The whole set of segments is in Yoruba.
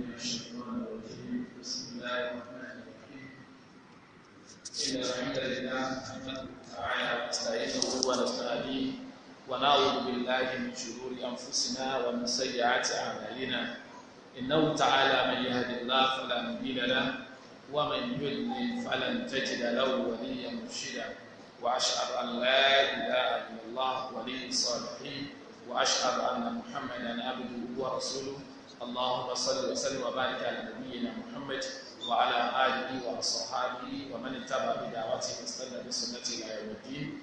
بسم الله الرحمن الرحيم إن الحمد لله نحمده تعالى ونستعينه ونستهديه ونعوذ بالله من شرور أنفسنا ومن سيئات أعمالنا إنه تعالى من يهد الله فلا مضل له ومن يضلل فلن تجد له وليا مرشدا وأشهد أن لا إله إلا الله ولي الصالحين وأشهد أن محمدا عبده ورسوله اللهم صل وسلم وبارك على نبينا محمد وعلى آله وأصحابه ومن اتبع بدعوته واستنى بسنته إلى يوم الدين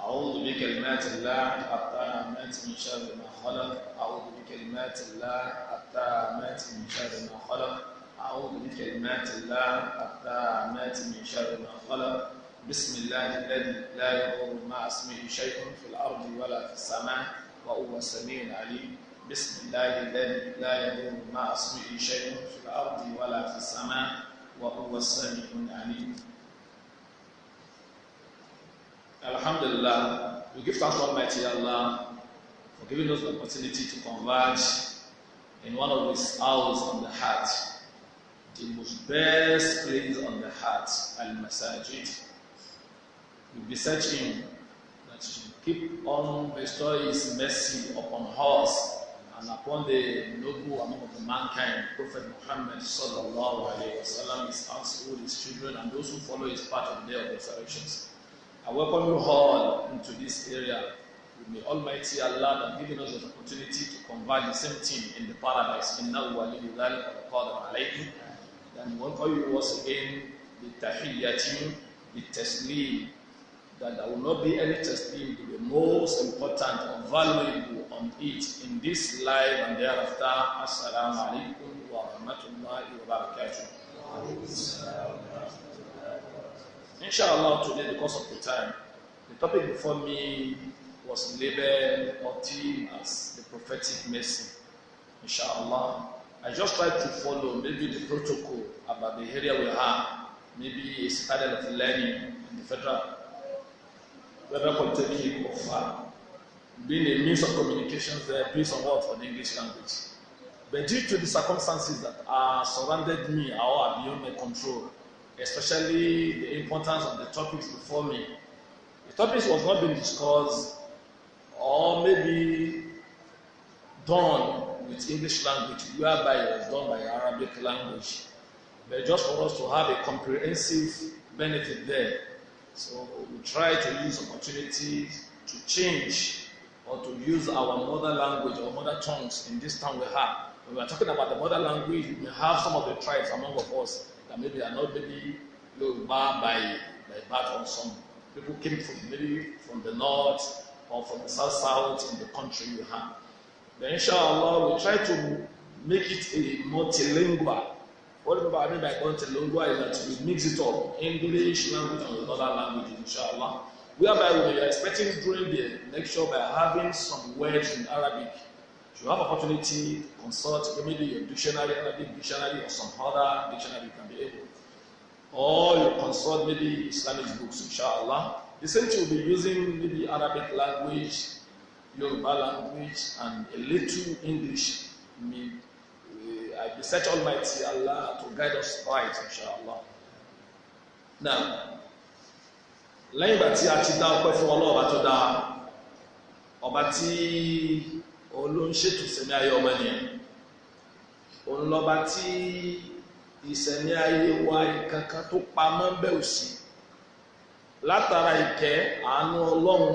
أعوذ بكلمات الله التامات من شر ما خلق أعوذ بكلمات الله التامات من شر ما خلق أعوذ بكلمات الله التامات من شر ما خلق بسم الله الذي لا يضر مع اسمه شيء في الأرض ولا في السماء وهو السميع العليم بسم الله الذي لا يضر مع اسمه شيء في الارض ولا في السماء وهو السميع العليم لله. we give thanks to Almighty Allah for giving us the opportunity to converge in one of His hours on the heart, the most best place on the heart, Al Masajid. We beseech Him that He keep on bestowing His mercy upon us and upon the noble among the mankind, Prophet Muhammad sallallahu alayhi wasallam, his household, his children, and those who follow his path on the day of resurrections. I welcome you all into this area. May Almighty Allah have given us the opportunity to converge the same team in the paradise. Inna waliyu dhalika wa alayhi. Then welcome you once again with tahiyyati, the taslim, that there will not be any taslim to the most important or valuable on it in this life and thereafter. Assalamu alaikum wa rahmatullahi wa barakatuh. Inshallah, today, because of the time, the topic before me was labeled or themed as the prophetic mercy. Inshallah, I just tried to follow maybe the protocol about the area we have, maybe a standard of learning in the federal, federal polytechnic or far. Uh, being a means of communication there based on what? On the English language. But due to the circumstances that are surrounded me or are beyond my control, especially the importance of the topics before me, the topics was not being discussed or maybe done with English language, whereby it was done by Arabic language. But just for us to have a comprehensive benefit there. So we try to use opportunities to change use our mother language or mother tongues in this town we have. When we are talking about the mother language, we have some of the tribes among of us that maybe are not maybe Yoruba by, by birth or some people came from maybe from the north or from the south south in the country we have. Then inshallah we try to make it a multilingual. What do I mean by multilingual is that we mix it up English language and other languages, inshallah whereby we are expecting during the lecture by having some words in Arabic. If you have opportunity, consult maybe your dictionary, Arabic dictionary, or some other dictionary you can be able. Or you consult maybe Islamic books, inshallah. The same thing will be using maybe Arabic language, Yoruba language, and a little English. I, mean, eh, I beseech Almighty Allah to guide us right, inshallah. Now, lẹ́yìn ìgbà tí a ti dá ọpẹ́ fún ọlọ́ọ̀bá tó dá ọba tí olóńṣètò sẹ́mi ayé ọmọ ènìyàn òun lọ́ba tí ìsẹ̀mí ayé wa kankan tó pamọ́ bẹ́ẹ̀ ò sí látara ìkẹ́ àánú ọlọ́run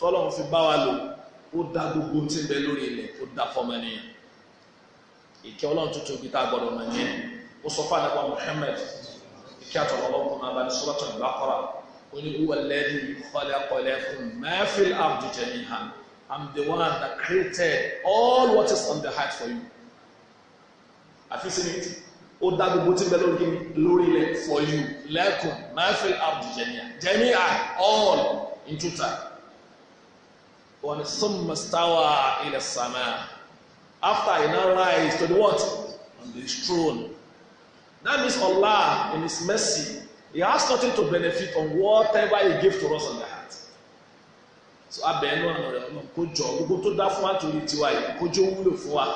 tọ́lọ́run fi bá wa lò ó dá gbogbo tí ń bẹ lórí ilẹ̀ ó dá fọmọ ènìyàn ìkẹ́ ọlọ́run tuntun bíi tá a gbọ́dọ̀ mọ̀ ní ó sọ fún àdàbọ̀ Muhammad ìkẹ́ àtọ̀lọ́lọ́kùnrin abánisọ́lọ́tọ̀ ìbákọ́ra. Only who alladhi khalaqa I'm the one that created all what is on the heart for you. Have you seen it? Ó dá gbogbo tí ń bẹ lórí kí ni lórí ilẹ̀ for you lakum ma fil ardi jami'an. Jami'an all in two time. Wọ́n ní summa stawa ila sama. After he now rise to the what? On the throne. That means Allah in his mercy He has nothing to benefit from whatever he gave to us on the heart. So abẹ́ẹ̀nú àná rẹ̀ ọ̀nà kó jọ gbogbo tó dá fún àtòrí tiwa yìí kó jẹ́ wúlò fún wa.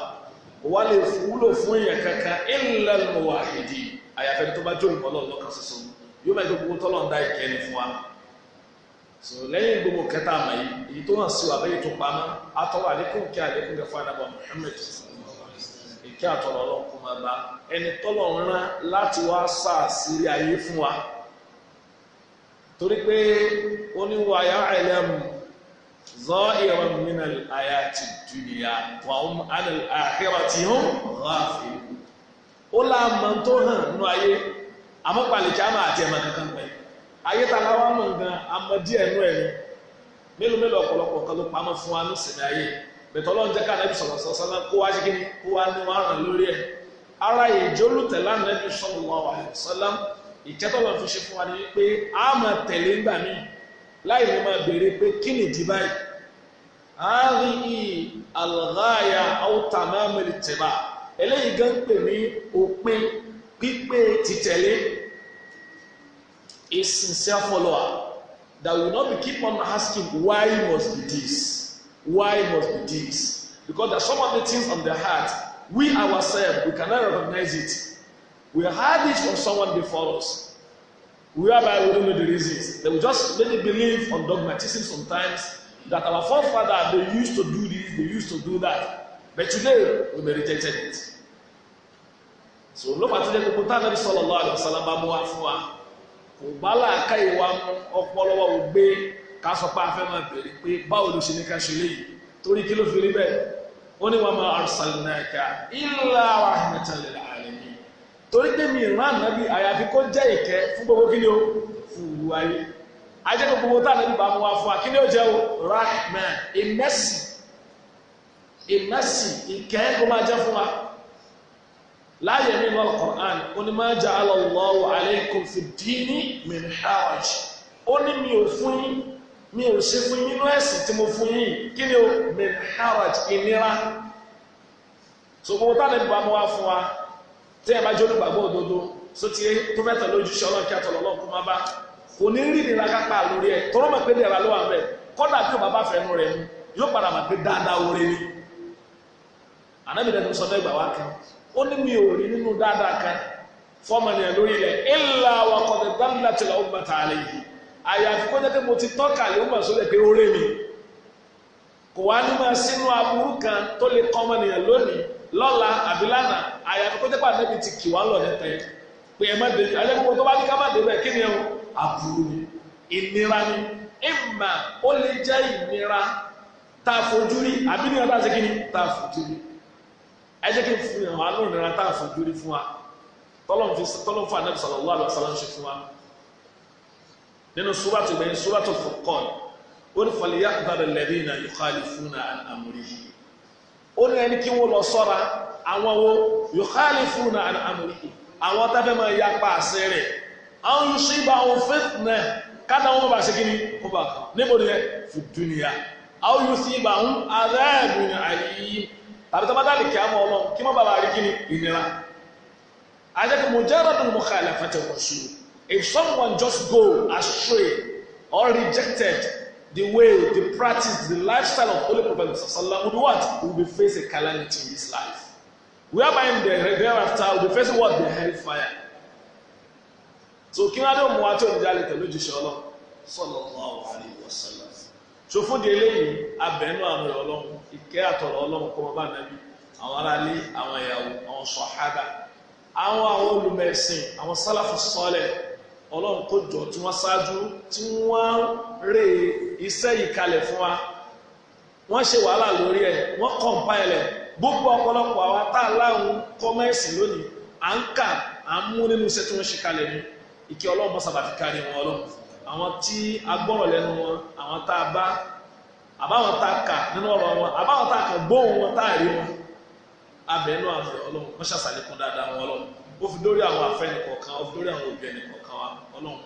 Kò wá lè wúlò fún èèyàn kankan illa al-wahidi. Àyàfẹ́ tó bá jó ìmọ̀ lọ́wọ́ kan ṣoṣo. Yóò máa gbé gbogbo tọ́lọ̀ ń dá ìkẹ́ni fún wa. So lẹ́yìn gbogbo kẹta àmọ̀ yìí, èyí tó hàn sí wa bẹ́ẹ̀ tó pamọ́, atọ́wọ́ àlékún kí àlékún kẹfọ́ àdàbọ̀ Muhammad kí àtọ̀rọ̀ ọlọ́run máa bá ẹni tọ́lọ̀ ń rán láti wá sàásírí ayé fún wa torí pé oníwà yá ẹlẹ́mu zọ́ ìrọ̀n mìíràn àyà ti dùnìyà wàhùn àkẹ́rọ̀ tí ó ráàfin ó láàmà tó hàn nínú ayé àmọ́pàlẹ̀ kí a àti ẹ̀mà ayé ta la mọ̀ nú mélòó mélòó ọ̀pọ̀lọpọ̀ kan ló pamọ́ fún wa bẹ̀tọ́lọ́ ń jẹ́ ká nẹ́bí sọ̀rọ̀ sọ̀rọ̀ sọ́nà kó wá ṣíkí kó wá ní wọ́n ràn lórí ẹ̀ ara ìjólùtẹ̀lá nẹ́bí sọ̀rọ̀ wà sọ́lá ìtẹ́tọ́lọ́ fi ṣe fún wa ní wípé a máa tẹ̀lé ńgbà mí láì ní máa béèrè pé kí ni ìdí báyìí àárín àlàyé àwòtàmá mẹ́lìtẹ̀bà eléyìí gan pè ní òpin pípé títẹ̀lé a sincere follower that will not be keep on asking why must be this why must be this? Because there are some of the things on the heart, we ourselves, we cannot recognize it. We heard it from someone before us, whereby we don't know the reasons. They will just maybe believe on dogmatism sometimes that our forefather, they used to do this, they used to do that. But today, we meditated it. So ló bá ti jẹ́ gbogbo táwọn ẹni sallallahu alaihi wasallam bá mú wa fún wa. Kò gbá làákà ìwà ọpọlọ wa ò gbé ká sọ pé a fẹ́ máa bèrè pé báwo ló ṣe ní ká ṣe léyìí torí kí ló fi rí bẹ́ẹ̀ ó ní wa ma arsalnaka illa rahmatan lil alamin torí pé mi ìran ànábì àyàfi kó jẹ́ ìkẹ́ fún gbogbo kí ni ó fún ìlú ayé ajẹ́ kó gbogbo tá ànábì bá mú wa fún wa kí ni ó jẹ́ o rahman ìmẹ́sì ìmẹ́sì ìkẹ́ kó máa jẹ́ fún wa láàyè nínú al-Qur'an ó ní ma ja'ala Allahu alaykum fid dini min haraj ó ní mi ò fún yín mi ò ṣe fún yín nínú ẹ̀sìn tí mo fún yín kí ni o min haraj ìnira ṣùgbọ́n táwọn ẹbí bá mọ́ wá fún wa tí ẹ bá jó olùgbàgbọ́ òdodo tó ti tó fẹ́ tẹ̀lé ojúṣe àtọ̀lọ́ ọlọ́run má bá kò ní rí ìnira kápá lórí ẹ̀ tọ́rọ́ mọ̀ pé dẹ̀ra ló wà mẹ́ kọ́dà bí òbá bá fẹ́nu rẹ̀ mu yóò padà mà pé dáadáa oore ni anábìrẹ́ni sọ fẹ́ gbà wá kan ó ní mi ò rí nínú dáadáa kan fọ́ọ̀mù àyàfi kó jẹ́ pé mo ti tọ́ka yóò mọ̀ sólẹ̀ pé ó rẹ̀ mi kò wá ní máa sínú aburú kan tó lè kọ́ ọmọnìyàn lónìí lọ́la àbí àyàfi pé ti kì wá lọ nípa ẹ̀ pé ẹ má débi àyàfi kó tó ká má débi kí ni ẹ̀ aburú ni ìnira ni ìmà ó lè jẹ́ ìnira tá a fojú rí àbí ní nínú súbàtù bẹ́ẹ̀ súbàtù Furqan ó ní falyahdhar alladhina yukhalifuna an amrihi ó ní ẹni kí wọ́n lọ sọ́ra àwọn wo yukhalifuna an amrihi àwọn tá fẹ́ máa ya pa àṣẹ rẹ̀ àwọn yusibahum fitnah kádà wọn bá ṣe kí ni kó bá níbo ni ẹ fi dúnìyà àwọn yusibahum adhabun alim tàbí tọ́ba dálì kí á mọ ọlọ́run kí má bàbá rí kí ni ìnira àjẹkù mujarrad If someone just go astray or rejected the way, the practice, the lifestyle of Holy Prophet would what? Would be face a calamity in his life. Whereby in the after would be facing what? The hellfire. So kí wọ́n á dé òmùwà tí òmùdí alẹ́ tẹ̀lé sallallahu alaihi wasallam. So fún di eléyìí abẹ́nú àmì ọlọ́run ìkẹ́ àtọ̀rọ̀ ọlọ́run kọ́ bá nàbí àwọn aráalé àwọn ìyàwó àwọn sọ̀hádà àwọn àwọn olùmẹ̀sìn àwọn sálàfù sọ́lẹ̀ ọlọ́run kó jọ tí wọ́n ṣáájú tí wọ́n rè iṣẹ́ yìí kalẹ̀ fún wa wọ́n ṣe wàhálà lórí ẹ̀ wọ́n kọ̀ǹpáìlẹ̀ gbogbo ọ̀pọ̀lọpọ̀ àwa tá a láhùn kọ́mẹ́sì lónìí à ń kà à ń mú nínú iṣẹ́ tí wọ́n ṣe kalẹ̀ ni ìkẹ́ ọlọ́run bá sábà fi kárí wọn ọlọ́run àwọn tí a gbọ́rọ̀ lẹ́nu wọn àwọn tá a bá wa ọlọ́run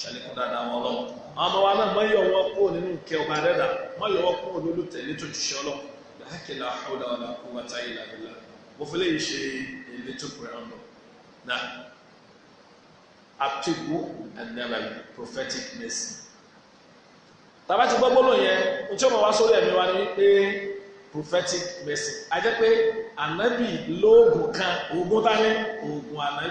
ṣàlékún dáadáa wọn lọ àwọn ọmọ wa náà mọyọ wọn kúrò nínú ìkẹ́ ọba dẹdà mọyọ wọn kúrò lólu tẹlẹ tó jùṣẹ ọlọ́run láàkìlá ọdọ ọlá kó wa táyé làbílà mo fi léyìí ṣe èlé tó pè án lọ na atiku anabai prophetic mercy tàbá ti gbọ́ gbólóhùn yẹn n tí ó mọ̀ wá sórí ẹ̀mí wa ni wípé prophetic mercy a jẹ́ pé anabi lóògùn kan oògùn tání oògùn anabi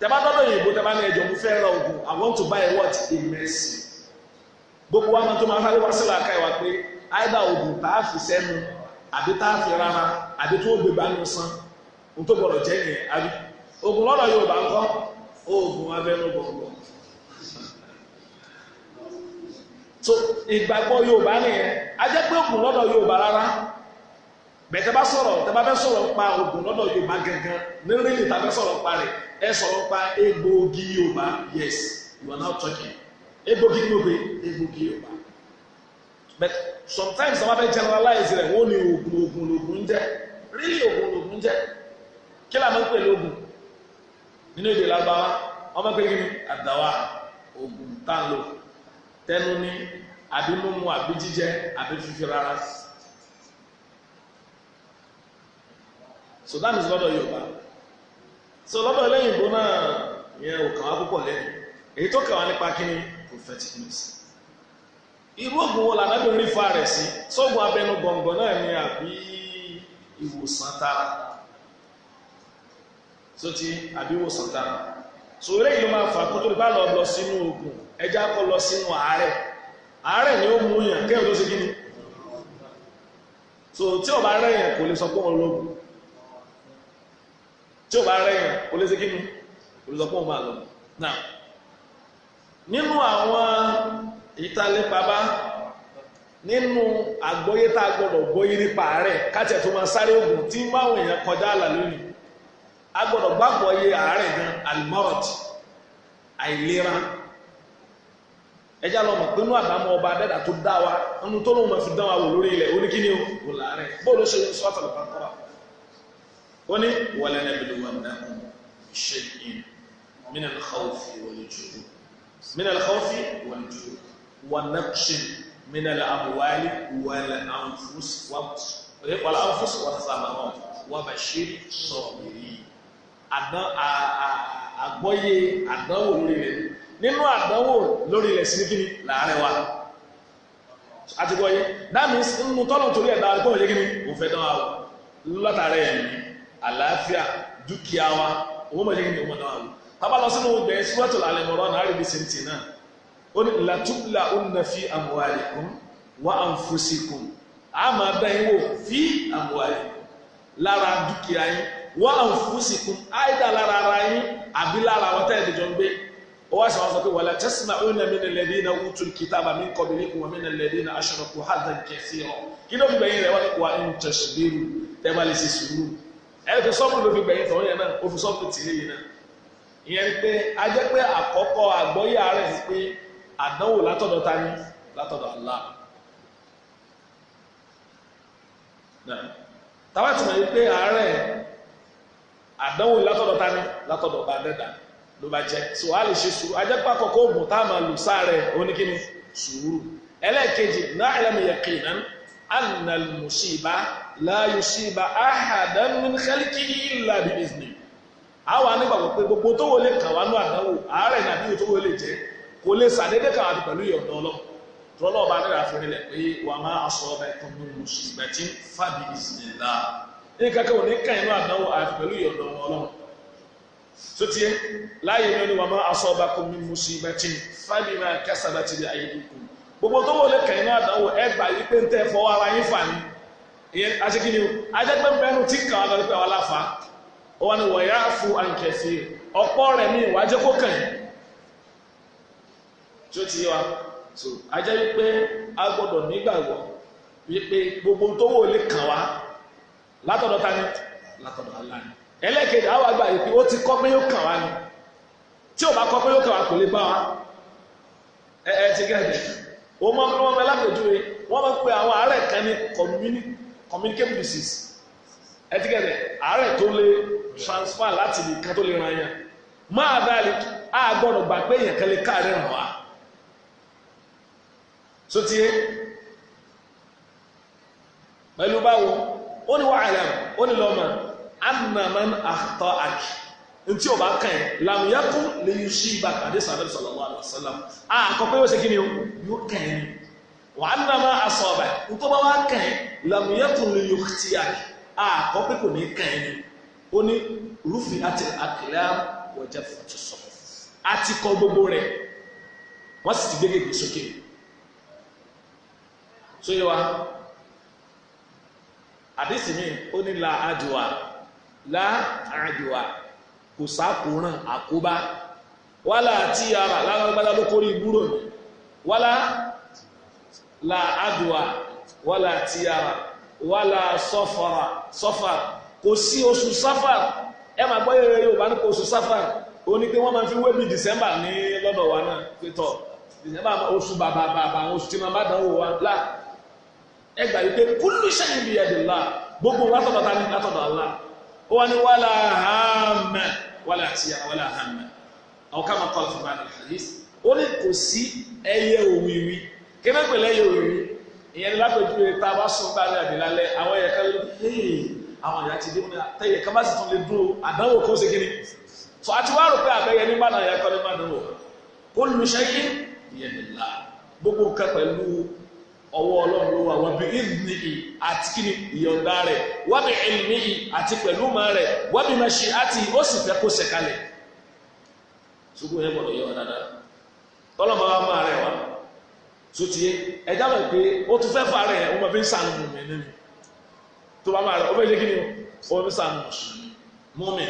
tẹ́bá tọ́lọ́ òyìnbó tẹ́bá ní ẹjọ́ mo fẹ́ ra oògùn I want to buy a what a mercy gbogbo wa máa tó máa sáré wá sílẹ̀ àká ìwà pé either oògùn tá a fi sẹ́nu àbí tá a fi rárá àbí tó gbé gbanú san n tó gbọdọ̀ jẹ́ yẹn àbí oògùn lọ́dọ̀ Yorùbá ń kọ́ oògùn abẹ́nú gbọ̀ngbọ̀n so ìgbàgbọ́ Yorùbá nìyẹn a jẹ́ pé oògùn lọ́dọ̀ Yorùbá rárá bẹ̀tẹ̀ bá sọ̀rọ̀ tẹ́ bá fẹ́ sọ̀rọ̀ pa oògùn lọ́dọ̀ Yorùbá gẹ̀gẹ̀ ní rírì tá a fẹ́ sọ̀rọ̀ pa rẹ̀ Esokwa ebo gị Yoruba yes you are not talking ebo gị Yoruba ebo gị Yoruba but sometimes àwọn abẹ́ generalize rẹ̀ wọn ni oògùn oògùn oògùn jẹ́ really oògùn oògùn jẹ́ kí làwọn ń pè lóògùn nínú èdè lágbára ọmọ pé kí ni àdáwà oògùn tá a lò tẹnu ní àbí mímu àbí jíjẹ àbí fífi rárá so that is lọ́dọ̀ yoruba. so lọ́dọ̀ lẹ́yìnbó náà ìyẹn ò púpọ̀ lẹ́yìn èyí tó kàwá nípa kí ni prophetic medicine irú ògùn wo làdájọ́ rí fa rẹ̀ sí sóògùn abẹnú gbọ̀ngàn náà ni àbí ìwòsàn tara tó ti àbí ìwòsàn tara so eléyìí ló máa fà kó tó lè bá lọ lọ sínú ògùn ẹja kọ lọ sínú àárẹ̀ àárẹ̀ ni ó mú yàn kéwòn tó ṣe kí ni so tí ọba rẹ̀ yàn kò lè sọ pé wọn lọ tí o bá rẹ́yìn o lè ṣe kí nínú àwọn ìtàlẹ́ nínú àgbọ́yé tá a nípa àárẹ̀ kájẹ̀ tó máa sáré ogun tí èèyàn kọjá àlà lónìí a gbàgbọ́ yé gan àìlera ẹjá ọba tó dá wa tó lóun máa fi dán wa wò ó ní ولنبلونكم بشيء من الخوف والجوع من الخوف والجوع ونقص من الأموال والأنفس والأنفس والثمرات وبشر الصابرين àgbọ́yé àdánwò lórí rẹ̀ nínú àdánwò lórí rẹ̀ sí kíni láàrin wa àti gbọ́yé that means nínú tọ́lọ̀ torí ẹ̀dá àgbọ́yé kíni òun fẹ́ dánwò látàrí ẹ̀mí àlàáfíà dúkìá wa owó mọ̀ yẹ́kẹ́ ní ọmọ náà wò tábà lọ sínú ọgbẹ́ síwájú làlẹ́ mọ̀rọ́ náà rí bí sèǹtì náà ó ní làtúbùlà ó nà fi amwalikum wa anfusikum á máa bẹ́ yín wò fi amwalikum lára dúkìá yín wa anfusikum áìdá lára ara yín àbí lára àwọn táyà ìdíjọ ń gbé ó wá sọ wọn sọ pé wala tasma'una mina alladhina utul kitaba min qablikum ẹ̀fì sọ́mù n'ofe gbẹ̀yìn tọ̀hún yẹn náà ó sọ́mù tì náà ìyẹn ni pé a pé àkọ́kọ́ àgbọ́yé ààrẹ ni pé àdánwò látọ̀dọ̀ ta ni látọ̀dọ̀ ti mọ̀ yìí ta ni látọ̀dọ̀ bá dẹ́dà ló bá so a lè ṣe sùúrù a pé àkọ́kọ́ oògùn tá a máa lò sáà rẹ̀ sùúrù ẹlẹ́ẹ̀kejì náà anna al-musiba la yusiba ahadan min khalqihi illa bi izni àwọn anígbàgbọ́ pé gbogbo tó wọlé kàn wá ní àdánwò àárẹ̀ ní àdúgbò tó wọlé jẹ́ kò lè sàdédé kàn àti pẹ̀lú ìyọ̀dọ̀ ọlọ́run tọ́lọ́ ọba nílẹ̀ àfẹ́rẹ́lẹ̀ pé wà á máa sọ ọba ẹ̀kọ́ ní musiba tí ń fàbí ìsìnlá ní kankan ò ní kàn inú àdánwò àti pẹ̀lú ìyọ̀dọ̀ ọlọ́run tó tiẹ̀ láàyè ní wà á máa sọ ọba ẹ̀kọ́ ní musiba tí ń fàbí máa kẹsàbà ti gbogbo tó wọlé kẹ̀yìn náà dánwò ẹ pé ń tẹ́ fọwọ́ ara yín fà ní ìyẹn tí pé láfa wà ní fún àǹkẹ̀sí ọ̀pọ̀ rẹ̀ ní ìwà tí ó ti yẹ wa so ajẹ́ wípé a gbọ́dọ̀ nígbàgbọ́ wípé gbogbo tó wọlé látọ̀dọ̀ ta ni látọ̀dọ̀ ni ẹlẹ́kẹ̀dẹ̀ àwọn àgbà yìí pé ó wọ́n máa ń pè wọ́n máa lápèjúwe wọ́n máa ń pè àwọn àárẹ̀ kan ní communicable disease ẹtíkẹ́tẹ̀ àárẹ̀ tó lè transfer láti nìkan tó lè ran yẹn máa dáàlì á gbọ́dọ̀ gbà pé èèyàn kan lè káàárẹ̀ ràn wá sotie pẹ̀lú báwo ó ní wàhálà ó ní lọ́mọ annaman akhta'ak ntí o bá kàn ẹ́ làmúyàkú lè yí sí ibà kàdé sàlẹ̀ sọ̀lọ́wọ́ àlọ́sálàm a àkọ́kọ́ yóò ṣe kí ni o yóò kàn ẹ́ wà á nàmá aṣọ ọ̀bà ntọ́ bá wà kàn ẹ́ làmúyàkú lè yí ti àkì a àkọ́kọ́ kò ní kàn ẹ́ ni ó ní rúfin àti àkìlẹ́ wọ̀jà fọ̀tù sọ̀ àti kọ́ gbogbo rẹ̀ wọ́n sì ti gbé gègé sókè sóyè wa àdìsí mi ó ní la àdùwà la àdùwà kò sákòóràn àkóbá wálá tí ara lágbàgbàdá ló kórè ìgbúrò ní wálá la adùá wálá tí ara wálá sọfàrà sọfàrà kò sí oṣù sáfàrà ẹ máa gbọ́ yẹ̀rẹ̀ Yorùbá ní kò oṣù sáfàrà ó ní pé wọ́n máa fi wébi December ní lọ́dọ̀ wa náà pé tọ̀ December oṣù bàbà bàbà àwọn oṣù tí màmá dánwò wa là ẹ gbà yìí pé kúlù sẹ́yìn bíi ẹ̀dùn là gbogbo wa sọ̀tọ̀ ta ni látọ̀dọ̀ Allah ó wà ní hàmẹ́ wala àṣìyà wala àhàmà àwọn ká máa kọ́lá fún bá nìyà hadith ó ní kò sí ẹyẹ òwìwí kí náà pẹ̀lú ẹyẹ òwìwí ìyẹn ní lápẹjú rẹ tá a bá sùn bá ní àbílá lẹ àwọn ẹ̀yẹ kan ló ní àwọn ẹ̀yà ti dé wọn àtẹ̀yẹ kan bá sì tún lè dúró àdánwò kó ṣe kíni fún àti wá rò pé àbẹ̀yẹ nígbà náà ẹ̀yà kan ló má dánwò kó ọwọ́ ọlọ́run ló wà wọ́n bí ìdìní ì àti kíni ìyọ̀ǹda rẹ̀ wọ́n bí ìlìní ì àti pẹ̀lú mọ́ rẹ̀ wọ́n bí mọ́ ṣe àti ó sì fẹ́ kó ṣẹ̀kalẹ̀ ṣùgbọ́n yẹn gbọ́dọ̀ yẹ wọn dáadáa tọ́lọ́mọ wa máa rẹ̀ wá sotie ẹja mọ̀ pé ó tún fẹ́ fà rẹ̀ ó máa ń sànù mọ̀mí ẹni tó bá máa rẹ̀ ó fẹ́ ṣe kíni ó fi sànù mọ̀mí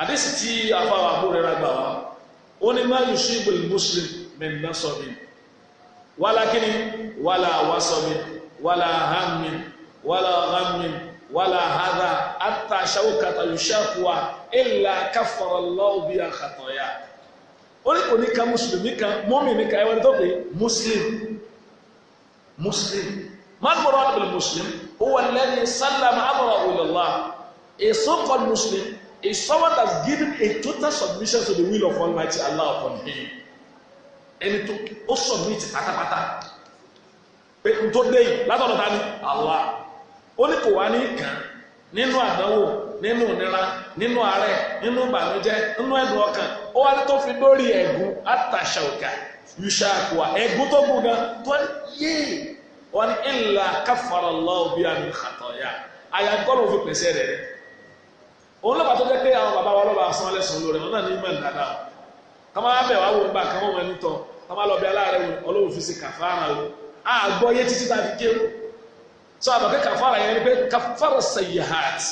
àdéhùn tí afáwà àbúrò rẹ̀ rà gbà wá ó ní má yóò ṣe ìgbèlú mùsùlùmí mẹ́rin wala kini wala wasobi wala hammin wala ghammin wala hadha hatta shawkata yushakwa illa kaffara Allahu biha khataya ó ní kò ní ka mùsùlùmí kan mọ́mìnì kan ẹ̀wọ̀n tó pé muslim muslim mal murad bil muslim huwa alladhi sallama amrahu ila Allah a so-called muslim is someone that's given a total submission to the will of Almighty Allah upon him ẹni tó ó submit pátápátá pé n tó dé yìí látọ̀dọ̀ ta ni Allah ó ní kò wá ní kàn nínú àdánwò nínú ìnira nínú àárẹ̀ nínú ìbànújẹ́ nínú ẹ̀dùn ọkàn ó wá ní tó fi lórí ẹ̀gún àtàṣà òkà yùṣà àkùwà ẹ̀gún tó gùn gan tó yéé wọ́n ní ìlà káfàrà lọ́wọ́ bí àmì khataaya àyàgbọ́rọ̀ òfin pèsè rẹ̀ òun lọ́ba tó jẹ́ pé àwọn bàbá wa lọ́ba asán lẹ́sùn lórí wọn náà ní ìmọ̀ ìdáná kọ́má wá bẹ̀ wá wò ń gbà kọ́má wọn ní tọ́ kọ́má lọ bí aláàrẹ̀ wò ọlọ́run fi ṣe kàfàrà o a gbọ́ yé títí tá a fi kéwò sọ àbọ̀kẹ́ kàfàrà yẹn ni pé kàfàrà sayyihat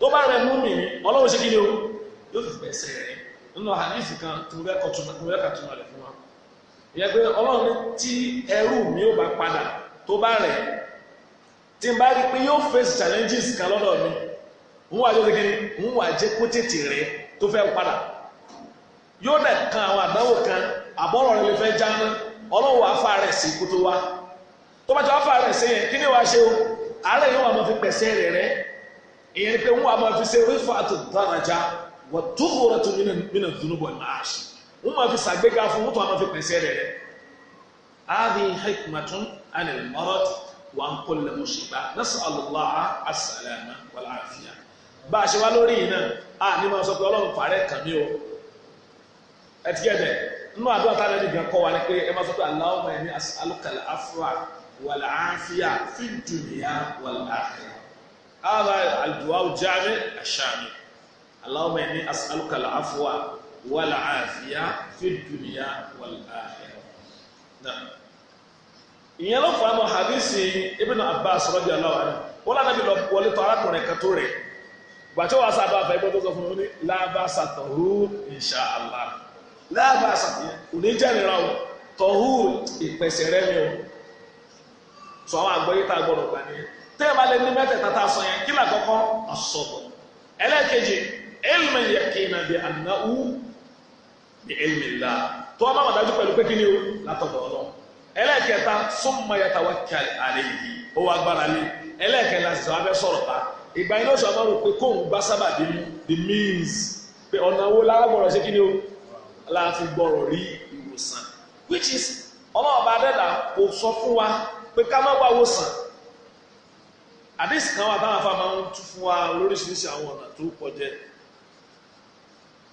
tó bá rẹ̀ mú mi ọlọ́run ṣe kí ni o yóò fi bẹ̀ sẹ́yìn nínú hadith kan tó bẹ́ kàtúmọ̀ rẹ̀ fún wa ìyẹn pé ọlọ́run tí ẹrú mi ò bá padà tó bá rẹ̀ tí n bá rí pé yóò face challenges kan lọ́dọ̀ mi ń wà jẹ́ kí ni ń wà jẹ́ kó tètè rẹ̀ tó fẹ́ padà yóò dẹ̀ kan àwọn àdánwò kan àbọ̀rọ̀ rẹ̀ lè fẹ́ jáná ọlọ́run wàá fa rẹ̀ sí kótó wa tó bá ti wá fa rẹ̀ sí yẹn kí ni wàá ṣe o àárẹ̀ yóò wà máa fi pẹ̀sẹ̀ rẹ̀ rẹ̀ ìyẹn ni pé wọ́n wàá máa fi ṣe rífà tó dáradá wọ́n tó wọ́rọ̀ tó nínú ìdúnúbọ̀ náà ṣe wọ́n máa fi ṣàgbéga fún wọ́n tó wàá máa fi pẹ̀sẹ̀ rẹ̀ rẹ̀ adi hikmatun ani mọ́rọ́t wà ń kó lè mùsùlùmá nasàlùláha asàlámà bá a ṣe wá lórí yìí náà a ní máa sọ pé ọlọ́run fàárẹ̀ kàmí o ẹtì ẹdẹ nínú àdúrà tá a lè dìgbà kọ wa ni pé ẹ máa sọ pé Allahumma inni as'alukal afwa wal afiya fid dunya wal akhirah hàrà àdúrà jáde àṣàmì Allahumma inni as'alukal afwa wal afiya fid dunya wal akhirah náà ìyẹn ló fà á mọ hadisi Ibn Abbas radiyallahu anhu wọn lànà bí wọlé tọ arákùnrin kan rẹ gbàtí wàá sábà fẹ gbọ́dọ̀ sọ fún mi ní lábàṣà tọhún insha láàbà àṣàyàn kò ní jẹ́ ìnira o tọ́hù ìpẹ̀sẹ̀ rẹ ni o sọ àwọn àgbọ̀ yìí tá a gbọ́dọ̀ gbà nìyẹn tẹ́ ẹ bá lè ní mẹ́tẹ̀ẹ̀ta tá a sọ yẹn kí là kọ́kọ́ àsọ̀bọ̀ ẹlẹ́ẹ̀kejì ilmi yakina bi annahu bi ilmi Allah tó a bá wà dájú pẹ̀lú pé kí ni o látọ̀dọ̀ ọlọ́ ẹlẹ́ẹ̀kẹta summa yatawakkal alayhi ó wá gbára lé ẹlẹ́ẹ̀kẹta sọ abẹ́ sọ̀rọ̀ ta ìgbà yìí ló sọ láti gbọ́rọ̀ rí ìwòsàn which is ọlọ́ọ̀bá dẹ́dà kò sọ fún wa pé ká má wá wòsàn àdéhùn kan wà táwọn afáàmà ń tú fún wa lóríṣiríṣi àwọn ọ̀nà tó pọ̀ jẹ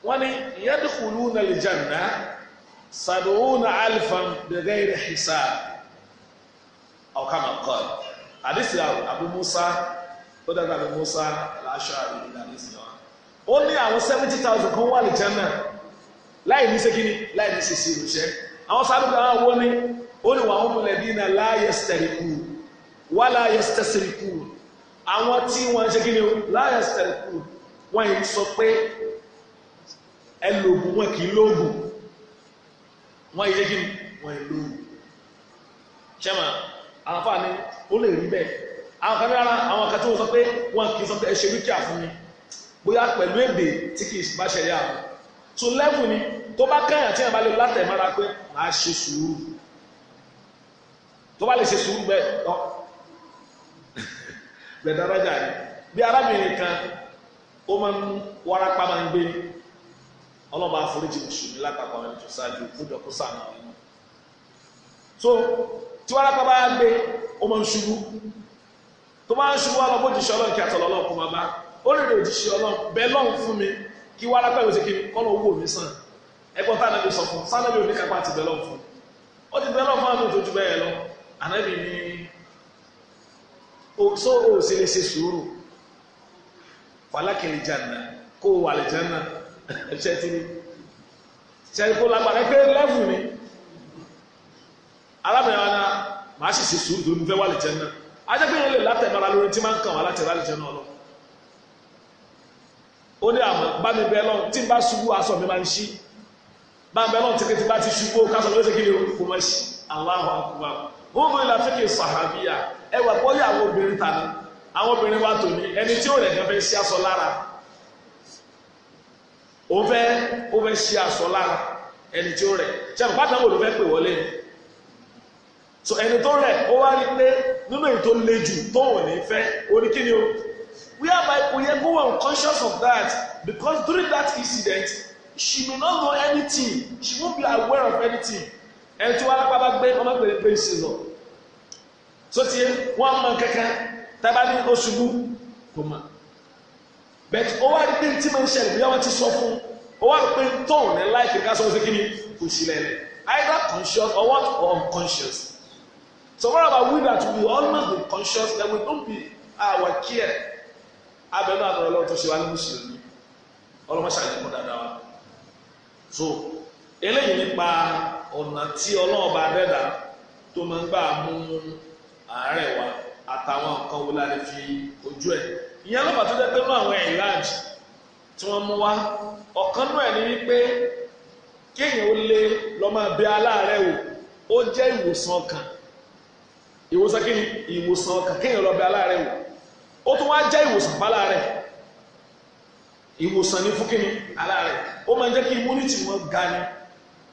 wọ́n ní yadkhuluna aljanna sab'una alfan bighayri hisab aw kama qala àdéhùn Abu Musa ó dàgbà Abu Musa al-Ash'ari ìdàdí sí wa ó ní àwọn seventy thousand kan wà lè jẹ́ láì ní sékìní láì ní sèse ìròṣẹ́ àwọn sábẹ́bí àwọn wo ni ó ní wàá wọn lẹ́bí iná láàyè stẹ̀rìkù wà láàyè stẹ̀sìrìkù àwọn tí wọ́n sékìní láàyè stẹ̀rìkù wọ́n yìí sọ pé ẹ lòògùn wọn kì í lòògùn wọ́n yìí sékìní wọ́n yìí lòògùn ṣẹ́mà àwọn afáàní ó lè rí bẹ́ẹ̀ àwọn kan rárá àwọn kan tí wọ́n sọ pé wọ́n kì í sọ pé ẹ ṣe wíkì àfúnni bóyá pẹ̀lú èdè tí kì í bá ṣẹlẹ̀ àwọn to level ni tó bá kẹ́yìn àti ìyàbá lè látẹ̀mára pé máa ṣe sùúrù tó bá lè ṣe sùúrù bẹ́ẹ̀ tọ́ bẹ́ẹ̀ dáradà ni bí arábìnrin kan ó máa ń warapa máa ń gbé ọlọ́ba àforíjì mùsùlùmí lápapọ̀ kí wá lápẹ́ òsì kí kọ́nà owó mi sàn ẹgbọ́n tá ànábì sọ fún sànábì òní kápá ti bẹ́ẹ̀ lọ fún ó ti bẹ́ẹ̀ lọ fún àmì òjòjú bẹ́ẹ̀ lọ ànábì ní so o sì lè ṣe sùúrù fàlákìlì jàǹdà kó o wà lè jàǹdà ẹ̀ṣẹ́ ti ní ṣẹ́ni kó lágbára pé lẹ́fù ni alábẹ̀rẹ̀ wa náà màá sì ṣe sùúrù tó ń fẹ́ wà lè jàǹdà ajẹ́pẹ́ yẹn lè látẹ̀ bára lórí tí máa ń kàn wá látẹ̀ wà lè jàǹdà ọlọ́ ó ní àmọ́ bá mi bẹ lọ tí n bá ṣubú aṣọ mi máa ń ṣí bá mi bẹ lọ tí kìtì bá ti ṣubú kásọ ló ṣe kí ni kò máa ṣí Allahu akbar wọn mú ilà fíkì sàhábíyà ẹ wà bọ́ yà àwọn obìnrin ta ni àwọn obìnrin wa tò ní ẹni tí ó rẹ̀ gan fẹ́ ṣí aṣọ lára ó fẹ́ ó fẹ́ ṣí aṣọ lára ẹni tí ó rẹ̀ ṣe àpò pátá wo pè wọlé ẹni tó rẹ̀ ó wá rí pé nínú èyí tó le ní fẹ́ orí kí ni o whereby Oyego was unconscious of that because during that incident she may not know anything she won't be aware of anything ẹni tí wọn alápàdà gbé ọmọ pẹ̀lú pẹ̀lú lọ sọtí wọn mọ kankan tábà ní oṣùgbù kò mọ bẹ́ẹ̀ tí ọwọ́ àdìpé tí mo ń ṣẹlẹ̀ bí wọn ti sọ fún ọwọ́ àdìpé tọ̀hún ní láìpẹ́ ká sọ fún kí kò sí lẹ́lẹ̀ either conscious or what or unconscious so what about we that will always be conscious that we don't be our care abẹ́lú àtọ̀rọ̀ lọ́wọ́ tó ṣe wá ní mùsùlùmí ọlọ́mọṣàlẹ̀ kọ́ dáadáa wa so eléyìí nípa ọ̀nà tí ọlọ́ọ̀ba abẹ́dà tó máa ń gbà mú àárẹ̀ wa àtàwọn nǹkan wo la lè fi ojú ẹ̀ ìyẹn lọ́pàá tó jẹ́ pé mú àwọn ìlàjì tí wọ́n mú wá ọ̀kan náà ní wípé kéèyàn ó lé lọ máa aláàárẹ̀ wò ó jẹ́ ìwòsàn ọkàn ìwòsàn kí ìwòsàn ọkàn kéèyàn lọ bẹ aláàárẹ̀ wò ó tún wá jẹ́ ìwòsàn fálá rẹ̀ ìwòsàn ní fún kíni alá rẹ̀ ó máa ń jẹ́ kí immunity wọn ga ni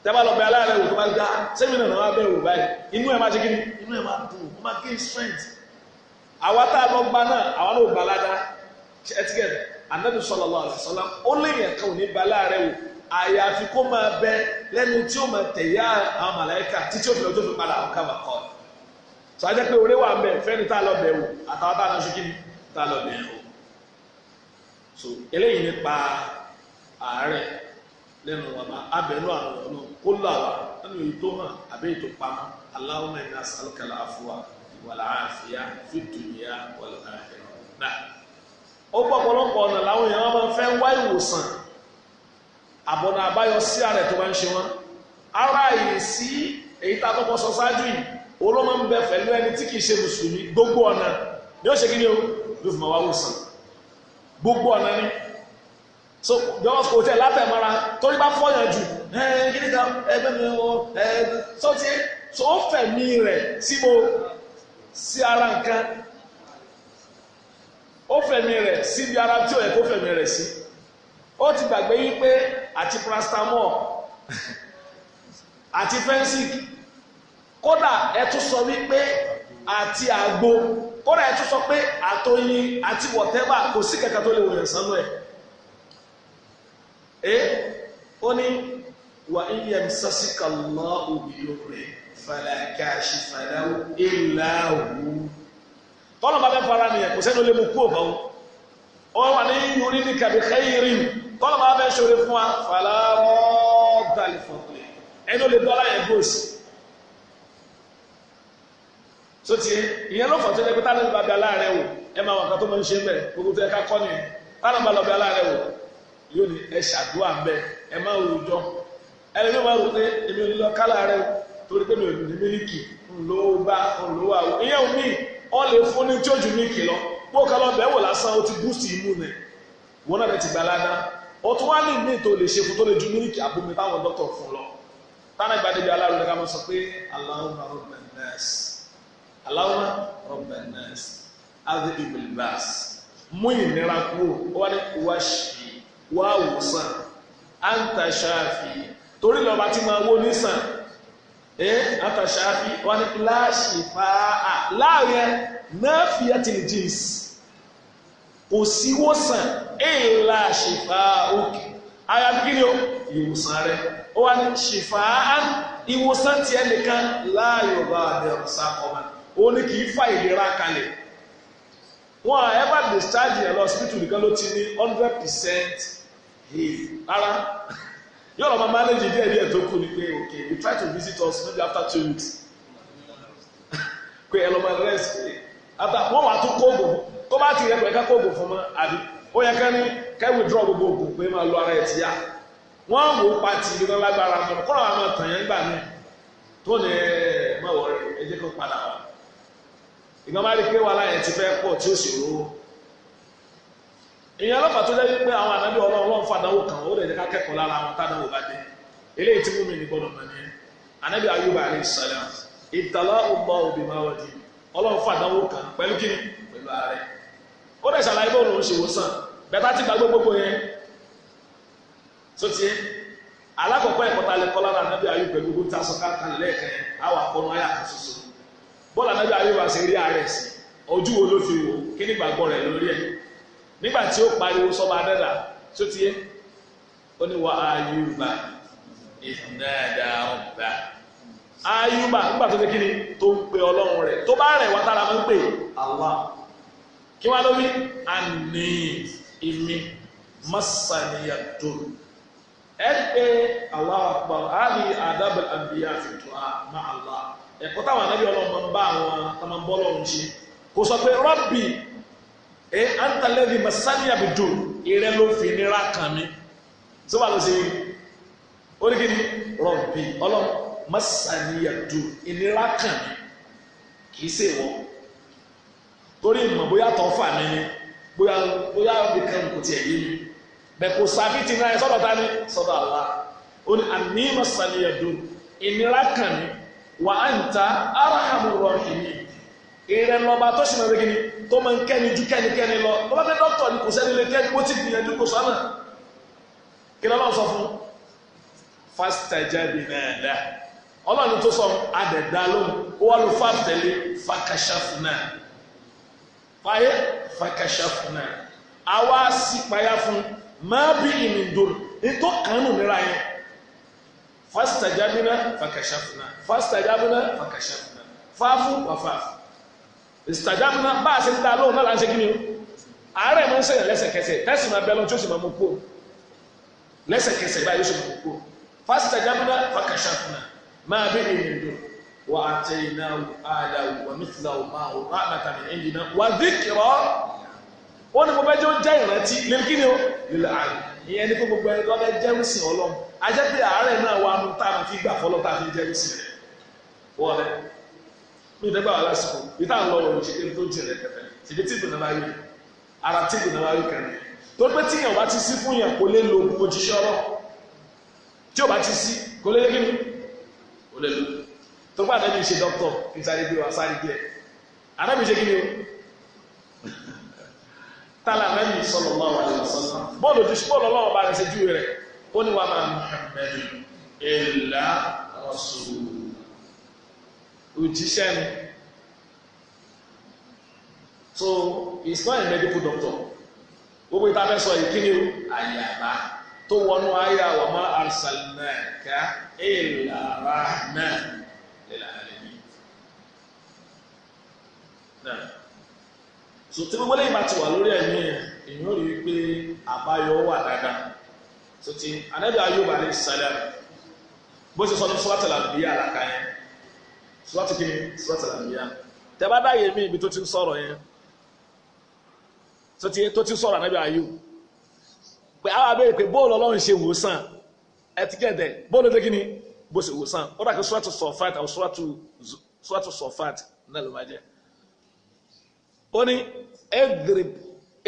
tẹ́bá lọ bẹ alá rẹ̀ wò tó bá ga sẹ́mìnà náà wá bẹ̀rù báyìí inú ẹ̀ máa ṣe kíni inú ẹ̀ máa dùn ó máa gain strength àwa tá a lọ gba náà àwa náà ò gba ládàá ẹtìkẹ́tì anabi sallallahu alaihi wasallam ó lé yẹn kan ò ní ba alá rẹ̀ wò àyàfi kó máa bẹ lẹ́nu tí ó máa tẹ̀yà àwọn màláíkà títí ó fi lọ́jọ́ fi padà ọ̀ká wà kọ́ ọ̀ sọ ajẹ́ pé orí wà ń bẹ̀ fẹ́ni tá a lọ bẹ̀ wò àtàwọn tá a lọ ṣe kíni tá lọ o so eléyìí nípa àárẹ̀ lẹ́nu wàmà abẹ́nú àrùn ọ̀nà kó lọ àwà nínú ètò hàn àbẹ́ ètò pamọ́ Allahumma inna as'alukal afwa wal afiya fid dunya wal akhirah náà ó pọ̀ pọ̀lọpọ̀ ọ̀nà làwọn èèyàn máa ń fẹ́ wá ìwòsàn àbọ̀nà àbáyọ sí ààrẹ tó bá ń ṣe wọn ara yìí sí èyí tá a kọ́kọ́ sọ ṣáájú yìí olómọ̀ ń bẹ pẹ̀lú ẹni tí kì í ṣe mùsùlùmí gbogbo ọ̀nà ni ó ṣe kí ni o ló fi máa wá wòsàn gbogbo ọ̀nà ni so jọ̀wọ́ kò tẹ̀ látẹ̀mọ́ra torí bá fọyàn jù ẹ kí ni ká ẹgbẹ́ mi wọ ẹ sọ́tí so ó fẹ̀mí rẹ̀ sí mo sí ara nǹkan ó fẹ̀mí rẹ̀ síbi ara tí ó yẹ kó fẹ̀mí rẹ̀ sí ó ti gbàgbé yí pé àti paracetamol àti fensic kódà ẹ tún sọ wípé àti àgbo kódà ẹ tún sọ pé àtọyìn àti wọ̀tẹ́bà kò sí kẹ̀kẹ́ tó lè wòyàn sánú ẹ̀ ẹ ó ní wà ilé ẹ̀mí sásìkà lọ́ òbí rẹ̀ fàlàkà àṣìfàdáwò ìlà òwú tọ́nà bá fẹ́ fara nìyẹn kò sẹ́ni ó lè mú kú ọ̀bá ó wà ní yorí ní kàbí khairin tọ́nà bá fẹ́ ṣòro fún wa fàlàmọ́ dàlífọ̀tò ẹni ó lè dọ́là yẹn gbòòsì tó ti ìyẹn ló fọ̀ tó jẹ́ pé tálẹ́ ìbá bí aláàrẹ̀ wò ẹ máa wà ká tó máa ń ṣe bẹ̀ gbogbo tó yẹ ká kọ́ ni tálẹ́ ìbá lọ bí aláàrẹ̀ wò yóò ní ẹ ṣàdúrà bẹ ẹ máa rò jọ ẹni ló máa rò pé èmi ò ní lọ kálá rẹ torí pé mi ò ní mílíkì ńlọ́wọ́ bá ńlọ́wọ́ àwọn ìyẹn mi ọ lè fún ní tí ó ju mílíkì lọ bó kọ́ lọ bẹ̀ wò lásán ó ti búùsì imú nẹ wọn náà ti gbà ládá ó tún wá ní ìmí tó lè ṣe fún tó lè ju mílíkì àbómi táwọn dọ́tọ̀ fún lọ tánà ìgbàdébí aláàrú ni ká máa sọ pé aláwọ̀ bá rò bẹ̀ nẹ́ẹ̀sì. Allahumma rabban nas adhib al-ba's mú ìnira kúrò wọ́n ní wá ṣe wá wòsàn anta shafi torí lọ́ba tí máa wó nísàn ẹ́ anta shafi wọ́n ní láṣì fàá láàyè náà fi ẹtì ní jeans kò sí wòsàn ẹ̀ láṣì fàá òkè ayàbí ni ó ìwòsàn rẹ̀ ó wá ní ṣìfàá ìwòsàn tiẹ̀ nìkan láàyò bá a bẹ̀rù sá ọmọ òun ni kì í fa ìlera kalẹ̀ wọn à ever discharge yẹn lọ hospital nìkan ló ti ní hundred percent heal rárá yóò lọ máa manage díẹ̀ díẹ̀ tó kù ni pé you try to visit us maybe after two weeks pé ẹ lọ máa rest after wọn wà á tún kó oògùn kó bá ti yẹ kó ẹ ká kó oògùn fún mọ àbí ó yẹ ká ní ká withdraw gbogbo oògùn pé máa lo ara ẹ ti yá wọn wò ó pati ìlú lágbára mọ kó làwọn máa tàn yẹn tó ní ẹ máa ẹ kó padà wá. ìgbà máa rí pé wàhálà yẹn ti fẹ́ pọ̀ tí ó sì rówó ìyẹn ọlọ́pàá tó jẹ́ pé àwọn ànábì ọlọ́run ọlọ́run fàdánwò kan ó lè jẹ́ ká kẹ́kọ̀ọ́ lára àwọn tádánwò bá dé eléyìí tí múmi ní gbọ́dọ̀ mọ̀ ní ànábì ayúbà alayhi salam ìtàlá ọgbà òbí máa wọ̀ di ọlọ́run fàdánwò kan pẹ̀lú kí pẹ̀lú ààrẹ ó lè ṣàlàyé bóun lòún ṣe wò sàn bẹ́ẹ̀ bá ti gbàgbé gbogbo yẹn tó ti alákọ̀ọ́kọ́ ẹ̀kọ́ta lè kọ́ lára ànábì ayú pẹ̀lú gbogbo tá a bọ́ọ̀lù anábì ayélujára ṣe rí ààrẹ sí ojú wo ló fi wò kí ni gbàgbọ́ rẹ̀ lórí ẹ̀ nígbà tí ó pariwo sọ́ba adẹ́dà tó ti yé ó ní wa ayúbà ìnáda ọba ayúbà nígbà tó ṣe kí ni tó ń pe ọlọ́run rẹ̀ tó bá rẹ̀ wá tára mú pé àwa kí wá ló wí àní ìmí masaniyadun ẹ pé àwa àpá àbí àdábẹ̀lẹ̀ àbíyá fìtúwà máa Allah ẹ̀kọ́ táwọn anábì ọlọ́run máa ń bá àwọn tàmà ń bọ́ lọ́run ṣe kò sọ pé rọ́bì ẹ antalẹ́bí masani abidu ìrẹ́ ló fi nira kàn mí tí wàá lọ sí i ó ní kí ni rọ́bì ọlọ́run masani abidu ìnira kàn mí kì í ṣe wọ́ torí ìmọ̀ bóyá tó fà mí ni bóyá bóyá bí kan kò tiẹ̀ yé mi bẹ́ẹ̀ kò sábì tì náà sọ́dọ̀ ta ni sọ́dọ̀ àlá ó ní àní masani abidu ìnira kàn mí wà á ń ta arahamu rọ̀hìnì ìrẹ́ lọ́ba tó sì mẹ́rin gini tó mọ̀ ń kẹ́ni ju kẹ́nikẹ́ni lọ tó bá fẹ́ dọ́kítọ̀ ni kò sẹ́ni lè kẹ́ni ó ti gbìyànjú kò sọ́nà kí lọ́lọ́ sọ fún fastajabina lahu ọlọ́run tó sọ adẹ̀dá lóhùn ó wá lọ fún àtẹ̀lé fakashafuna fàyè fakashafuna àwa sì payá fún má bí ìmìdòrò ní tó yẹn fastajabina fakashafuna fastajabina fakashafuna fáfú wàfáfú ìsìtàjáfúnná bá a ṣe ń ta lóhùn náà là ń ṣe kí ni o àárẹ̀ máa ń ṣẹlẹ̀ lẹ́sẹ̀kẹsẹ̀ tẹ́sí máa bẹ lọ tí ó sì máa mú kú o lẹ́sẹ̀kẹsẹ̀ báyìí ó sì máa mú kú o fastajabna fakashafna máa bẹ ènìyàn dùn wà á tẹ iná àdá wà mítìlá wà máa wà á nàta ní ẹ̀yìn náà wà díkìrọ̀ wọ́n ní mo bẹ́ jẹ́ ìrántí lẹ́nu kí o lílẹ̀ àyè ìyẹn ní gbogbo ẹni tó bẹ́ ń sìn ọlọ́run ajẹ́ pé àárẹ̀ náà wà nù tá a máa fi gbà fọlọ́ tá a fi jẹ́ ìsìn wọ́n rẹ̀ mi ò dẹ́gbà wà lásìkò ìta ń lọ òun ṣe kéde tó jẹ rẹ̀ kẹfẹ́ ṣèké tí ìgbìnà máa rí ara tí ìgbìnà máa rí kẹrin tó pé tí yàn bá ti sí fún yàn kò lè lo òjíṣẹ́ ọlọ́ tí ò ti sí kò lè lékè mi ò lè lo tó gbà dẹ́bi ṣe dọ́kítọ̀ nítorí bí wàá sáré díẹ̀ àdábi ṣe kí o tálà mẹ́rin sọ̀rọ̀ náà wà lọ́sọ̀rọ̀ bọ́ọ̀lù ọlọ́wọ́ rẹ̀ ṣe júwe rẹ̀ ó ní wà máa Muhammad illa rasul òjíṣẹ́ ni so he's not a medical doctor gbogbo ìta fẹ́ sọ ìkíni o àyàbá tó wọnú ayé wa ma arsalnaka illa rahman lil alamin náà so tí gbogbo lẹ́yìn bá ti wà lórí ẹ̀mí ẹ̀ èèyàn pé àbáyọ wà dáadáa sọtí anabi ayọba alẹ sàlẹm bó ṣe sọ ní sọlá tàlàbíyà àlàkà yẹn sọlá tìkì ní sọlá tàlàbíyà tẹbá dá yẹn mí ibi tó ti ń sọ̀rọ̀ yẹn sọtí tó ti ń sọ̀rọ̀ anabi ayọ pé àwọn abẹ́rẹ́ pé bóòlù ọlọ́run ṣe wò sàn ẹtikẹ́tẹ̀ bóòlù ọdẹ kìíní bó ṣe wò sàn ó dà kí sọlá tó sọfàt àwọn sọlá tó sọfàt náà ló máa jẹ ó ní ẹgìrì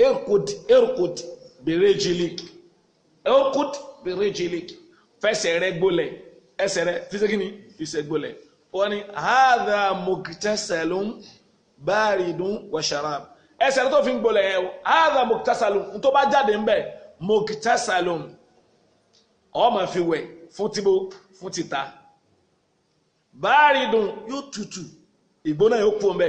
ẹrùkùd ẹrùkùd bèrè jìlì okut birijilik fẹsẹ̀ rẹ gbolẹ̀ ẹsẹ̀ rẹ fisegini fisẹ̀ gbolẹ̀ wọ́n ní hadha muktasalun báàrídùn wa sharab ẹsẹ̀ rẹ tó fi ń gbolẹ̀ yẹn hadha muktasalun n tó bá jáde ń bẹ̀ muktasalun ó máa fi wẹ̀ fún tíbo fún títa báàrídùn yóò tutù ìgbóná yóò kú ọmọ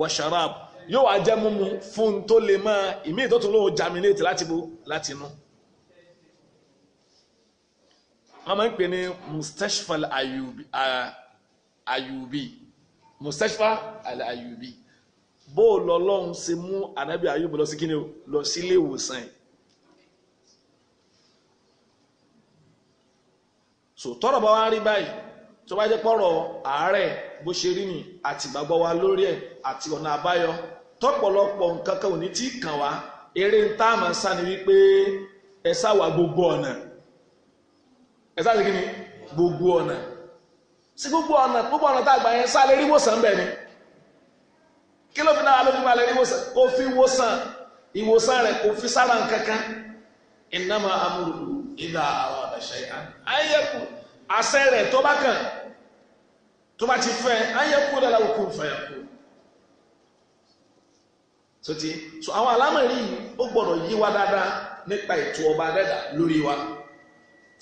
wa sharab yóò wá jẹ́ mímu fún tó lè máa ìmí ìtọ́tún lóhùn germinate láti bo láti inú. No wọ́n máa ń pè ní mustashfa ayubi mustashfa ayubi bó o lọ lọ́hún ṣe mú anabi ayubi lọ sí kíni lọ sí ilé ìwòsàn yìí. so tọrọ bá wá rí báyìí tó bá jẹ́ pọ̀rọ̀ àárẹ̀ bó ṣe rí ni àtìgbàgbọ́ wa lórí ẹ̀ àti ọ̀nà àbáyọ tọ́pọ̀lọpọ̀ nǹkan kan ò ní tí kàn wá eré ń tá àmọ́ sá wípé ẹ sáwà gbogbo ọ̀nà ẹ sáré kí ni gbogbo ọ̀nà sí gbogbo ọ̀nà gbogbo ọ̀nà tá yẹn sáré rí wòsàn ni kí ló fi náà ló fi máa lè rí wòsàn kó fi wòsàn ìwòsàn rẹ̀ kó fi sára kankan ìnáma amúlùú ìlà àwọn àdàṣà yìí ayẹ́kù àṣẹ rẹ̀ tó bá kàn tó bá ti fẹ́ ayẹ́kù dára òkú fẹ́yàkù sọtí so àwọn alámọ̀rí ó gbọ́dọ̀ yí wa dáadáa nípa ètò ọba dẹ́dà lórí wa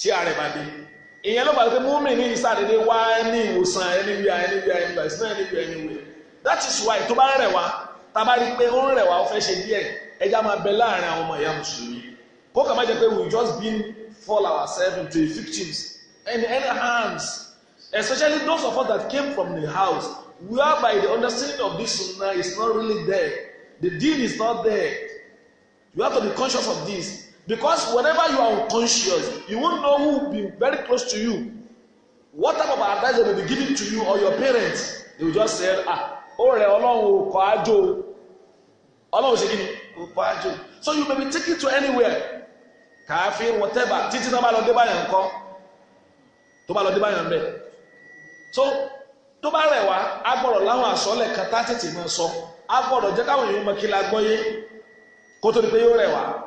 tí ààrẹ bá dé ìyẹn ló bá dé múmi ní ìsàdédé wá ní ìwòsàn anywhere anywhere anywhere it's not anywhere that is why tó bá ń rẹ̀ wá tá a bá rí i pé ó ń rẹ̀ wá ó fẹ́ ṣe díẹ̀ ẹja máa bẹ láàrin àwọn ọmọ ìyá mùsùlùmí kó kà má jẹ pé we just been fall ourselves into a victims In any hands, especially those of us that came from the house whereby the understanding of this sunnah is not really there the deen is not there you have to be conscious of this Because whenever you are unconscious, you won't know who will be very close to you. What type of advice they will be giving to you or your parents? They will just say, ah, ó oh, rẹ̀ ọlọ́run kọ́ àjò. Ọlọ́run ṣe kí ni? Kò kọ́ àjò. So you may be taken to anywhere. Kàáfíìn whatever títí náà bá lọ dé báyà ńkọ́. Tó bá lọ dé báyà ńbẹ̀. So tó bá rẹ̀ wá, a gbọ́dọ̀ láwọn àsọ̀lẹ̀ kan tá tètè máa sọ. A gbọ́dọ̀ jẹ́ káwọn èèyàn mọ kí la gbọ́ yé kó tó di pé yóò rẹ̀ wá.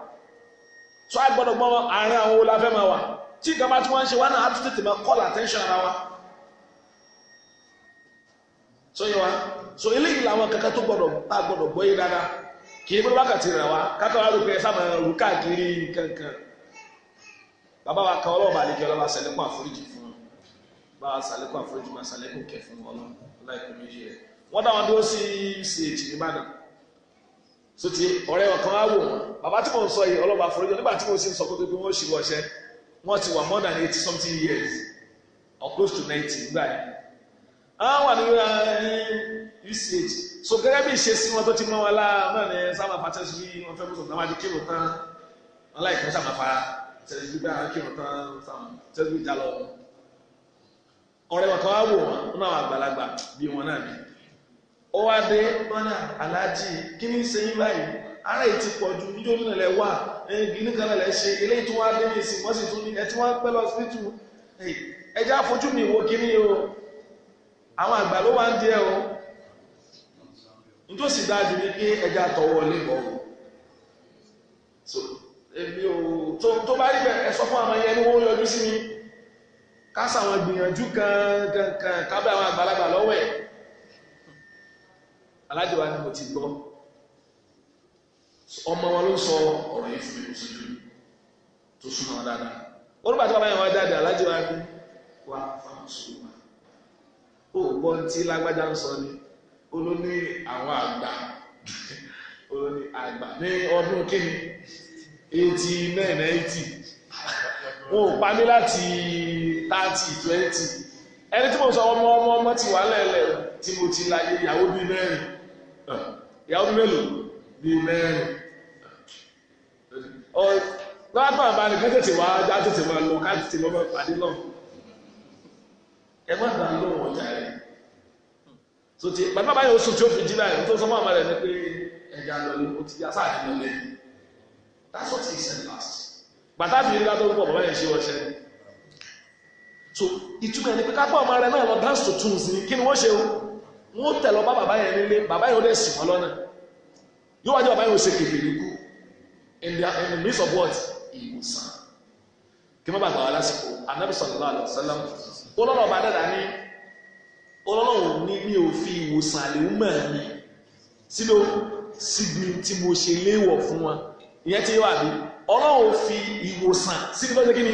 so a gbọdọ gbọ́ àárín àwọn wo la fẹ́ máa wà tí ìjọba tí wọ́n ṣe náà á tún tètè call attention ara wa so yẹ wa so eléyìí làwọn kaka tó gbọ́dọ̀ tá a gbọ́dọ̀ gbọ́ dada kì í pé wákàtí rẹ̀ wá kankan bàbá wa kan ọlọ́ọ̀bà àlejò ọlọ́ba àforíjì fún àforíjì fún méjì so ti ọ̀rẹ́ ọ̀kan á wò wọ́n bàbá tí mò ń sọ yìí ọlọ́ba àforíjọ nígbà tí mo sì ń sọ pé wọ́n ṣì wọṣẹ́ wọ́n ti wà more than eighty something years or close to ninety nígbà yẹn àwọn wà ní uch so gẹ́gẹ́ bí ìṣesí wọn tó ti mọ́ wọn La náà ní sábà pàṣẹ sí bí wọ́n fẹ́ mọ́tò náà kí wọ́n tán wọn láì kọ́ sábà fara tẹ̀lé gbígbà kí wọ́n tán sábà tẹ̀lé gbígbà lọ ọ̀rẹ́ ọ̀kan á wò náà àgbàlagbà bí wọn náà bí ó wá dé bọ́nà aláàjì kí ní ṣe báyìí ara yìí ti pọ̀ ju níjó nínú ilẹ̀ wà gíní kan náà lẹ̀ ṣe eléyìí tó wá dé ní ìsìn wọ́n sì tún ní ẹ tí wọ́n pẹ́ lọ síbítù ẹjẹ́ àfojú mi wo kíní o àwọn àgbà ló wá ń díẹ̀ o nítòsí dájú ni pé ẹjẹ́ àtọwọ́ lè bọ̀ o èmi ò tó tó bá rí bẹ́ẹ̀ ẹ sọ fún àwọn ẹyẹ ní wọ́n yọjú sí mi ká gbìyànjú kan kábẹ́ àwọn àgbàlagbà lọ́wọ́ ẹ̀ alájọ wa ni mo ti gbọ́ ọmọ wọn ló sọ ọ̀rọ̀ yìí fún mi kò sójú tó súnmọ́ wọn dáadáa wọn nígbà tí wọn bá yẹn wọn dáadáa alájọ wa ni wà fáwọn sùúrù wa ó gbọ́ tí lágbájá ń sọ ni ó ló ní àwọn àgbà ó ló ní àgbà ní ọdún kíni eighty nine eighty wọn ò pa mí láti thirty twenty ẹni tí mo sọ ọmọ ọmọ ọmọ ti wà lẹ́lẹ̀ tí mo ti la ìyàwó bíi mẹ́rin ìyàwó mélòó bí mẹ́rin lápá àbálẹ̀ ká tètè wá já tètè máa lọ ká tètè lọ máa pàdé náà ẹ má dà lóhùn ọjà rẹ tó ti bàbá báyìí oṣù tí ó fi jí náà tó sọ fún àmàlẹ ní pé ẹja lọlé ó ti yá sáàdì lọlé that's what he said last bàtà fi rí látọ̀ púpọ̀ bàbá yẹn ṣe ọṣẹ so ìtumọ̀ ẹni pé ká pọ̀ ọmọ rẹ náà lọ dance to tunes ni kí ni wọ́n ṣe o wọ́n tẹ̀ lọ bá bàbá yẹn nílé bàbá yẹn ó lè sùn wọn lọ́nà yóò wájú bàbá yẹn ó ṣe kékeré kú in the in the midst of what ìwòsàn kí wọ́n bá gbà wá lásìkò anabi sallallahu alaihi wasallam ọlọ́run ọba dàda ní ọlọ́run ní mi ò fi ìwòsàn àlèhùn mọ̀ mi sílò síbi tí mo ṣe léèwọ̀ fún wa ìyẹn ti yọ àbí ọlọ́run fi ìwòsàn síbi lọ́jọ́ kí ni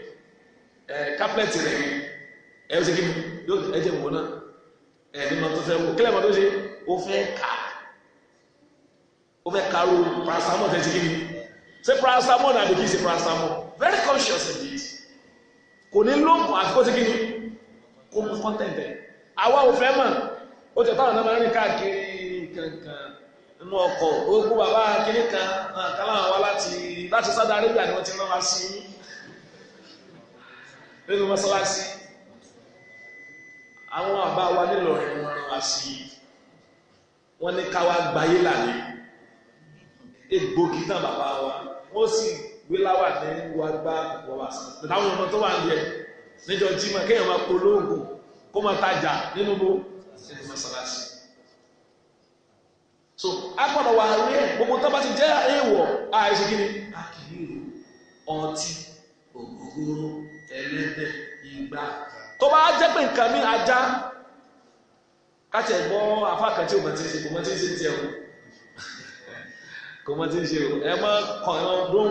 ẹ kápẹ́tì rẹ̀ ẹ ó ṣe kí ni ẹ jẹ́ wò náà ẹ ní ma tó fẹ́ wò kílẹ̀ ma tó ṣe ó fẹ́ kà ó fẹ́ kàró paracetamol tẹ̀ ṣe kí ni ṣe paracetamol náà àbíkí ṣe paracetamol very conscious indeed kò ní lóògùn àti kó ṣe kí ni kó mú content ẹ̀ àwa ò fẹ́ mọ̀ ó tẹ̀ táwọn náà máa ń rìn káàkiri kankan nínú ọkọ̀ ó kú bàbá kínní kan kálá wa láti láti Saudi Arabia ni wọ́n ti rán wa sí nínú mọ́sálásí àwọn àbá wa nílọrin wọn rán wa sí i wọ́n ní káwa gbayé lànà egbògi náà bàbá wa wọ́n sì gbé láwà ní wa gbá púpọ̀ wá sí i táwọn ọmọ tó wà ní ẹ níjọ jimá kéèyàn máa polówó kó máa tajà nínú bó nínú mọ́sálásí so agbọ́dọ̀ wà rí ẹ̀ gbogbo tó bá ti jẹ́ èèwọ̀ àìsí kí ni àkìlì ọtí ògógóró ẹlẹ́dẹ̀ ìgbà tó bá jẹ́ pé nǹkan mi ajá káṣẹ̀ gbọ́ afá tí o mọ̀ ti ṣe kò mọ̀ ti ṣe tiẹ̀ o kò mọ̀ ti ṣe o ẹ mọ̀ kàn ẹ̀ ọdún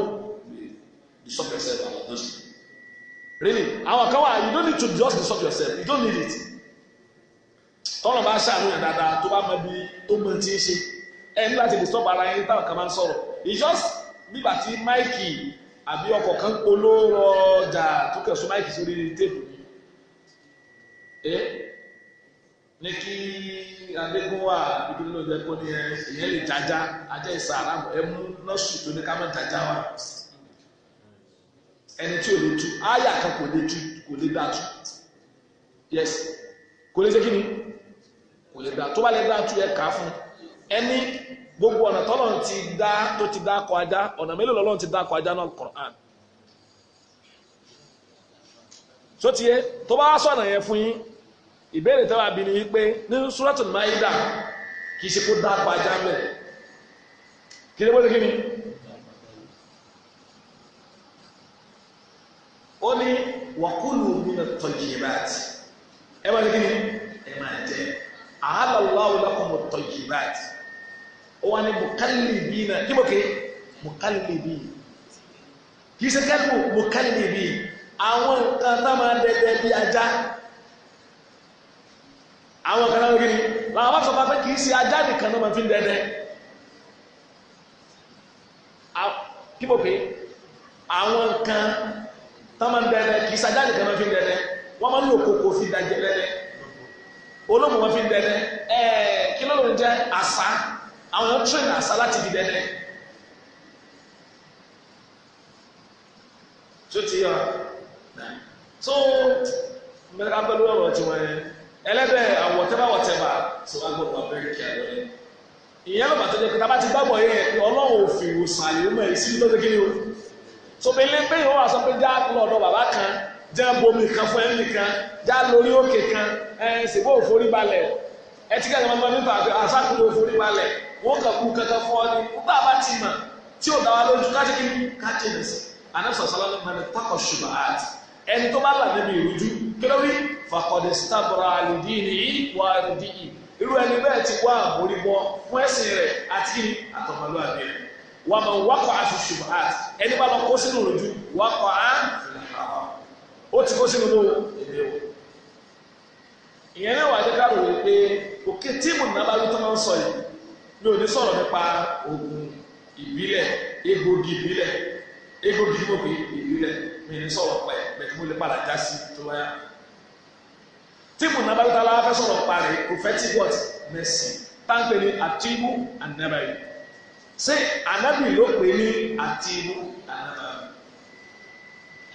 disturb yourself about those really àwọn kan wà you don't need to just disturb yourself you don't need it tọ́lọ̀ bá ṣàánú yẹn dáadáa tó bá mọ bí tó mọ ti ṣe ẹ ní láti disturb ara yín táwọn kan máa ń sọ̀rọ̀ it's just bíbà tí máìkì àbí ọkọ̀ kan polówó ọjà tó kẹ̀sùn máìkì sórí téèpù ẹ ní kí adégún wà ibi nínú ìjẹ kó ní ẹ ìyẹn lè jájá ajá ìsà aráàmù ẹ mú nọ́ọ̀sì tó ní ká má jájá wa ẹni tí ò lè tu áyà kan kò lè tu kò lè dá tu yes kò lè ṣe kí ni kò lè dá tó bá lè dá tu ẹ kà á fún ẹni. gbogbo ọ̀nà tọ́lọ́run ti dá tó ti dá akọ ajá ọ̀nà mélòó ti dá akọ ajá náà Qur'an sotie tó bá sọ ọ̀nà yẹn fún yín ìbéèrè tẹ́wà bí ni wípé nínú Suratul Maida kì í ṣe kó dá akọ ajá mẹ́ kí ló bó ṣe kí ni ó ní wàkúlù ẹ máa ṣe kí ni ẹ máa ó wá ní mùkálìbí náà kí mo pè é mùkálìbí kì í ṣe kẹ́lù mùkálìbí àwọn nǹkan tá máa dẹdẹ bí ajá àwọn kan náà rí làwọn bá sọ pé kì í ṣe ajá nìkan náà máa fi ń dẹdẹ kí mo pè é àwọn nǹkan tá máa dẹdẹ kì í ṣe ajá nìkan máa fi ń dẹdẹ wọ́n máa ń lo kòkò fi dàjẹ́ dẹdẹ olóògùn wọn fi ń dẹdẹ ẹ̀ẹ́ kí ló jẹ́ àṣà àwọn train àṣà láti di dẹ́dẹ́ tó ti yọ tó mẹ́ta pẹ̀lú ọ̀rọ̀ tí wọ́n ẹlẹ́bẹ̀ àwọ̀tẹ́bà wọ̀tẹ́bà tí wọ́n gbọ́dọ̀ abẹ́rẹ́ kí àlọ́ yẹn ìyẹn lọ́ba tó jẹ́ pé tábà ti gbàgbọ́ yẹn ọlọ́run òfin ìwòsàn àyẹ̀wò mẹ́rin sí lóde kí ni o tó bẹ lé pé ìwọ́n wà sọ pé já lọ́dọ̀ bàbá kan já bomi kan fún ẹnì kan já lórí òkè kan ẹ̀ ṣègbè òforí balẹ̀ ẹ ti kẹ́ wọ́n kà kú kankan fún ọ ní nígbà bá ti mọ̀ tí ò dá wa lójú kájí kí ni kájí ní sí anásọ̀ sálámù mẹ́rin takọ̀ ṣùgbọ́n àti ẹni tó bá là níbi ìrújú kílórí fàkọ̀dé sítábọ̀rọ̀ àlùdí ni wà àlùdí yìí irú ẹni bẹ́ẹ̀ ti wá àmórígbọ́ fún ẹ̀sìn rẹ̀ àti kí ni àtọ̀mọlúwàbí rẹ̀ wà mọ̀ wákọ̀ àti ṣùgbọ́n àti ẹni bá lọ kó sínú ìrújú wákọ̀ á ó ti kó sínú lówó o ìyẹn náà wà á dé ká mi ò ní sọ̀rọ̀ nípa oògùn ìbílẹ̀ egbògi ìbílẹ̀ egbògi ìgbògi ìbílẹ̀ mi ní sọ̀rọ̀ pẹ̀ bẹ̀tí mo lè padà já sí tó wáyà. tíìmù nàbàlùtàlà fẹ́ sọ̀rọ̀ parí prophetic word mercy táǹpẹ̀ ní àtìmú ànábàyí ṣé ànábì ló pè ní àtìmú ànábàyí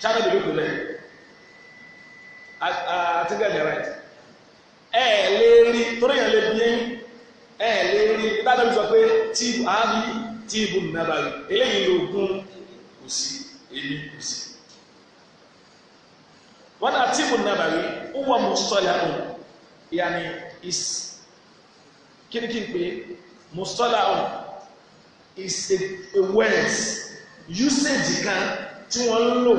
ṣé ànábì ló pè lẹ́yìn àtìgẹ́lẹ̀ rẹ̀ ẹ̀ lè rí torí yẹn lè bí yẹn ẹ lè rí dájọ́ sọ pé tí àárí tí ibù nàbà rí eléyìí ló gún kò sí èmi kò sí. wọ́n náà tí ibù nàbà rí ó wọ́n mú sọ́lá nù ìyàní is kíníkíní pé mú sọ́lá nù is a, a words usage kan tí wọ́n ń lò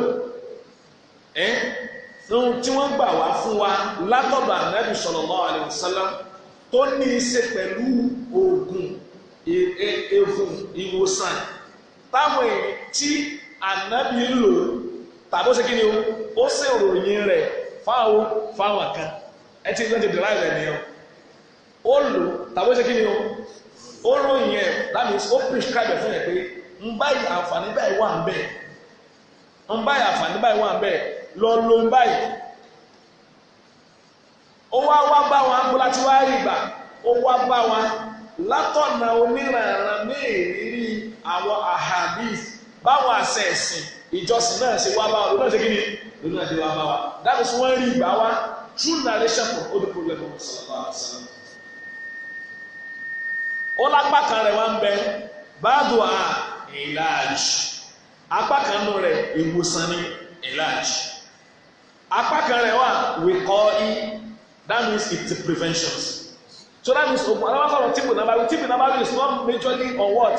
ẹ́ tí wọ́n gbà wá fún wa látọ̀dọ̀ ànábì sallallahu alaihi wasallam tó ní í ṣe pẹ̀lú oògùn e-, e-, egun ìwòsàn táwọn èèyàn tí ànábì ń lò tàbí ó ṣe kí ni o ó ṣe ìròyìn rẹ̀ fáwọn fáwọn kan ẹ ti lọ́ọ́ dèdè láì rẹ̀ nìyẹn ó lò tàbí ó ṣe kí ni o ó ròyìn ẹ̀ that means ó prescribe ẹ̀ fún ẹ̀ pé ń báyìí àǹfààní báyìí wà ń bẹ̀ ń báyìí àǹfààní báyìí wà ń bẹ̀ lọ lo ń báyìí ó wá wá bá wọn abúlá tí wàá rí gbà ó wá bá wọn látọ̀nà onírànràn ní ìrírí àwọn ahadith báwọn àṣẹ ẹ̀sìn ìjọsìn náà ṣe wá bá wa lónà ṣe kí ni lónà ṣe wá bá wa dábì sí wọn rí ìgbà wa true narration for old problem of sallallahu alaihi wasallam. ó lápá kan rẹ̀ wá ń bẹ báàdù à ìlàjì apá kan nù rẹ̀ ìwòsàn ní ìlàjì apá kan rẹ̀ wà wíkọ́ í. That means it's prevention, So that means Ogunalawa sọ̀rọ̀ tìbù nàbàbí tìbù nàbàbí is not majorly on what?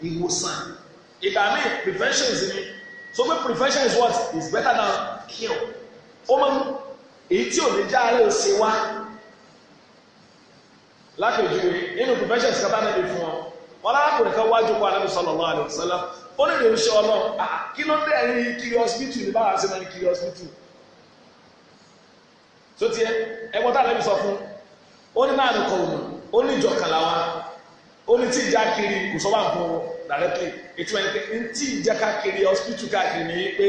he sign. It can mean prevention is in So when prevention is what? is better than cure. Ó máa ń èyí tí ò ní já ara òsè wá. Lápèjúwe nínú prevention ṣe kábàá níbi fún ọ. Wọ́n lákòrè kan wájú kó Ànábì sallallahu alaihi wasallam. Ó lè lè ṣe ọ náà. Kí ló dé ẹ̀yin kiri hospital ní báwa ṣe máa ń kiri hospital? tó tiẹ̀ ẹ̀gbọ́n tá a lẹbi sọ fún ó ní náà nìkan òun ó ní ìjọ kàlà wa ó ní tí ìjà kiri kò sọ wà fún directly ìtumọ̀ ẹni pé ní tí ìjà káàkiri hospital káàkiri ni pé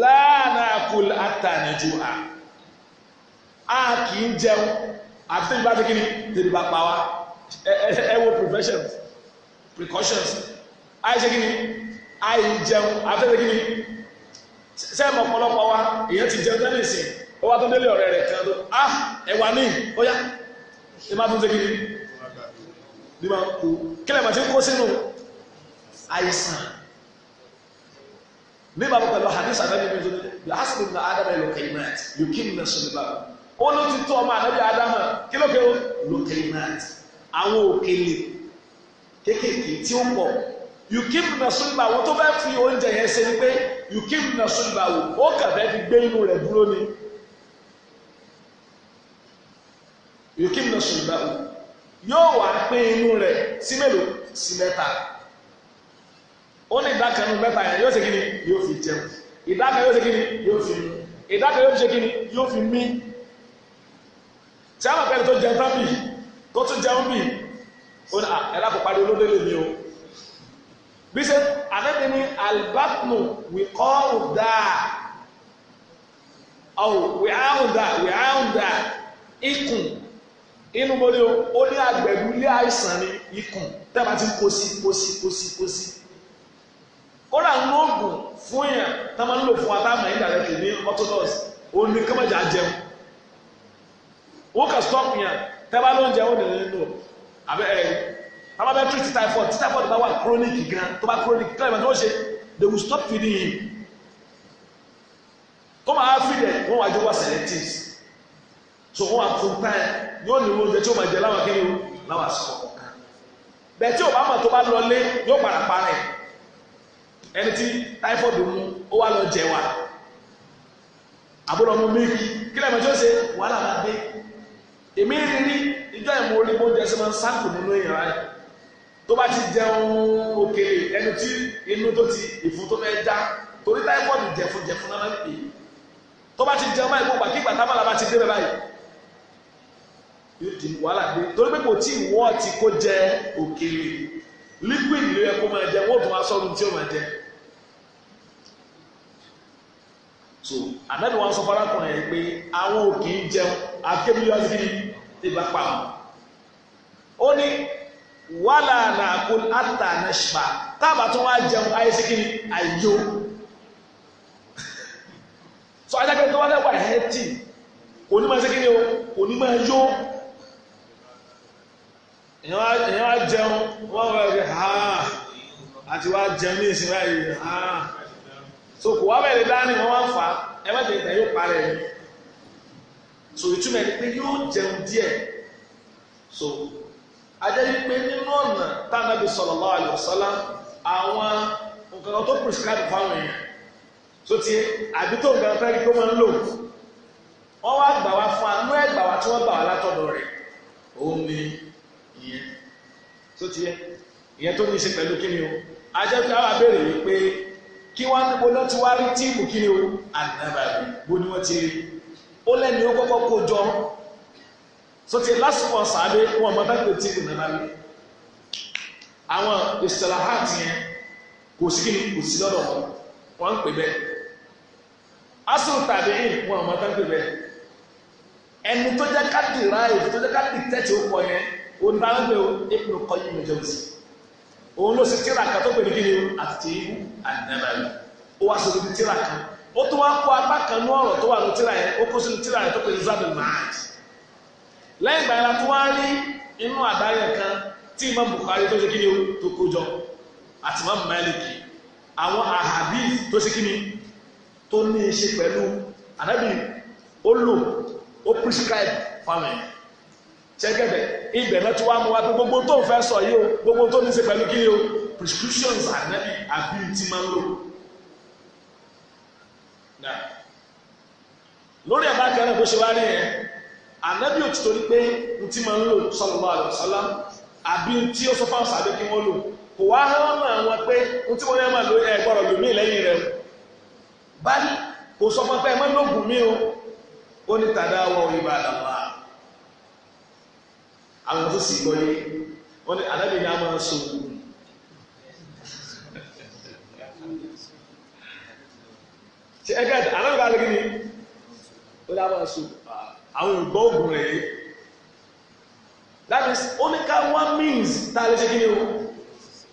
láàánà kùl àtànàjù à á kì í jẹun àti tẹ́lifà ti kiri tẹ́lifà pa wa ẹ wo preventions precautions àìsè kiri àìjẹun àti tẹ́lifà kiri sẹ́ẹ̀mù ọ̀pọ̀lọpọ̀ wa èèyàn ti jẹun tẹ́lifà sìn ó wá tó délé ọ̀rẹ́ rẹ̀ ah ẹ̀wà ní ó yá ní máa tún ṣe kiri ní máa kú kílẹ̀ màá ti kó sínú àìsàn ní bàbá pẹ̀lú hadith anabi mi tó dé bí asibin na adama ẹ̀ lókè imáà yòókì ní sọ̀rọ̀ bá ó ló ti tó ọmọ anabi adama kílókè ó lókè imáà àwọn òkèlè kéékèèké na sunba tó bá fi oúnjẹ yẹn ṣe ni pé yukim na sunba ó kà bẹ́ẹ̀ fi gbé inú rẹ̀ dúró ni yòókìm náà sùn dáhùn yóò wá pé inú rẹ̀ sí mélòó sí mẹ́ta ó ní ìdá kan nínú mẹ́ta yẹn yóò ṣe kí ni yóò fi jẹun ìdá kan yóò ṣe kí ni yóò fi ìdá kan yóò fi ṣe kí ni yóò fi mí tí a máa pẹ́ni tó jẹun tán bì tó tún jẹun bì ó ní ẹ̀rá kò parí olóde lè ní o bí ṣe àtẹ́tẹ́ ní albatnu wìkọ́ ọ̀dà ọ̀ wìáhùndà wìáhùndà ikùn inú mọ́lẹ́ o ó ní àgbẹ̀dú ilé àìsàn ní ikùn tẹ́lá ti ń kósí kósí kósí kósí kódà ń lo oògùn fún yàn tá a máa ń lò fún atáàmù ẹ̀yìn ní orthodox òun ní kọ́mọ̀jà jẹun wọ́n kà stop yàn tẹ́lá ló ń jẹun ní nínú abẹ́ ẹ̀ tábà bẹ́ẹ̀ treat typhoid typhoid bá wà chronic gan tó bá chronic tẹ́lá ìbátan ṣe they will stop feeding him kọ́mọ̀ á fi dẹ̀ wọ́n wá jẹ́ wá selective so wọ́n wá full time yóò ní oúnjẹ tí ó máa jẹ láwọn kí ni o láwọn àsìkò kọ̀ọ̀kan bẹ́ẹ̀ tí òbá mọ̀ tó bá lọ lé yóò padà parẹ́ ẹni tí táífọ̀dù mú ó wá lọ jẹ wà àbúrò ọmọ méjì kí lẹ́mọ̀ tí ó ṣe wàhálà máa dé èmi rí ní ìjọ ìmọ̀ orí oúnjẹ sí máa ń sáàkù nínú èèyàn rẹ̀ tó bá ti jẹun òkèlè ẹni tí inú tó ti ìfun tó fẹ́ já torí táífọ̀dù jẹ̀fun jẹ̀fun náà máa pè tó bá ti jẹun báyìí gbogbo àkígbà tábàlà bá ti dé bẹ́ẹ̀ báyìí yóò di wàhálà dé torí pé kò tí ì wọ́ ọtí kó jẹ òkèlè liquid ló yẹ kó máa jẹ wọ́n tún máa sọ́run tí ó máa jẹ. so ànábi wọn sọ farakùnrin yẹn pé àwọn òkè ń jẹun akébíyá sí ibà pa wọn. ó ní wàhálà nàkó àtà nàṣìbà táàbà tó wá jẹun ayé kí ni àyò so ajakẹ́ tó wá lẹ́wọ̀ ẹ̀hẹ́tì kò ní máa ṣe kí ni o kò ní máa yó èèyàn wá jẹun wọ́n wọ ẹ̀rí hàn àti wá jẹun ní ìsinmi ayé hàn so kò wá bẹ̀rẹ̀ dání wọ́n wá fà á ẹ má tẹ̀lé yóò parẹ́ ẹ̀ so ìtumọ̀ ẹni pé yóò jẹun díẹ̀ so ajẹ́ wípé nínú ọ̀nà tánàbí sallallahu alaihi wasallam àwọn nǹkan tó prescribe fáwọn èèyàn tó ti àbí tó nǹkan fẹ́ kí ó máa ń lò wọ́n wá gbà wá fún anú ẹ̀gbà wá tí wọ́n gbà wá látọ̀dọ̀ rẹ̀ òun ni ìyẹn tó ti yẹ ìyẹn tó ní ṣe pẹ̀lú kí ni o ajẹ́ pé àwọn abẹ́rẹ́ kí wọ́n ní bó lọ́ọ́ ti wá rí tíìmù kí ni o àdàbàbí bó ni wọ́n ti rí ó lẹ́ni ó kọ́kọ́ kó jọ tó ti lásìkò sàádé wọn mọ dákò tíìmù nàbàbí àwọn ìsìláhàtì yẹn kò sí kí ni kò sí lọ́dọ̀ wọn wọ́n ń pè bẹ́ẹ̀ asùn tàbí ìn wọn mọ dákò bẹ́ẹ̀ ẹni tó jẹ́ ká dìráì tó jẹ́ ká dìtẹ́tì ó pọ̀ yẹn onídàájọ́ Ibn Qayyim al-Jawzi òun ló ṣe tíra kan tó pè ní kíni àtẹ̀yìnbù àdìnàbàyì ó wá sọ ní tíra kan ó tún wá kó apá kan ní ọ̀rọ̀ tó wà ní tíra yẹn ó kó sínú tíra yẹn tó pè ní zabil mahad lẹ́yìn ìgbà yẹn tó wá rí inú àdáyẹ kan tí Imam Bukhari tó ṣe kíni tó kó jọ àti Imam Maliki àwọn àhàbí tó ṣe kíni tó ní í ṣe pẹ̀lú àdábì ó lò ó prescribe fáwọn yẹn ṣẹ́gẹ̀dẹ̀ ibẹ̀ náà tí wàá mú wa pé gbogbo tó ń fẹ́ sọ yìí o gbogbo tó ní í ṣe pẹ̀lú kí ni o prescriptions ànábì àbí ti máa ń lò. lórí ẹ̀bá kẹrin bó ṣe wá rí yẹn ànábì ò ti torí pé n ti máa ń lò sallallahu alaihi wasallam àbí tí ó sọ fáwọn sàbẹ̀ kí wọ́n lò kò wá hàn mọ́ àwọn pé n tí wọ́n yẹn máa lo ẹ̀ gbọ́dọ̀ lò mí lẹ́yìn rẹ̀ báyìí kò sọ fún ẹ pé ẹ má lóògùn mi o ó ní tàdáwọ̀ ìbàdàn wa àwọn tó sì gbọ́ yé wọ́n ní alábì ní a máa so wù. ṣe ẹ gẹ́gẹ́ alábì bá lẹ́gìn ní ó ní a máa so àwọn ìgbọ́ ògùn rẹ̀ yé that is only ka one means tá a lè ṣe kí ni o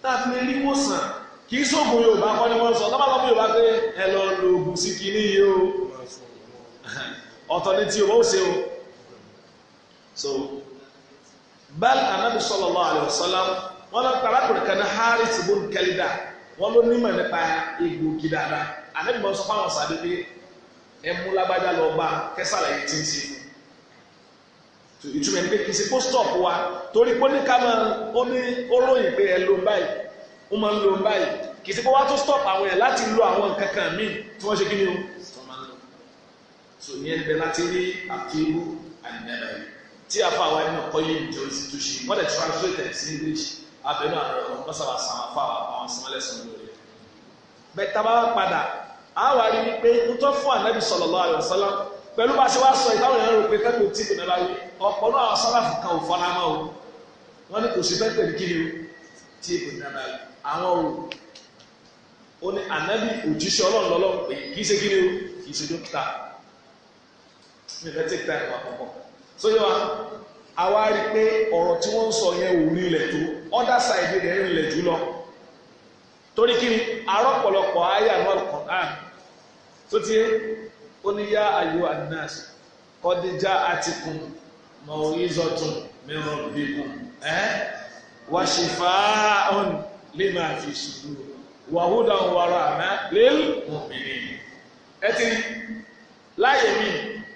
tá a fi lè rí wòsàn kì í sóògùn Yorùbá kọ́ ni wọ́n sọ tọ́ba lọ́mú Yorùbá pé ẹ lọ lo oògùn sí kinní yìí o ọ̀tọ̀ ni tí o bá ó ṣe o so bal anabi sallallahu alaihi wasallam wọn lọ arákùnrin kan ní haris bun kalida wọn ló nímọ̀ nípa egbògi dáadáa anabi mọ sọ fáwọn sáré pé ẹmu lágbájá lọ bá kẹsàlẹ yìí ti ń ṣe ìtumọ̀ ní pé kì í ṣe stop wa torí pé ó ní ká máa ó ní ó ròyìn pé ẹ ló ń báyìí ó máa stop àwọn ẹ̀ láti lo àwọn nǹkan kan míì tí wọ́n ṣe kí ni o. so ìyẹn bẹ láti rí àti irú àìdára yìí tí a fa àwọn ẹni kọ́ yé ìjọ institution wọ́n dẹ̀ translate it sí English abẹnú àrùn ọ̀hún bọ́sàbà sàmà fà àwọn sàmàlẹ́sàn lórí. bẹ́ẹ̀ tábà padà a wà rí wípé ntọ́ fún anabi sallallahu alaihi wasallam pẹ̀lú bá a ṣe wá sọ ìtàwọn èèyàn rò pé kẹ́kọ̀ọ́ tí kò dára yìí ọ̀pọ̀ náà àwọn sálàfù kan ò fọ́nà máa o wọ́n ní kò sí fẹ́ pẹ̀lú kí ni o tí kò dára yìí àwọn o ó ní anabi òjíṣẹ́ ọlọ́run lọ́lọ́run pé kì í ṣe kí ni o kì í ṣe dókítà mi fẹ́ tẹ́kítà ìwà pọ̀pọ̀ sóyè wa àwa rí i pé ọ̀rọ̀ tí wọ́n ń sọ yẹn ò rinlẹ̀ tó other side rẹ̀ rinlẹ̀ jù lọ torí kí ni arọ́pọ̀lọpọ̀ àyà náà kàn án tó ti ó ní yá ayò anas kọ́díjà àtìkùn mọ̀ọ́yìzọ́tún mẹ́rọ̀ bíkùn ẹ́ wàṣìfà ọ̀n lè máa fi ṣùgbọ́n wàhúdà ń wàrà àmà lè mọ̀ mí ẹ ti láyé mi.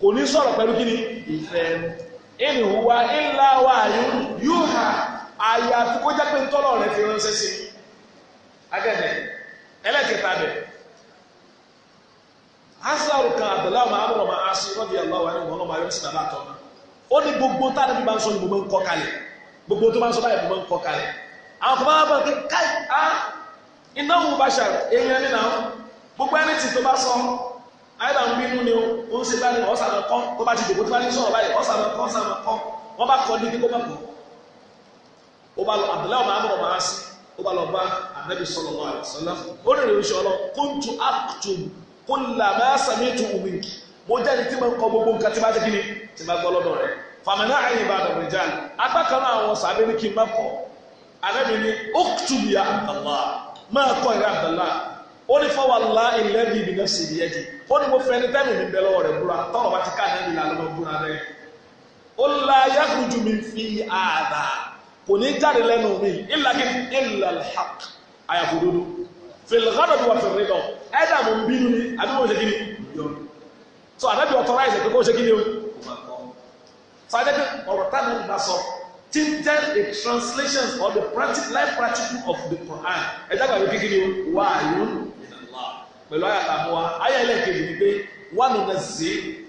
kò ní sọ̀rọ̀ pẹ̀lú kí ni ìfẹ́ ẹnu ìhùwà ńlá wa yóò hà àyàfi kó jẹ́ pé ntọ́lọ̀ rẹ̀ fi ránṣẹ́ sí agẹ́dẹ̀ ẹlẹ́kẹta bẹ̀ asaru kan abdullahi ọmọ amúlò ọmọ asi rọ́bì aláwọ̀ ẹni wọn ọmọ ayọ́sìn náà látọ̀ ó ní gbogbo tá a níbi ń sọ ní gbogbo ń kọ́ kalẹ̀ gbogbo tó máa ń sọ báyìí gbogbo ń kọ́ kalẹ̀ àwọn kan máa bọ̀ pé káì á iná mú bàṣà èèyàn nínú gbogbo ẹni tì tó bá sọ àyẹ̀bà ń bínú ni ó ń ṣe bá ní ọ̀sán kọ́ tó bá ti dìbò tó bá ti sọ̀rọ̀ báyìí ọ̀sán kọ́ ọ̀sán kọ́ wọ́n bá kọ́ dídí kó bá kọ́ ó bá lọ Abdullahi ọmọ amọ̀ máa sí ó bá lọ bá anabi sọlọ lọ àlùsọlá ó rìn rìn sọlọ kóńtù àkùtù kólà máa sàmì ètò omi mo jáde tí mo kọ gbogbo nǹkan tí bá ti kíni tí bá gbọ́ lọ́dọ̀ rẹ̀ fàmìlà àyè ó ní fọwọ́ ńlá ìlẹ́bí ibi náà sì yẹ di ó ní mo fẹ́ ní tẹ́lẹ̀ mi bẹ́ẹ̀ lọ́wọ́ rẹ̀ búra tọ́wọ́ bá ti ká ànábì là lọ́wọ́ búra rẹ̀ ó la yàgùjù mi fi àdá kò ní jáde lẹ́nu mi ìlàkí ìlàlhàk àyàfó dodo fìlgádọ̀ bí wà fìrì lọ ẹ̀dá mo ń bínú ni àbí mo ń ṣe kí ni yọ so ànábì ọ̀tọ̀ láì ṣe pé kó ṣe kí ni o so ànábì ọ̀rọ̀ táwọn ìgbà sọ tinted the translations or the practical life practical of the Quran ẹ̀dá gbàgbé kíkiri o wáyé o pẹ̀lú àyàtà mú wa ayé ẹlẹ́kẹ̀ẹ́ ni pé wà nù nà sí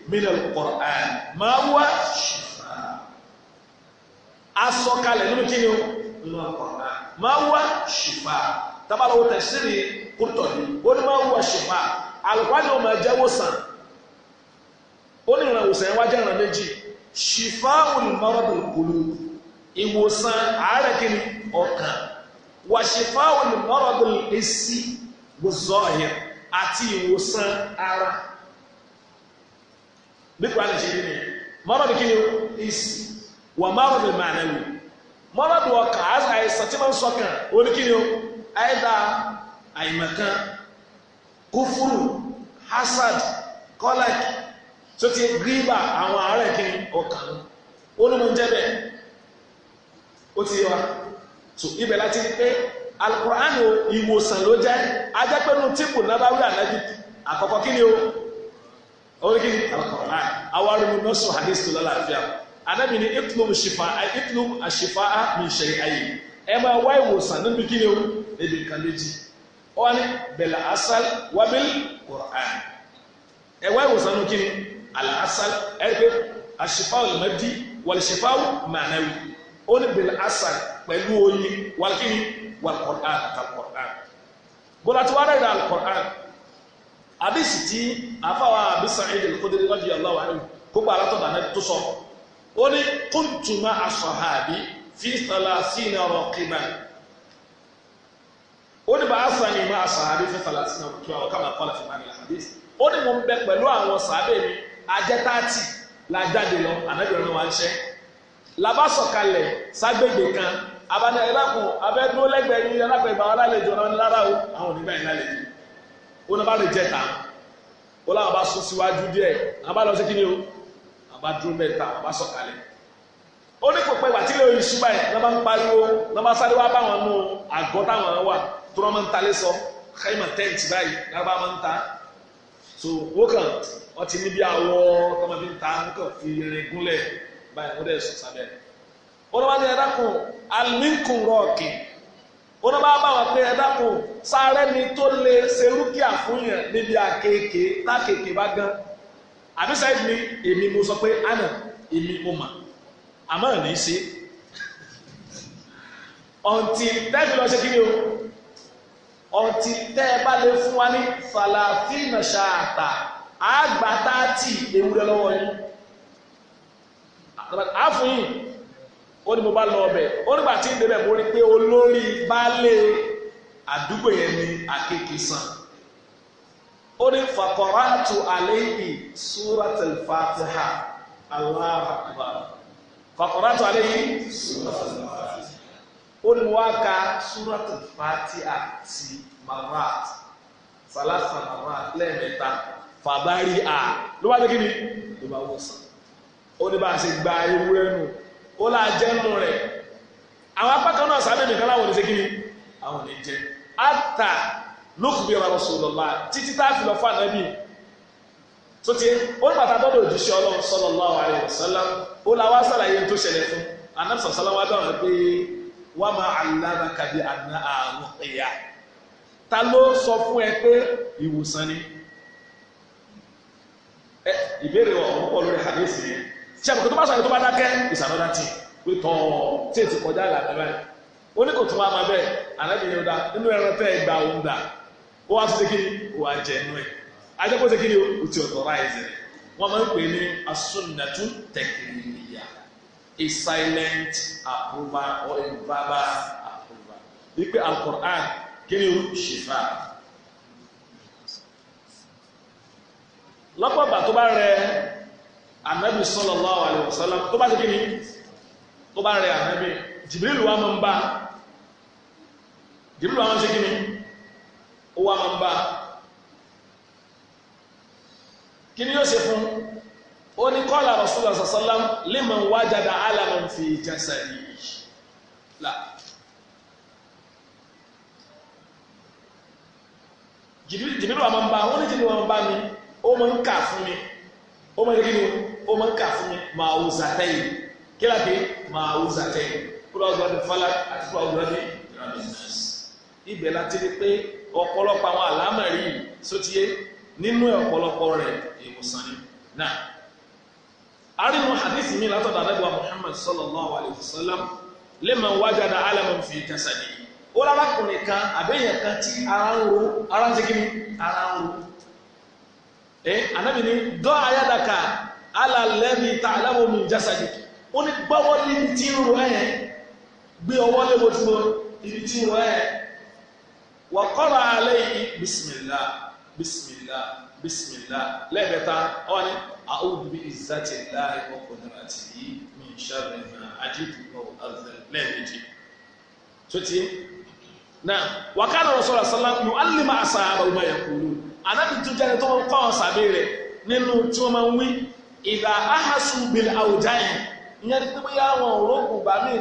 mílíọ̀n Qur'an máa wá asọ̀kalẹ̀ nínú kí ni o máa wá ṣìfà tábàlọ́wọ́ tẹ̀sírì Qurtubi ó ní máa wá ṣìfà alùpàdé ọmọ ẹ̀jẹ̀ wòsàn ó ní ìrànwòsàn ẹ̀ wájà ìràn méjì ṣìfà olùmọ́rọ́dún kòlù ìwòsàn àárẹ̀ kí ni ọkàn wàṣìfà olùmọ́rọ́dún èsì wòsàn ọ̀hìn. àti ìwòsàn ara bí kò àlè ṣe rí nìyẹn mọ́rọ̀dù ìsì wà mọ́rọ̀dù màánà wù mọ́rọ̀dù ọkàn àìsàn tí wọ́n ń sọkàn ni àìdá kúfúrù hasad kọ́lákì tó ti gíríbà àwọn àárẹ̀ kí ni ń jẹ́ ó ti wa so ibẹ̀ láti rí alukur'an o ìwòsàn ló jẹ́ ajẹ́pẹ́nu tíìpù nábàwí ànábì àkọ́kọ́ kí ni o orí kí ni alukur'an àwọn arúgbó náà sọ hadith tó lálàáfíà ànábì ni itlubu shifa itlubu ashifa min shay'ayn ẹ máa wá ìwòsàn níbi kí ni o níbi nǹkan méjì ó wá asal wabil Quran. ẹ wá ìwòsàn níbi kí ni alasal ẹ pé ashifa al-maddi wal shifa ma'nawi ó ní asal pẹ̀lú oyin wàlkìnì wal Qur'an kal Qur'an bọ́lá tí wàá rẹ̀ al Qur'an àdìsí tí àfàwà Abi Sa'id al-Khudri radiyallahu anhu gbogbo alátọ̀dà náà tó sọ ó ní kuntu ma ashabi fi thalathina raqiban ó ní bàá sàn ní ma ashabi fi thalathina raqiban kama qala fi ma'na al-hadith ó ní mo ń bẹ pẹ̀lú àwọn sàábẹ̀ mi ajẹ́tàtì la jáde abáni ẹ̀dákùn abẹ́ dúró lẹ́gbẹ̀ẹ́ yín alágbègbè àwọn alálejò náà lára o àwọn onígbà yín lálejò ó náà bá naba jẹta ó láwọn bá sún síwájú díẹ̀ àbá lọ sí kí ni o àbá dúró mẹ́ta àbá sọ̀kalẹ̀ ó ní kò pé wà tí lóyún ṣúgbà yìí náà bá ń pariwo náà bá sáré wá bá wọn nù àgọ́ táwọn wà tó wọn máa ń talé sọ kẹ́mà tẹ́ǹtì báyìí náà bá máa ń ta so wọ́n kàn wọ́n ti níbi àwọ̀ tọ́mọ fi ń ta wọ́n kàn fi irin gúnlẹ̀ báyìí wọ́n dẹ̀ wọn bá ní ẹ dákun alinkun rọọkì wọn bá bá wọn pé ẹ dákun sáré ni tó lè ṣe rúkìá fún yẹn níbi àkekèé tákekèé bá gan àbí sáyẹn mi èmi mo sọ pé àná èmi mo mà àmọ́ ẹ̀ ní í ṣe ọ̀ǹtì tẹ́ẹ̀fì lọ ṣe kí ni o ọ̀ǹtì tẹ́ bá lè fún wa ní fàlàfínà ṣáàtà àgbà táàtì ewúrẹ́ lọ́wọ́ yín àfún ó ní mo bá lọ ọbẹ̀ ó nígbà tí ń débẹ̀ mo rí pé olórí baálé àdúgbò yẹn ni akéèké sàn ó ní fàkọ̀ràtù àléhì súratul fatiha Allahu akbar fàkọ̀ràtù àléhì súratul fatiha ó ní mo wá ka súratul fatiha ti marat salasa marat lẹ́ẹ̀mẹ́ta fàbárí a ló bá dé kí ni ló bá wọ̀ sàn ó ní bá a ṣe gba ewúrẹ́ nù ó là jẹ́ nù rẹ̀ àwọn apá kan náà sábẹ́ nìkan láwọn oníṣẹ́ kíni àwọn ò ní jẹ àtà lókùbí ọ̀rọ̀ Rasulullah títí tá a fi lọ fún ànábì tó ti ó ní bàtà tọ́lọ̀ òjíṣẹ́ ọlọ́run sallallahu alaihi wasallam ó la wá sàlàyé tó ṣẹlẹ̀ fún anábì sọ̀sọ́lá wá dáhùn pé wà má alára kàbí àná ìbéèrè ọ̀hún lórí àdéhùn yẹn ṣe àbùkù tó bá sọ̀rọ̀ tó bá dákẹ́ is another thing pé tọ́ tí èsì kọjá ìlànà báyìí oníkò tó wá máa bẹ́ẹ̀ àlábìyẹn ó dá nínú ẹran tẹ́ ẹ gba òun dà ó wá sí kí wà á jẹ inú ẹ ajẹ́pọ̀ sí kí ni o ti ọ̀tọ̀ ráìsì rẹ̀ wọ́n máa ń pè ní asúnnàtú tẹ̀kìnìyà a silent approval or a verbal approval wípé alukur'an kí ni o ṣèfà lọ́pọ̀ ìgbà tó bá rẹ̀ anabi sallallahu alaihi wasallam tó bá ti kíni tó bá rẹ anabi jìbìrìlù wa máa ń bá jìbìrìlù wa máa ń ṣe kíni ó wa máa ń bá kíni yóò ṣe fún ó ní kọ́lá rasulullah sallam liman wajada alaman fi jasadi la jìbìrìlù wa máa ń bá ó ní jìbìrìlù wa máa ń bá mi ó máa ń kà fún mi ó máa ń kí ni o ó máa ń kà fún mi máa wò zàtẹ́ yìí kí ló dé máa wò zàtẹ́ yìí kúrò àwọn ọ̀dọ́ fọlá àti kúrò àwọn ọ̀dọ́ ibẹ̀ láti rí pé ọ̀pọ̀lọpọ̀ àwọn àlámọ̀rí sotiye nínú ọ̀pọ̀lọpọ̀ rẹ̀ ìwòsàn ni náà arínú hadith mi látọ̀dọ̀ àdàgbà Muhammad sallallahu alayhi wa sallam lẹ́mọ̀ wájàdà alamun fi jasadi ó lárakùnrin kan àbẹ́yẹn kan tí ara ń ro ara ń segin ara ń ro ẹ anábìíní dọ́ ayádàkà alàlẹ́bí ta aláwọ̀ mi jásàdì ó ní gbọ́wọ́ ní tí ń rọ ẹ̀ gbé ọwọ́ lé mojúmọ́ ibi tí ń rọ ẹ̀ wà kọ́ra alẹ́ yìí bisimilá bisimilá bisimilá lẹ́ẹ̀mẹ́ta bi lẹ́ẹ̀mejì tó ti náà wà kánà rasulullah sallallahu alaihi tó ń kọ́ rẹ̀ nínú tí wọ́n máa ń wí ìgbà ahasu bil awujan ìyẹn ti pé bóyá àwọn òrókùn gbà mí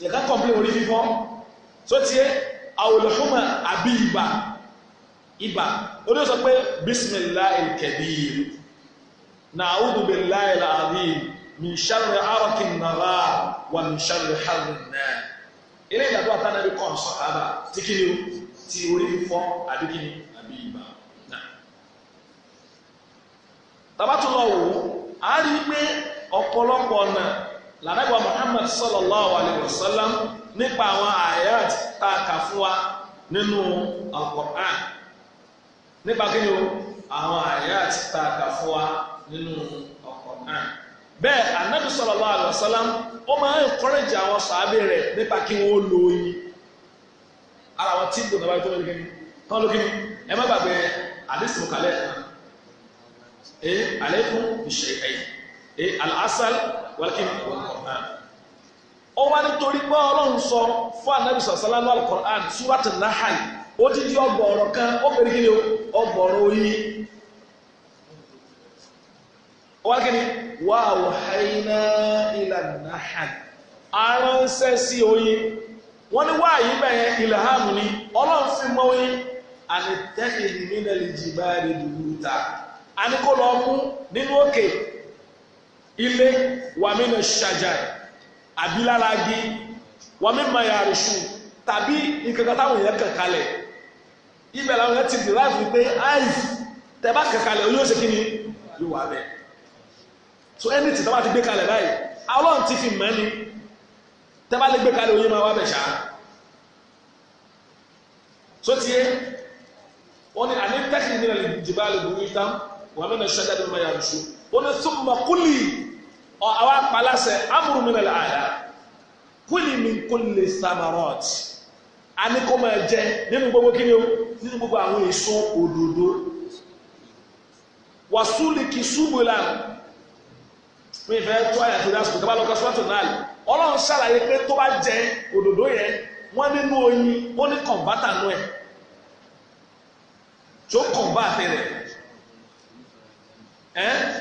yẹ̀ká kọ̀m̀plé orí fífọ́ tó tiẹ́ àwòlẹ́fúnmọ̀ àbí ibà ibà ó ní sọ pé bisimilahi kabir na'udu billahi al-azim min sharri arakin nara wa min sharri harrin náà ilé ìdàgbọ́ àtànàbí kọ́ sọ̀hábà tí kí ni ti orí fífọ́ àbí kí ni àbí ibà náà a rí i pé ọ̀pọ̀lọpọ̀ ọ̀nà làdàgbà Muhammad sallallahu alayhi wa nípa àwọn ayat tá a kà fún wa nínú al nípa kí ni o àwọn ayat tá a kà fún wa nínú al bẹ́ẹ̀ anabi sallallahu alayhi wa sallam ó máa ń ايه عليكم بالشيئين ايه العسل والكمر والقران ó wá nítorí pé ọlọ́run sọ fún anabi sọ̀sálá lọ́wọ́ alukur'an surat nahal ó ti di ọgbọ̀n kan ó pèrè kí ni ọgbọ̀n ọ̀rọ̀ oyin wọ́n ní bẹ́ẹ̀ ni ọlọ́run fi mọ́ àti àní kó lọ mú nínú òkè ilé wàmínú ṣàjà àbíláragi wàmínú yàrùsù tàbí nǹkan táwọn èèyàn kàn kalẹ̀ ibẹ̀ làwọn èèyàn ti di láìpù pé áì tẹ̀ bá kàn yóò ṣe kí ni yóò wà bẹ́ẹ̀ so ẹni tí táwọn ti gbé kalẹ̀ báyìí àwọn ti fi mọ́ ni tẹ́ bá lè gbé kalẹ̀ oyin máa wá bẹ̀ ṣáá so tiẹ̀ wọ́n ní àní tẹ́kìnì nílẹ̀ jìbá lè burú wɔne ne hyɛda de ma yɛ nsu wɔne so ma kuli ɔ awa akpala sɛ amuru mi na la aya kuli mi kuli samarot ani kɔma ɛjɛ nínú gbogbo kini o nínú gbogbo àwọn èso òdodo wasuli kisubula mi fẹ́ tó àyà tó dásùkò tó bá lọ kọsíwájú náà ọlọ́run ṣàlàyé pé tó bá jẹ òdòdó yẹn wọ́n nínú oyin ó ní kọ̀ǹbátà nù ẹ̀ tó kọ̀ǹbátà rẹ̀ Eh?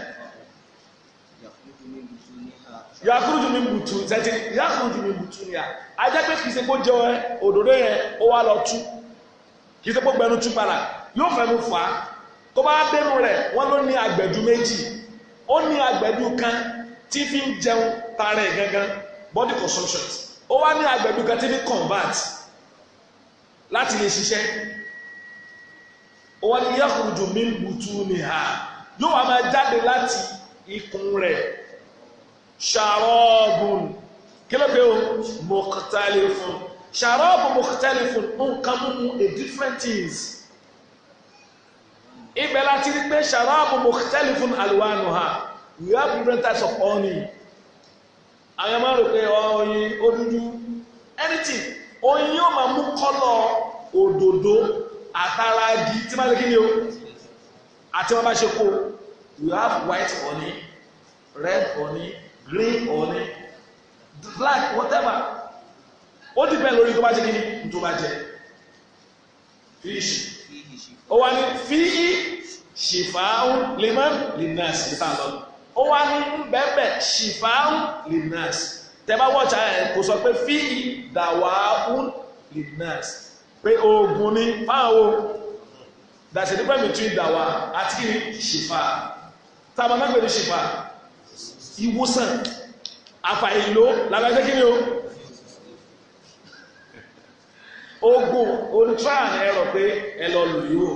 yakuruju mi butu tẹ́tí yakuruju mi butu ni a ajẹ́ pé kìí ṣe kó jẹ òdòdó yẹn ó wá lọ tú kìí ṣe kó gbẹnu tú padà yóò fẹnu fà á tó bá dénú rẹ̀ wọ́n ló ní agbẹ̀dú méjì ó ní agbẹ̀dú kan tí fi ń jẹun tara ẹ̀ body consumption ó wá ní agbẹ̀dú kan tí fi convert láti lè ṣiṣẹ́ ó wá ní yakuruju mi butu ni a yóò wá máa jáde láti ikùn rẹ̀ ṣàrọ́ọ̀bùn kí ló pé o mọ̀kítálífùn ṣàrọ́ọ̀bùn mọ̀kítálífùn nǹkan mímu a different things ibẹ̀ láti rí pé ṣàrọ́ọ̀bùn mọ̀kítálífùn àlùwánù ha we have different types of honey àwọn máa rò pé ọyìn ó dúdú anything oyin yóò máa mú kọ́lọ̀ òdòdó àtàràgì tí máa lè kí ni o àti wọn bá ṣe kó we have white honey red honey green honey black whatever ó ti bẹ́ẹ̀ lórí tó bá jẹ́ kíni tó bá jẹ́ fish ó wá ní fíì ṣìfàáhùn lèmọ́n lìnàṣì níta lọ ó wá ní bẹ́ẹ̀bẹ́ ṣìfàáhùn lìnàṣì tẹ́bá wọ́ọ̀tà ẹ̀ kò sọ pé fíì dàwáhùn lìnàṣì pé oògùn ni fáwọn There's a difference between dawa àti kí ni ṣìfà. Tá a máa gbé ní ṣìfà, ìwòsàn, àfàìlò, làbẹ́sẹ̀ kí ni o? Ogun olùtúràn ẹ̀rọ pé ẹ lọ lù yìí o,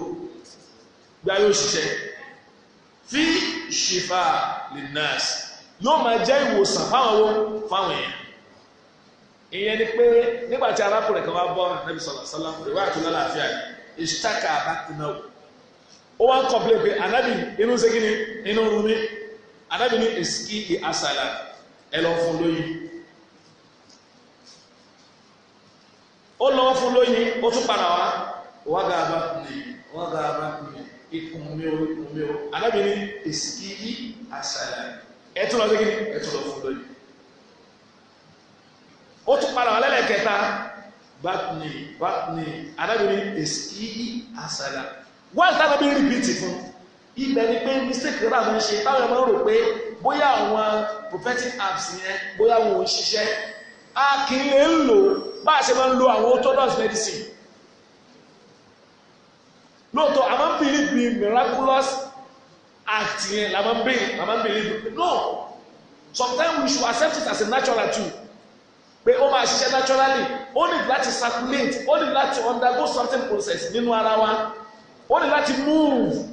gba yóò ṣiṣẹ́. Fí ṣìfà lè nọ́ọ̀sì yóò máa jẹ́ ìwòsàn fáwọn owó fáwọn èèyàn ìyẹn ni pé nígbà tí arákùnrin kan wá bọ́ nàbí sọ̀rọ̀ sọ́lá ìwé àti lọ́la àfíà ìṣítàkà àbákunáwó ó wá ń kọ́pìlẹ̀ pé anábì inú ségini inú rumi anábì ní èsìkì ìhásàlà ẹ lọ fún lóyún ó lọ fún lóyún ó tún padà wá wá ga abákunáyé wá ga abákunáyé ikùn mi ò ikùn mi ò anábì ní èsìkì ìhásàlà ẹ tún lọ ségini ẹ tún lọ fún lóyún ó tún padà wá lẹ́lẹ̀kẹta batni batni arábìnrin èsì àṣàlà wọ́n ìta bẹ́ẹ̀ rìpìtì fún ibẹ̀ ni pé mistake rẹ̀ máa ń ṣe báwọn ẹ̀ máa ń rò pé bóyá àwọn prophetic apps yẹn bóyá wọn ò ń ṣiṣẹ́ a kì í lè ń lò bá a ṣe máa ń lo àwọn orthodox medicine lóòótọ́ a máa ń believe bí miraculous act yẹn la máa ń believe la máa ń believe no sometimes we should accept it as a natural too pé ó máa ṣiṣẹ́ naturally ó ní láti circulate ó ní láti undergo something process nínú ara wa ó ní láti move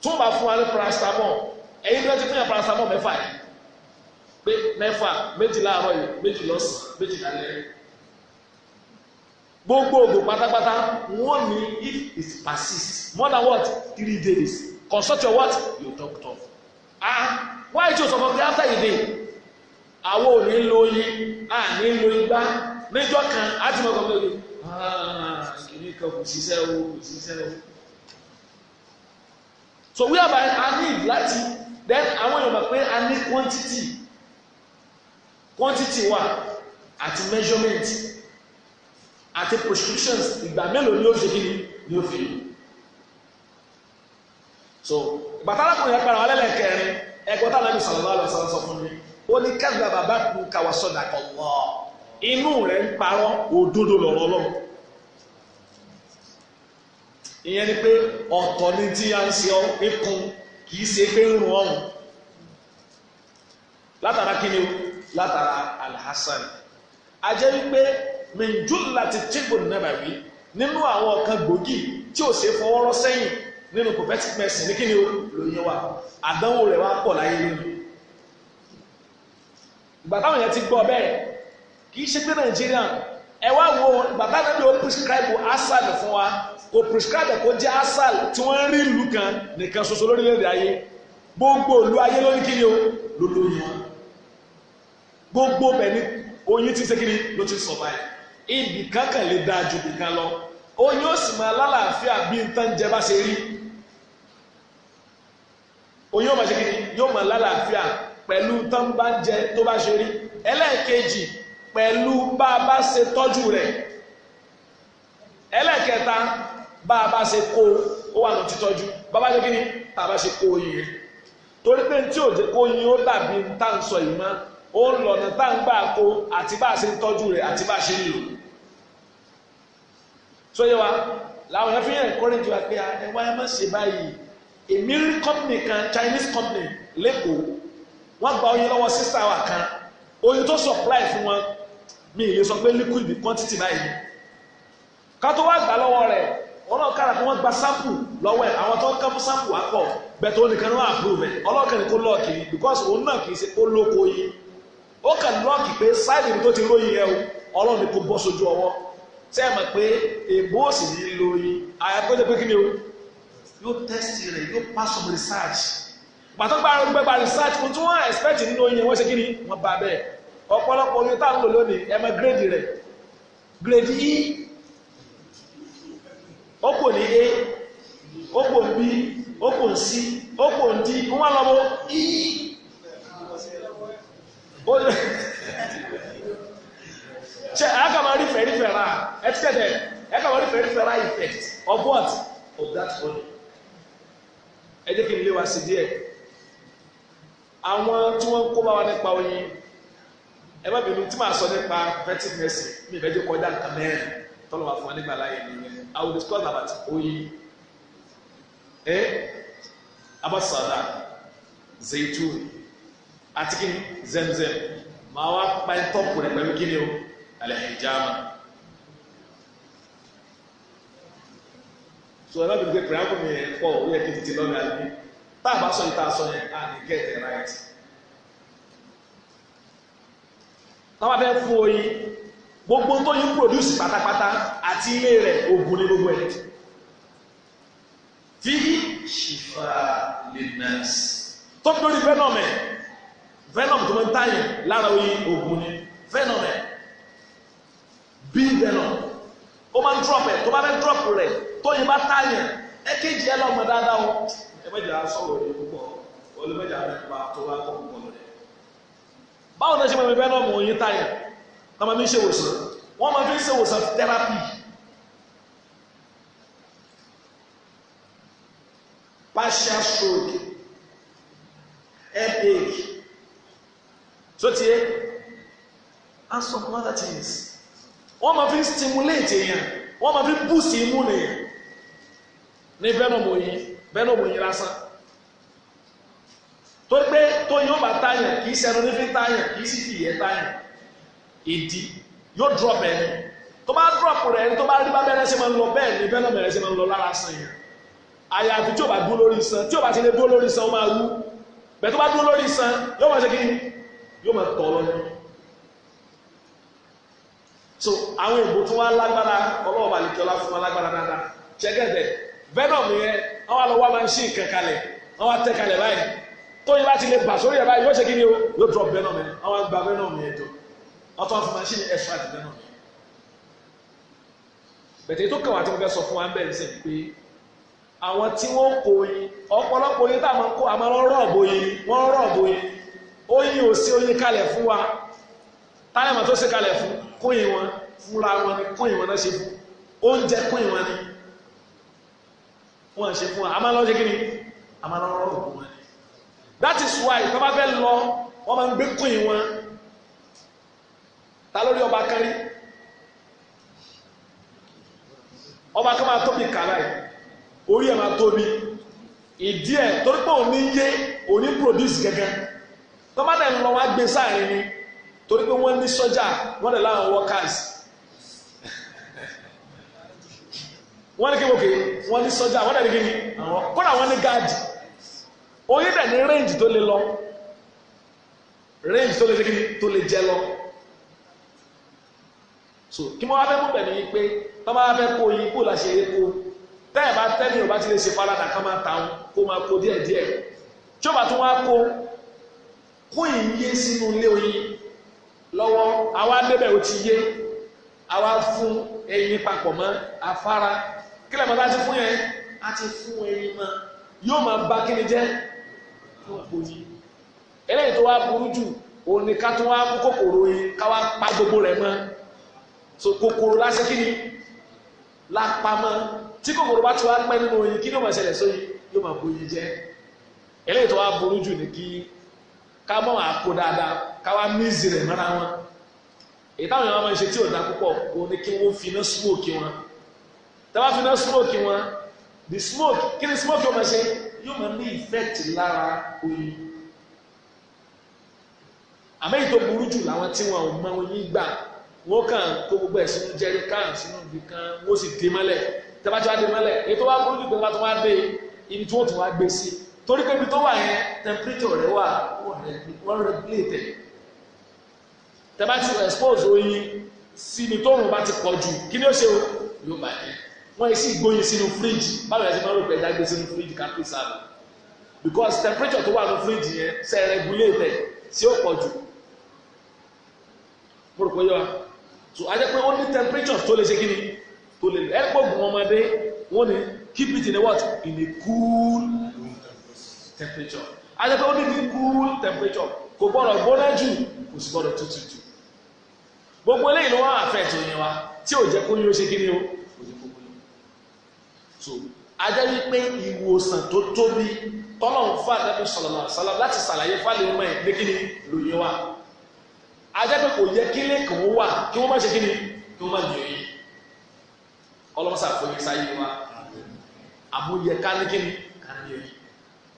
tó bá fún wa ní paracetamol ẹ̀yin ní wọ́n ti fún yàn paracetamol mẹ́fà yìí pé mẹ́fà méjì láàárọ̀ yìí méjì lọ́sàn méjì lálẹ́ gbogbo oògùn pátápátá wọ́n ní if it persists more than what three days consult your what your doctor ah why you choose to go after a day àwọn ò ní lo oyin a ní lo igbá níjọ́ kan á ti mọ ọkọ pé ah, kìíní kan kò ṣiṣẹ́ o kò ṣiṣẹ́ o. so we have a need láti then àwọn èèyàn mọ̀ pé a ní quantity quantity wà àti measurement àti prescriptions ìgbà mélòó ni ó ṣe kí ni ó fi lò so bàtà alákùnrin yẹn padà wà lẹ́lẹ̀kẹrin ẹgbẹ́ tá a lẹ́nu sàlọ́lá sọ fún mi ó ní kẹ́sìlá bàbá kú káwa sọ̀dà Allah inú rẹ̀ ń parọ́ òdodo lọ̀rọ̀ lọ́wọ́ ìyẹn ni pé ọ̀tọ̀ ni tí a ń ṣe ọ ikun kì í ṣe pé ń rún ọ̀hún látara kí ni o látara alhassan ajẹ́ wípé mìjúlá ti tìgbò nàbàwí nínú àwọn kan gbòógì tí ò ṣe fọwọ́rọ́ sẹ́yìn nínú prophetic medicine ní kí o lóye wa àdánwò rẹ̀ wá pọ̀ láyé lónìí ìgbà táwọn yẹn ti gbọ́ bẹ́ẹ̀ kì í ṣe pé nàìjíríà ẹ wá wo ìgbà táwọn yẹn ló prescribe asal fún wa kò prescribe kò jẹ́ asal tí wọ́n rí ìlú kan nìkan ṣoṣo lórílẹ̀‐èdè ayé gbogbo ìlú ayé lórí ni o ló lóyún wọn gbogbo bẹ̀ ni oyin ti ṣe kí ni ló ti survive ibì kankan lè dáa ju ibì kan lọ oyin ó sì máa lálàáfíà bí n tán jẹ bá ṣe rí oyin ó máa ṣe kí yóò máa lálàáfíà pẹ̀lú tán bá ń jẹ tó bá ṣe rí ẹlẹ́ẹ̀kejì pẹ̀lú bá a bá ṣe tọ́jú rẹ̀ ẹlẹ́ẹ̀kẹta bá a bá ṣe kó ó wà ní títọ́jú bá bá ṣe kí ni tá a bá ṣe kó oyin rẹ̀ torí pé tí ò jẹ́ kó oyin ó dàbí tá à ń sọ yìí mọ́ ó ń lọ̀nà tá à ń gbà kó àti bá a ṣe tọ́jú rẹ̀ àti bá a ṣe ń lò sóyè wa làwọn yẹn fi hàn kọ́rẹ́jì wa pé ah, ẹ wá ẹ má ṣe báyìí èmi company kan Chinese company lẹ́kọ̀ọ́ wọ́n gba oyin lọ́wọ́ sísá wa kan oyin tó supply fún wọn mi ìlè sọ pé liquid quantity báyìí ká tó wá gbà lọ́wọ́ rẹ̀ ọlọ́run kára fún wọn gba sample lọ́wọ́ ẹ̀ àwọn tó ń kán fún sample wá pọ̀ bẹ̀tẹ̀ ó nìkan náà approve ẹ̀ ọlọ́ọ̀kan ni kó lọ́ọ̀kì yìí because òun náà kì í ṣe kó lóko yìí ó kàn lọ́ọ̀kì pé sáìdì tó ti róyìn ẹ̀ o ọlọ́run ni kó bọ́ sójú ọwọ́ tẹ́ ẹ̀ mọ̀ pé èbó òsì ní lóyìn àyàkójọ pé kí ni o yóò test rẹ̀ yóò pass some research gbàtọ́ gba research kò tún wọ́n expect nínú oyin wọ́n ṣe kí ni wọ́n bá bẹ́ẹ̀ ọ̀pọ̀lọpọ̀ oyin tá grade rẹ̀ grade e ó ní a ó b ó c kò e rí effect of what of that one àwọn tí wọ́n ń kó bá wa nípa oyin ẹ má tí màá sọ nípa vetting nursing mi ìbẹ́jọ́ kọjá nǹkan mẹ́rin tọ́lọ́ fún wa nígbà láàyè nìyẹn I will discuss about oyin ẹ about zaitun zemzem màá wá pa so pé pẹ̀lú àkùnrin ẹ̀ pọ̀ ó yẹ kí n ti lọ́ọ́ mi tá a bá sọ ìta sọ yẹn a lè get it right. táwọn afẹ́ fún oyin gbogbo tó yín produce pátápátá àti ilé rẹ̀ oògùn ní gbogbo ẹ̀. tí ṣìfà lè nọ́ọ̀sì. tó ń lórí venom ẹ̀ venom tó ń tàyàn lára oyin oògùn ni venom ẹ̀ bí venom ó máa ń drop ẹ̀ tó bá fẹ́ drop rẹ̀ tó yín bá tàyàn ẹ̀ kéjì ẹ̀ lọ́mọ dáadáa o ẹ mẹ́jà sọ̀rọ̀ rẹ̀ púpọ̀ olú mẹ́jà rẹ̀ pa tó wá kọ́ báwo ni ṣe máa bẹ́ẹ̀ náà mọ̀ oyin táyà wọ́n máa fi ń ṣe wòsàn wọ́n máa fi ṣe wòsàn therapy. partial stroke headache so tiẹ̀ and some other things wọ́n máa fi ń stimulate èèyàn wọ́n máa fi ń boost immune èèyàn ní bẹ́ẹ̀ náà mọ̀ oyin bẹ́ẹ̀ náà mo yin lásán tó pé tó yín ó bá táyàn kì í sẹnu nífi táyàn kì í fi ìyẹ́ táyàn ìdí yóò drop ẹ̀ ní tó bá drop rẹ̀ ní tó bá rí bá bẹ́ẹ̀ ṣe máa ń lọ bẹ́ẹ̀ ni bẹ́ẹ̀ náà bẹ̀rẹ̀ ṣe máa ń lọ lára san yẹn àyàfi tí ò bá dúró lórí san tí ò bá ti lè dúró lórí san ó máa wú bẹ́ẹ̀ tó bá dúró lórí san yóò máa ṣe kí yóò máa tọ̀ lọ́nà so àwọn ìbò tó wá lágbára ọlọ́ọ̀bà lè jọlá fún wa lágbára dáadáa ṣẹ́gẹ̀dẹ̀ venom yẹn àwọn àlọ́ wa máa ń ṣí nǹkan kalẹ̀ àwọn atẹ́ kalẹ̀ báyìí tóyí bá ti lè bà sórí ẹ̀ báyìí yóò ṣe kí ni o yóò drop bẹ́ẹ̀ náà mi àwọn àgbà bẹ́ẹ̀ náà mi ẹ̀ tó wọ́n tó wá fún machine extract bẹ́ẹ̀ náà mi. bẹ̀tẹ̀ tó kẹwàá tí mo fẹ́ sọ fún wa bẹ́ẹ̀ ní pé àwọn tí wọ́n kó oyin ọ̀pọ̀lọpọ̀ oyin tá a máa ń kó àmọ́ wọ́n rọ̀ọ̀bù oyin wọ́n rọ̀ọ̀bù oyin oyin ò sí oyin kalẹ̀ fún wa táyà mà tó ṣe kalẹ̀ fún kóyin wọn fúnra wọn ni kóyin wọ́n ṣe fún wa a máa kí ni a máa lọ rọrùn wọn ni that is why tó bá fẹ́ lọ wọ́n máa ń gbé kùn wọn ta lórí ọba kan rí ọba kan máa tóbi kàrá yìí orí ẹ̀ máa tóbi ìdí ẹ̀ torí pé òní yé òní produce gẹ́gẹ́ tó dẹ̀ ń lọ wá gbé sáà yìí ni torí pé wọ́n ní sọ́jà wọ́n dẹ̀ láwọn workers. wọ́n ní kéwòké wọ́n ní sọ́jà wọ́n dàbí kéwì àwọn kọ́nà wọ́n ní gáàdì oyin dẹ̀ ní rẹ́ǹjì tó lè lọ rẹ́ǹjì tó lè jẹ́ tó lè jẹ lọ so kí wọ́n wá fẹ́ kó bẹ̀ ní pé tọ́mọ́ wá fẹ́ kó yín kó la ṣe é kó tẹ́ẹ̀ bá tẹ́lẹ̀ ò bá ti lè ṣe farada ká máa tàun kó máa kó díẹ̀ díẹ̀ tí ó bá tún wá kó kó ìyé sínú ilé oyin lọ́wọ́ àwa débẹ̀ ó ti yé àwa fún ẹyin papọ̀ mọ́ afárá kílẹ̀ mọ́ láti fún yẹn a ti fún ẹyin mọ́ yóò máa bá kíni jẹ́ fún àpò yìí eléyìí tó wá burú jù òun ni ká tó wá mú kòkòrò yìí ká wá pa gbogbo rẹ̀ mọ́ so kòkòrò láṣẹ kíni lápamọ́ tí kòkòrò bá ti wá pẹ́ nínú oyin kí ni ó máa ṣẹlẹ̀ sóyin yóò máa bó oyin jẹ́ eléyìí tó wá burú jù ni kí ká mọ̀ àpò dáadáa ká wá rẹ̀ mọ́ra wọn èyí táwọn èèyàn máa ń ṣe tí ò dá púpọ̀ òun ni kí wọ́n fi iná smoke wọn tẹ́wá fi náà smoke wọn the smoke kí ni smoke yóò máa ṣe yóò máa ní effect lára oyin àmẹ́yìn tó burú jù làwọn tí wọn ò mọ oyin gbà wọn kàn kó gbogbo ẹ̀ sínú jerry can sínú ibi kan wọ́n sì dé mọ́lẹ̀ tẹ́wá tí wọ́n dé mọ́lẹ̀ èyí tó wá burú jù pé tó wá dé ibi tí wọ́n tó wá gbé sí torí pé ibi tó wà yẹn temperature rẹ̀ wà wọ́n regulate tẹ́wá ti expose oyin sí ibi tó rùn bá ti pọ̀ jù kí ni ó ṣe o yóò bàjẹ́ wọ́n yẹ sí gbóyin sínú fíríjì báwo yẹn ti máa ń rò pé ẹja gbé sínú fíríjì ká pèsè because temperature tó wà ní fíríjì yẹn ṣe regulate tí ó pọ̀ jù mo rò pé yọ so a jẹ́ pé only temperature tó lè ṣe kí ni tó lè ẹ gbógun ọmọdé wọ́n ní keep it in a what in a cool temperature a jẹ́ pé only ní cool temperature kò gbọ́dọ̀ gbóná jù kò sì gbọ́dọ̀ tútù jù gbogbo eléyìí ló wá àfẹ́ tó yẹn wa tí ò jẹ́ kó yóò ṣe kí o so ajẹ́ wípé ìwòsàn tó tóbi tọ́lọ́hún fún àdébí sọ̀rọ̀ àṣàlá láti ṣàlàyé fáwọn ọmọ ẹ̀ lékìní lòye wa ajẹ́ pé kò yẹ kí lẹ́kàn ó wà kí wọ́n má ṣe kíni kí wọ́n má yẹ yìí ọlọ́mọṣà fòye sáyé wa àmúyẹ ká ní kíni ká ní yẹ yìí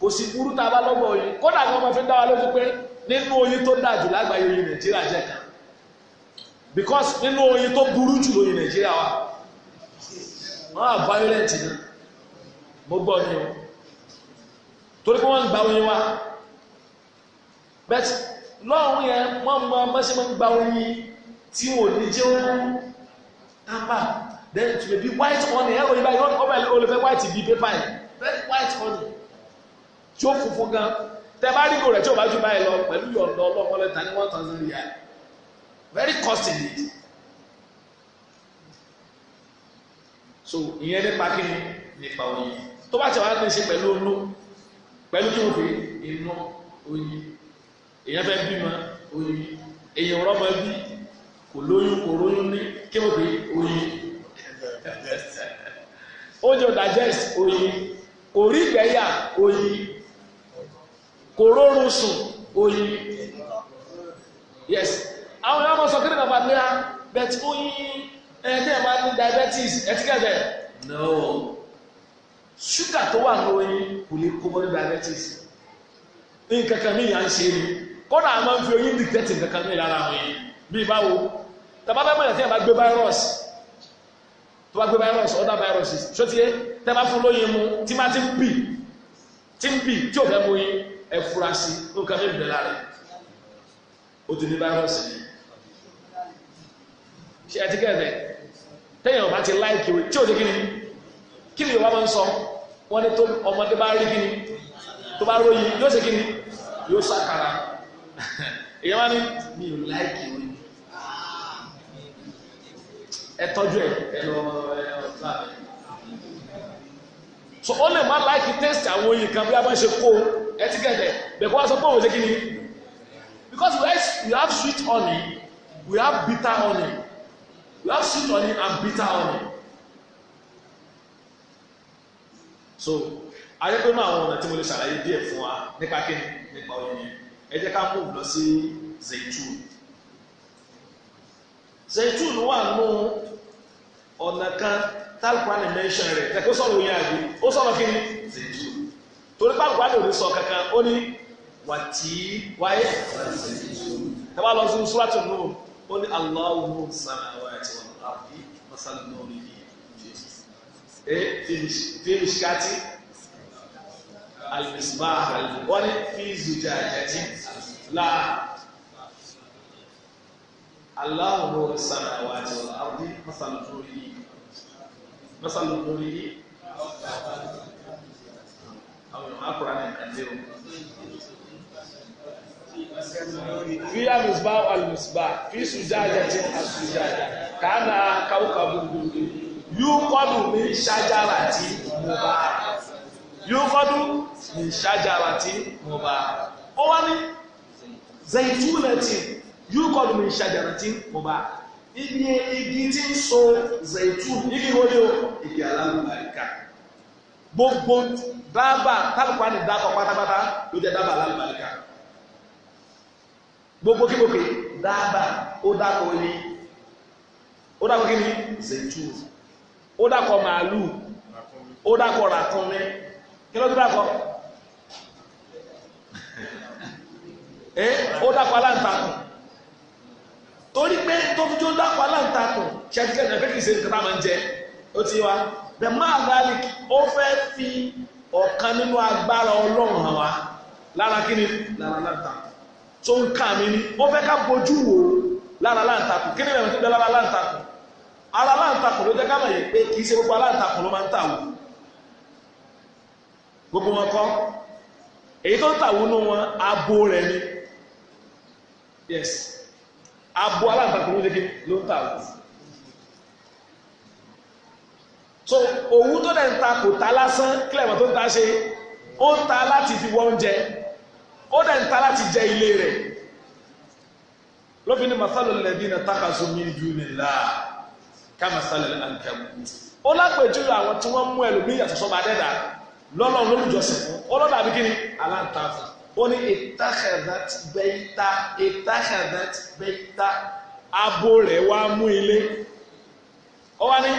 kò sí burú tá a bá lọ́gbọ̀ yìí kódà kí wọ́n máa fi dá wa lójú pé nínú oyin tó dáa jù lágbàáyé oyin Nàìjíríà jẹ́ kan because nínú oyin tó burú jù lóyin Nàìjíríà wa wọ́n ah, á violent ni mo gbọ́ ni o torí pé wọ́n ń gba oyin wa bẹ́ẹ̀ lọ́ọ̀hún yẹn wọ́n mọ bẹ́sẹ̀ máa ń gba oyin tí wọ́n ní jẹ́ wọ́n ápá then to be white honey ẹ̀rọ yìí báyìí olùfẹ́ white bíi pépà yìí very white honey tí ó funfun gan tẹ bá rí kò rẹ̀ tí ò bá jù báyìí lọ pẹ̀lú yọ̀ǹda ọlọ́mọlẹ́ta ní one thousand riyal very costly. so ìyẹn nípa kí ni nípa oyin tó bá ti wá ní í ṣe pẹ̀lú onú pẹ̀lú tó fi inú oyin èèyàn fẹ́ bímọ oyin èèyàn rọ́mọ bí kò lóyún kò lóyún ní kí ló fi oyin oúnjẹ digest oyin kò rí ìgbẹ́yà oyin kò rórun sùn oyin yes àwọn ọmọ sọ kí ni bàbá gbé ha bẹ́ẹ̀ tí oyin ẹ̀ẹ́dẹ́ máa ní diabetes ẹ̀tíkẹ́bẹ̀ náà ṣúgà tó wà lóyún kò ní kó mọ́ diabetes ní kankan ní ìyá ń ṣe ni kódà a máa ń fi oyin dìtẹ́tì kankan ní ìlara wọn yìí bí báwo tàbá bá mọ̀lẹ́tì àbá gbé virus tó bá gbé virus other viruses ṣótiyé tẹ́bá fún lóyún mu tí má ti ń bì tí ń bì tí ò fẹ́ mú yín ẹ fura sí nǹkan mi bẹ̀rẹ̀ rẹ̀ ó ti ní virus yìí ṣe ẹtíkẹ́ bẹ́ẹ̀ téèyàn bá ti láìkì rẹ̀ tí ò sí kí ni kí ni yorùbá máa ń sọ wọ́n ní tó ọmọdé bá rí kí ni tó bá róyìn yóò sí kí ni yóò sàkàrà èèyàn wá ní mi ò láìkì rẹ̀ ẹ tọ́jú ẹ ẹ lọ ẹ ọ̀tá so ó lè má láìkì tẹ́sítì àwọn oyin kan bí a bá ṣe kó ẹ ti gẹ̀dẹ̀ bẹ̀ kó wá sọ pé òun ṣe kí ni because we have sweet honey we have bitter honey last year ni and bitter honey so ayédèmọ àwọn ọ̀nà tí mo lè ṣàlàyé díẹ̀ fún wa nípa kí nípa oyin yẹn ẹ jẹ́ ká move lọ sí zaitun zaitun wà nù ọ̀nà kan tálùkùránì mẹ́ńṣán rẹ̀ tẹ̀kọ́ sọ̀rọ̀ oyin àgbẹ̀ ó sọ̀rọ̀ kí ni zaitun torí tálùkùránì ò ní sọ kankan ó ní wàtí wáyé tẹ́wọ́ lọ sí sùràtún nù ó ní aláwọ̀ sára wa ẹ̀ tí wọ́n lọ àbí masal náà ní bí fíìmù ṣíkàtì alimisba wọ́n ní fíìmù jàjàjì láà aláwọ̀ sára wa ẹ̀ tí wọ́n lọ àbí masal náà ní bí masal náà ní bí àwọn akọ̀rọ̀ àná ìkàdé o fi amisbah almisbah fi sujajati asujaja kana kawkabu dudu yuqadu min shajarati mubarak yuqadu min shajarati mubarak ó wá ní zaitunati yuqadu min shajarati mubarak ibi igi tí ń so zaitun igi wọlé o igi alámùbáríkà gbogbo dábàá tálùkù á ní dábàá pátápátá ló jẹ dábàá alámùbáríkà. gbogbo kíkòkè dáadáa ó dákọ̀ ní ó dákọ̀ kíni ụdakọ ó dákọ̀ màálù ó dákọ̀ ràkúnmí eh, torí pé tó fi jó dákọ̀ aláǹtakùn ṣẹ́tíkẹ́ kìí ṣe nǹkan ń jẹ ó ti wá the man garlic ó fẹ́ fi ọ̀kan nínú agbára ọlọ́run hàn wá lára lára tó ń kà mí ní ó fẹ́ ká bojú wò ó lára láǹtakùn kí ni ìrìn tó bẹ lára láǹtakùn ara láǹtakùn ló jẹ́ ká mọ̀ yẹn pé kì í ṣe gbogbo aláǹtakùn ló máa ń tàwọ̀ gbogbo wọn kọ́ èyí tó ń tàwọ̀ nù wọn abo rẹ̀ ni yes abo aláǹtakùn ló jẹ́ ló ń tàwọ̀ so òwú tó dẹ̀ ń ta kò ta lásán kílẹ̀ mọ̀ tó ń ta ṣe ó ń ta láti fi wọ́n oúnjẹ ó dẹ̀ ń ta láti jẹ ilé rẹ̀ lófin ní masalu lẹ́bí na takazu min dunillah ká masalu ankabut ó lápèjúwe àwọn tí wọ́n mú ẹlòmíyà sọ́sọ́ bá dẹ́dà lọ́lọ́run lólùjọsìn fún ọlọ́dà bí kíni aláǹtàfún ó ní ìtàkàdàt bẹ́ẹ̀ta ìtàkàdàt bẹ́ẹ̀ta abo rẹ̀ wá mú ilé ó wá ní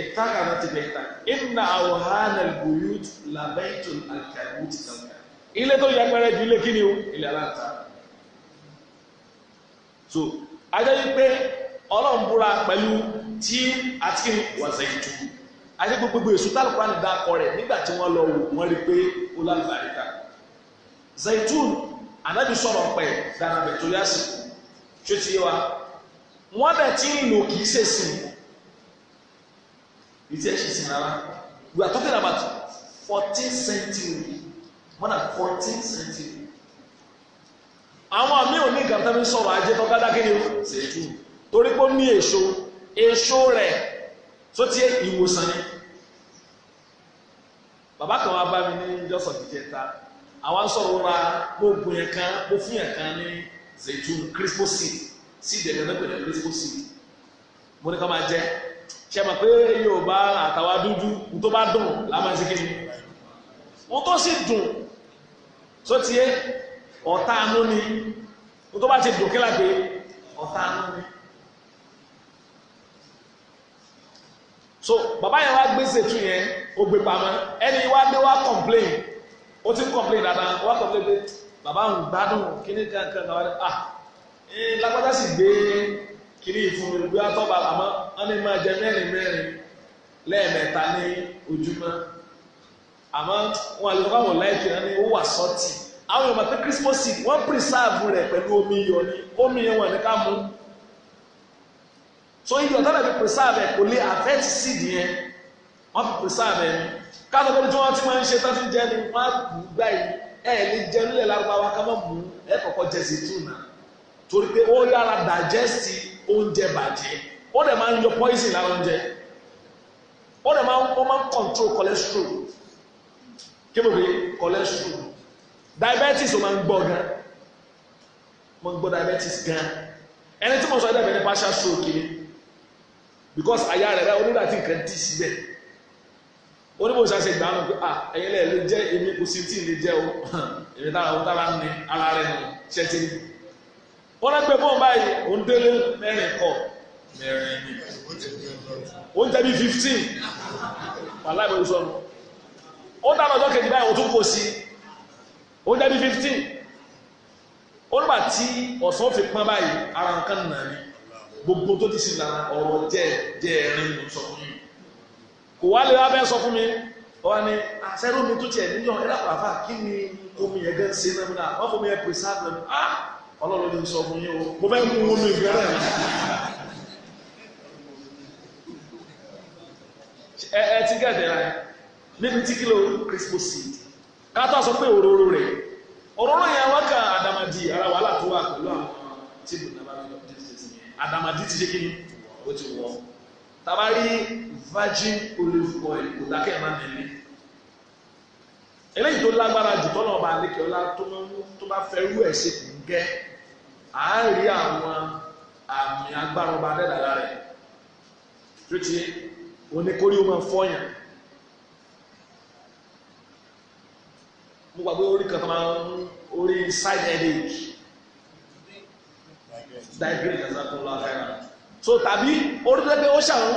ìtàkàdàt bẹ́ẹ̀ta inna awhana albuyut la baytul ankabut ilé tó yẹpẹrẹ ju ilé kíni o ilé aláǹta so ajẹ́ wípé ọlọ́run búra pẹ̀lú tí àti wàzẹ̀ ìtù ajẹ́ gbogbo èso tálùkù àti dákọ rẹ̀ nígbà tí wọ́n lọ wò wọ́n rí pé ó lálùbáríkà zaitun anabi sọ̀rọ̀ pẹ̀ dáná bẹ̀ tó yásì tó ti wa wọ́n bẹ̀ tí ń lò kì í ṣe sìn ìdí ẹ̀ ṣe sìn rárá we are talking about fourteen century more than fourteen century. àwọn àmì òní ìgbàtà mi sọ̀rọ̀ ajé tó bá dákẹ́ ni o ṣètù torí pé ó ní èso èso rẹ̀ tó ti ìwòsàn ni. bàbá kan wá bá mi ní jọ́sọ̀ ìjẹta àwa ń sọ̀rọ̀ ra mo gun yẹn kan mo fún yẹn kan ní ṣètù kírísípòsì sí ìdẹ̀gbẹ́ náà pẹ̀lú kírísípòsì mo ní ká máa jẹ́ ṣe mọ̀ pé Yorùbá àtàwa dúdú tó bá dùn lámàṣíkè ni wọ́n tó sì dùn sótìyé ọ̀tá anu ni tó bá ti dùn kí lágbè ọ̀tá anú ni. so bàbá yẹn wá gbé ṣètú yẹn ó gbé pamọ́ ẹni wá gbé wá complain ó ti complain dáadáa wá complain pé bàbá ń gbádùn kíní kankan náà wáyé ah lágbádá sì gbé kiri ìfún mi gbé atọ́ bàbá mọ́ ọ́n ní máa jẹ mẹ́rin mẹ́rin lẹ́ẹ̀mẹ́ta ní àmọ́ wọn àlejò káwọn láìpẹ́ náà ni ó wà sọ́ọ̀tì àwọn yorùbá pé kírísímọ́sì wọ́n pírísáàbù rẹ̀ pẹ̀lú omi iyọ̀ ni omi yẹn wọn ní ká mú so iyọ̀ tọ́lá fi pírísáàbù ẹ̀ kò lè àfẹ́tì síìdì yẹn wọ́n fi pírísáàbù ẹ̀ ni káàtó pé tí wọ́n ti máa ń ṣe tọ́sí jẹ́ ni wọ́n á bù ú gbà yìí ẹ̀ lè jẹ́ nílẹ̀ lárúbáwá ká má bù ẹ̀ kọ̀kọ́ jẹ poison lára oúnjẹ ó dẹ̀ máa control cholesterol kí mo pè cholesterol diabetes o máa ń gbọ́ gan mo ń gbọ́ diabetes gan ẹni tí mo sọ ẹ̀dá ìbẹ̀rẹ̀ partial stroke ni because àyà rẹ̀ báyìí onígbà tí nǹkan dì síbẹ̀ oníbòsàn ṣe gbà á pé à ah, ẹ̀yin lẹ̀ lè jẹ́ èmi kò sí tí ì lè jẹ́ o èmi tára o tára ní ara rẹ̀ nù ṣẹ́ ti ní. wọ́n lọ gbé fóun báyìí òun délé mẹ́rin kọ̀ mẹ́rin ni oúnjẹ bíi fifteen wàhálà ìbẹ̀rù sọ̀rọ̀. ó dáná kejì báyìí ó tún sí ó jẹ́ bí ọsọ ó tí ọ̀sán fi pọ́n báyìí ara nǹkan nà gbogbo tó ti sì là ọ̀rọ̀ jẹ́ jẹ́ ẹ̀rín ló sọ fún mi kò wá lè wá bẹ́ẹ̀ sọ fún mi ó wá ní àṣẹ́rù ah, mi tó tiẹ̀ kí ni omi yẹn gẹ́ ṣe náà náà ah, wọ́n fún mi ẹ̀ pèsè àbẹ̀ ọlọ́run ló ń sọ fún yín o mo fẹ́ mú omi níbi tí kí ló crispo seed kátó sọ pé òróró rẹ̀ òróró yẹn wọ́n kà àdàmàdì ara wàhálà tó wà pẹ̀lú àwọn tí kò nàbà lọ àdàmàdì ti ṣe kí ni ó ti wọ̀ tabari virgin olive oil kò dákẹ́ ẹ̀ má mẹ́lẹ́ eléyìí tó lágbára jù tọ́nà ọba àlékè ọlá tó bá fẹ́ rú ẹ̀ ṣe kò ń gẹ́ à ń rí àwọn àmì agbára ọba dẹ́dàlá rẹ̀ tó ti oníkórí ó máa fọyàn mo gbàgbé orí kan tó máa ń orí side headache diabetes àtàkùn lọ àfẹ́ràn so tàbí orí tó pé ó ṣàwọn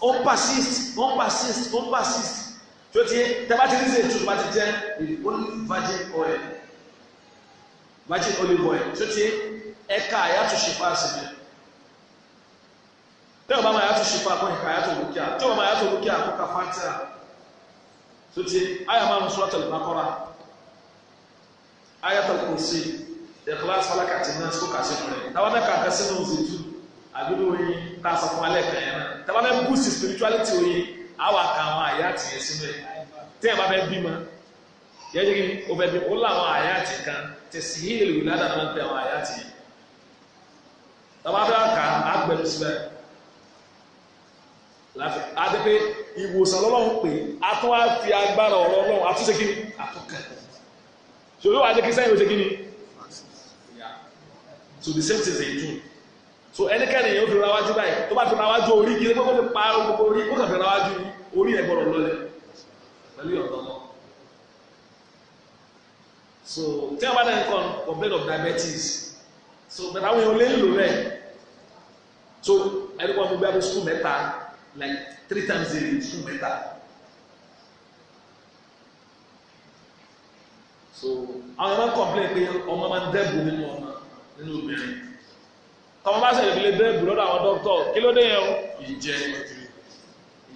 ó ń persist ó ń persist ó ń persist tí ó ti tẹ́bá ti rí ṣe ètò bá ti jẹ́ the only virgin oil virgin olive oil tí ó ti ẹ̀ka àyàtúnṣe fáṣẹ̀ mi tẹ́wọ̀n bá máa yàtúnṣe fáṣẹ̀ kọ́ ẹ̀ka àyàtúnṣe lókè à tẹ́wọ̀n bá máa yàtúnṣe lókè à kó ka fáṣẹ̀ à sotí ayé máa ń sọ àtàlẹ bàkọ́ra ayé àtàlẹ kò sí ìkíláàsì alákàtì náà sọ kàṣẹ fún ẹ táwọn náà kàkà sínú òzìtú àbílẹ̀ oyin tá a sọ fún alẹ́ kan yẹn náà táwọn náà bùsì spirituality oyin àwọn àka àwọn àyà àti yẹn sínú ẹ tí bá fẹ́ bí ma yẹn jẹ́ kí o fẹ́ bí o lọ àwọn àyà àti kan tẹ̀sí yìí lè wù ládàá náà pé àwọn àyà àti yẹn táwọn afẹ́ àkà ìwòsàn lọ́lọ́run pè á tún wá fi agbára ọ̀rọ̀ ọlọ́run àtúnṣe kí ni àtúnkà ṣòro wà á jẹ́ kí ni so the same thing they do so ẹnikẹ́ni yẹn ó fi rawájú báyìí tó bá fi rawájú orí kí ẹgbẹ́ kó pa gbogbo orí ó kàn fi rawájú orí ẹ̀ gbọ́dọ̀ lọlẹ̀ pẹ̀lú ọ̀dọ́ náà so tí wọ́n bá dẹ̀ nǹkan complain of diabetes so bẹ̀rẹ̀ àwọn èèyàn lè lò rẹ̀ so ẹni kan mo gbé abẹ́ sukùl mẹ́ta like three times a day sùn mẹ́ta. so àwọn ọmọ kọ̀m̀plẹ̀ pé ọmọ máa ń dẹ́bù nínú ọmọ nínú obìnrin tọmọ bá ṣẹlẹ̀ ìdílé dẹ́bù lọ́dọ̀ àwọn dókítọ̀ kí ló dé yẹn o ìjẹ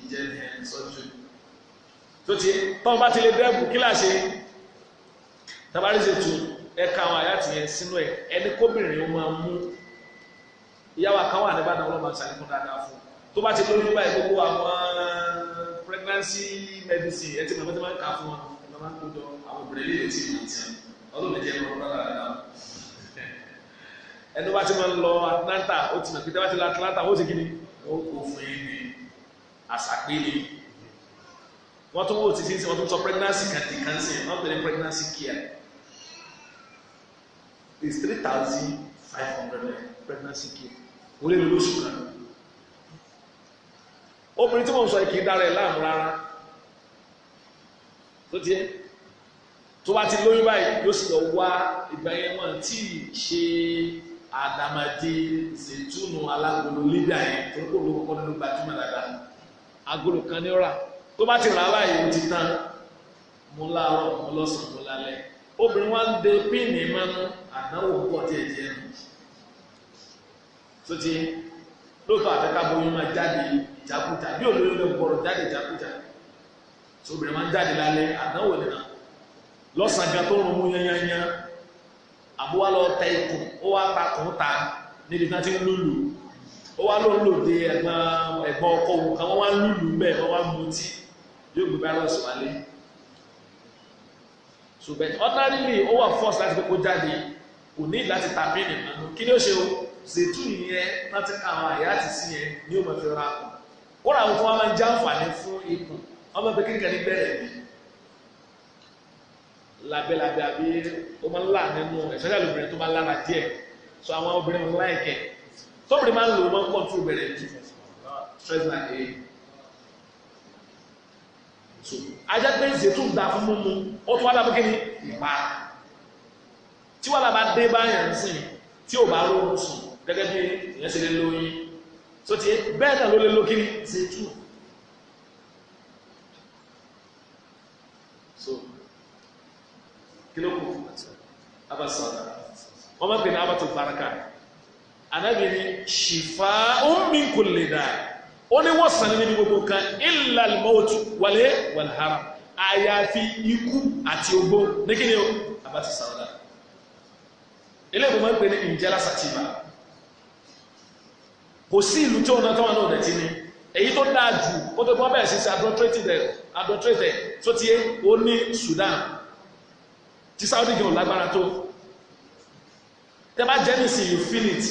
ìjẹ ẹ̀ sọ́jú tó ti tọmọ bá ti lè dẹ́bù kí là ṣe tabarí ṣètò ẹ̀ka àwọn àyà tìyẹn sínú ẹ̀ ẹni kóbìnrin ó máa mú ìyáwó àkàwọ̀ àdébàdàn ọlọ́mọ àṣàlẹ́kùn dáadáa fún tó bá ti lóyún báyìí gbogbo àwọn eh, pregnancy medicine ẹ ti mọ̀ pẹ́ẹ́tẹ́ máa ń kà fún wọn ẹ máa ń kó jọ àwọn obìnrin lè ti mọ̀ tí ọdún méje ẹ máa ń rárá rárá ẹni bá ti máa ń lọ Atlanta ó ti mọ̀ pé tẹ́wá ti lọ Atlanta ó ti kí ni ó kó fún yín ní àṣàpéle wọ́n tún wò títí sí wọ́n tún sọ pregnancy kan ti kan wọ́n pè ní pregnancy care is three thousand five hundred pregnancy care wọlé lóṣù kan obìnrin tí mo ń sọ kì í dára ẹ̀ láàmú rárá tó tiẹ̀ tó bá ti lóyún báyìí yóò sì lọ wá ìgbà yẹn wọn tí ì ṣe àdàmàdì zètúnù alágolo lídà yẹn tó ń kó ló kọ́kọ́ nínú gbajúmọ̀ dáadáa agolo kan ní ọ̀rà tó bá ti rà á báyìí ó ti tán mo láàárọ̀ mo lọ́sàn-án mo lálẹ́ obìnrin wa ń de píìnì mọ́nú àdánwò púpọ̀ tí ẹ jẹ́ nù tó ti lóòótọ́ àtẹ́kábọ̀ yín máa jáde yìí ìjàkúta bí olóyè lè gbọ́rọ̀ jáde ìjàkúta tí obìnrin máa ń jáde lálẹ́ àdánwò nìyà lọ́sàn-án gan tó ń mú yányányá àbúwá lọ ta ikùn ó wá ta kùn ta níbi tá ti ń lùlù ó wá ló ń lòde ẹ̀gbọ́n ọkọ òun kan wọ́n wá ń lùlù bẹ́ẹ̀ wọ́n wá ń mutí yóò gbé báyọ̀ sùn wálé ṣùgbọ́n ọ̀tárìlì ó wà fọ́ọ̀sì láti kókó jáde kò ní láti tàbí nìkan kí ni ó ṣe o ṣètú ìyẹn láti ka àyà àti sí yẹn ni ó mọ̀ fi ra kùn kóra àwọn tó wá máa ń jàǹfààní fún ikùn ọmọ pé kíríkà ní bẹ̀rẹ̀ bí labẹ́labẹ́ àbí ó máa ń là nínú ẹ̀sọ́jà lóbìnrin tó máa ń lára díẹ̀ so àwọn obìnrin máa ń láìkẹ̀ tóbìnrin máa ń lò ó máa ń kọ́ńtù bẹ̀rẹ̀ jù stress na e so ajá pé zetun da fún mímu ó tún wá lábẹ́ kí ni ìpa tí wàhálà bá dé báyà ń sìn tí ò bá lóhùn sùn gẹ́gẹ́ bí ìyẹn ṣe lé lóyún so ti bẹ́ẹ̀ náà ló lè lókiri ṣe tú so kí ló kù abasada wọ́n máa ń pè ní abatu baraka anabi ni ṣìfà min kulli daa ó ní wọ́n sàn níbi gbogbo nǹkan illa al-mautu wàlẹ́ wàlhara àyàfi ikú àti ogbó ní kí ni o abatu sada ilé ìgbìmọ̀ ń pè ní ìjẹ́lá sativa kò sí ìlú tí ọ̀nà táwọn náà dẹ̀tí ni èyí tó dáa jù ó tó gbọ́ bẹ̀rẹ̀ sí sí adulterated tó ti yé ó ní Sudan tí Saudi gan lágbára tó tẹ́bá jẹ́ nísìnyí infinite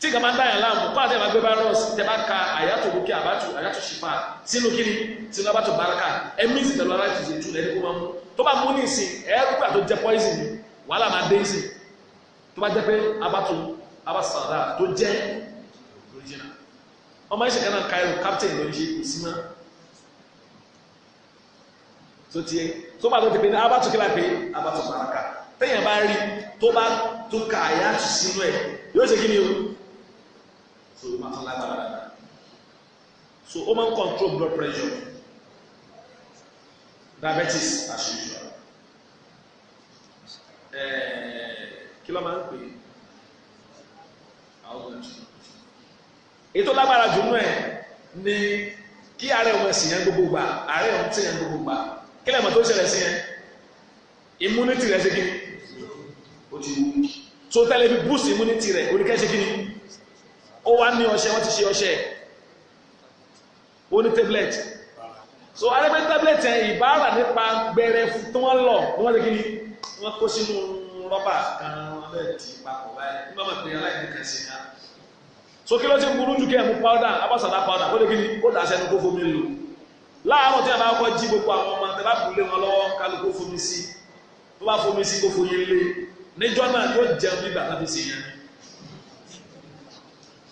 tí ìgbà máa ń dáyà láàmú kó àti ìgbàgbé virus tẹ́bá ka àyàtò bókè àbátò àyàtò ṣìpá sínú kíni sínú àbátò baraka ẹ̀mí ìsìtẹ̀lú aláìsí ìjù lẹ́ni kó máa mú tó bá mú ní ìsìn ẹ̀rú pé àtó jẹ́ poison wàhálà máa dé ìsìn tó bá jẹ́ pé abátò abásàdá tó jẹ́ ọmọ yìí sèkánná kairo captain ló ń ṣe kò sí mọ́ tó tiẹ̀ tó bá tó ti pé ní abátúkí la pé abátúkí la ká téèyàn bá rí tó bá tó ka àyà tù sínú ẹ̀ yóò ṣe kí ni o so ó máa tán lágbára dáadáa so ó máa ń control blood pressure diabetes as usual kí ló máa ń pè é èyí tó lágbára jù nú ẹ ni kí ààrẹ wọn sì yẹn gbogbo gbà ààrẹ wọn sì yẹn gbogbo gbà kí lẹ́mọ̀ tó ṣẹlẹ̀ sí yẹn immunity rẹ̀ ṣe kí ni ó ti wú so tẹ́lẹ̀ fi boost immunity rẹ̀ oníkẹ́ ṣe kí ni ó wá ní ọṣẹ wọ́n ti ṣe ọṣẹ ó ní tablet so arẹ́gbẹ́ tablet yẹn ìbára nípa gbẹrẹ tí wọ́n lọ ni wọ́n ṣe kí ni wọ́n kó sínú rọ́bà kan wọ́n bẹ̀rẹ̀ tì í papọ̀ báyìí nígbà máa pè é aláìní sí ni so kí ló ti burú jù kẹ́ mú powder abọ́sàdá powder ó lè kí ni ó dà sẹ́nu kó fomi lò láàárọ̀ tí a bá kọ́ jí gbogbo àwọn ọmọ tẹ bá kú lé wọn lọ́wọ́ kálukó fomi sí tó bá fomi sí kó foyé lé níjọ́ náà yóò jẹun bí bàtà fi sí yẹn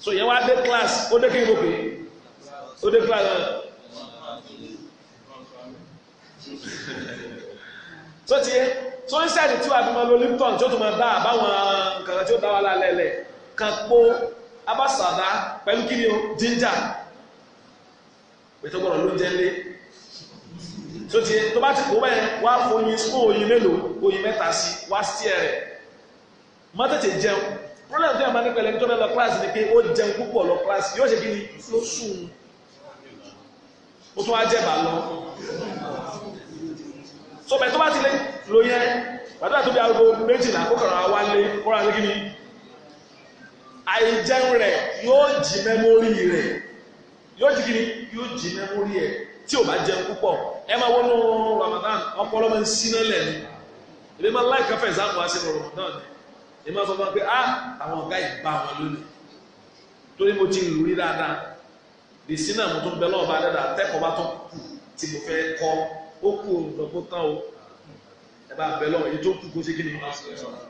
so yẹn wá dé class ó dé kí n lópe ó dé class náà so ti yẹ so ní sẹ́ẹ̀dì tí wàá fi máa lo Lipton tí ó tún máa dá àbáwọn nǹkan tí ó dá wa lálẹ́ lẹ̀ kan pọ́ abasada pẹ̀lú kí ni o ginger pẹ̀tọ́ gbọ́dọ̀ ló jẹ́ lé tó ti tó bá ti kó bẹ́ẹ̀ wá fún oyin mélòó oyin mẹ́ta sí wá sí ẹ̀rẹ̀ mọ́ tètè jẹun problem tó yẹ máa ní pẹ̀lẹ́ nítorí lọ class ni pé ó jẹun púpọ̀ lọ class yóò ṣe kí ni ló sùn ó tún wá jẹ̀bà lọ so bẹ́ẹ̀ tó bá ti lé lo yẹn gbàdúrà tó bí aago méjìlá ó kàn án wá lé ó rà kí ni àìjẹun rẹ̀ yóò jí mẹ́mórì rẹ̀ yóò jí kiri yóò jí mẹ́mórì ẹ̀ tí o bá jẹun púpọ̀ ẹ máa wọnú Ramadan ọpọlọ máa ń síná lẹ́nu èmi máa láì káfẹ́ ìsáàmù wá sí Ramadan èmi máa sọ fún wa pé ah àwọn ọ̀gá yìí bá wọn lónìí torí mo ti lù rí dáadáa lè sínú àmọ́ tó ń bẹ lọ́wọ́ bá dáadáa tẹ́kọ̀ọ́ bá tó kù tí mo fẹ́ kọ́ ó kù òǹdọ̀gbọ́n tán o ẹ bá bẹ lọ́wọ́ èyí tó kù kó ṣe kí ni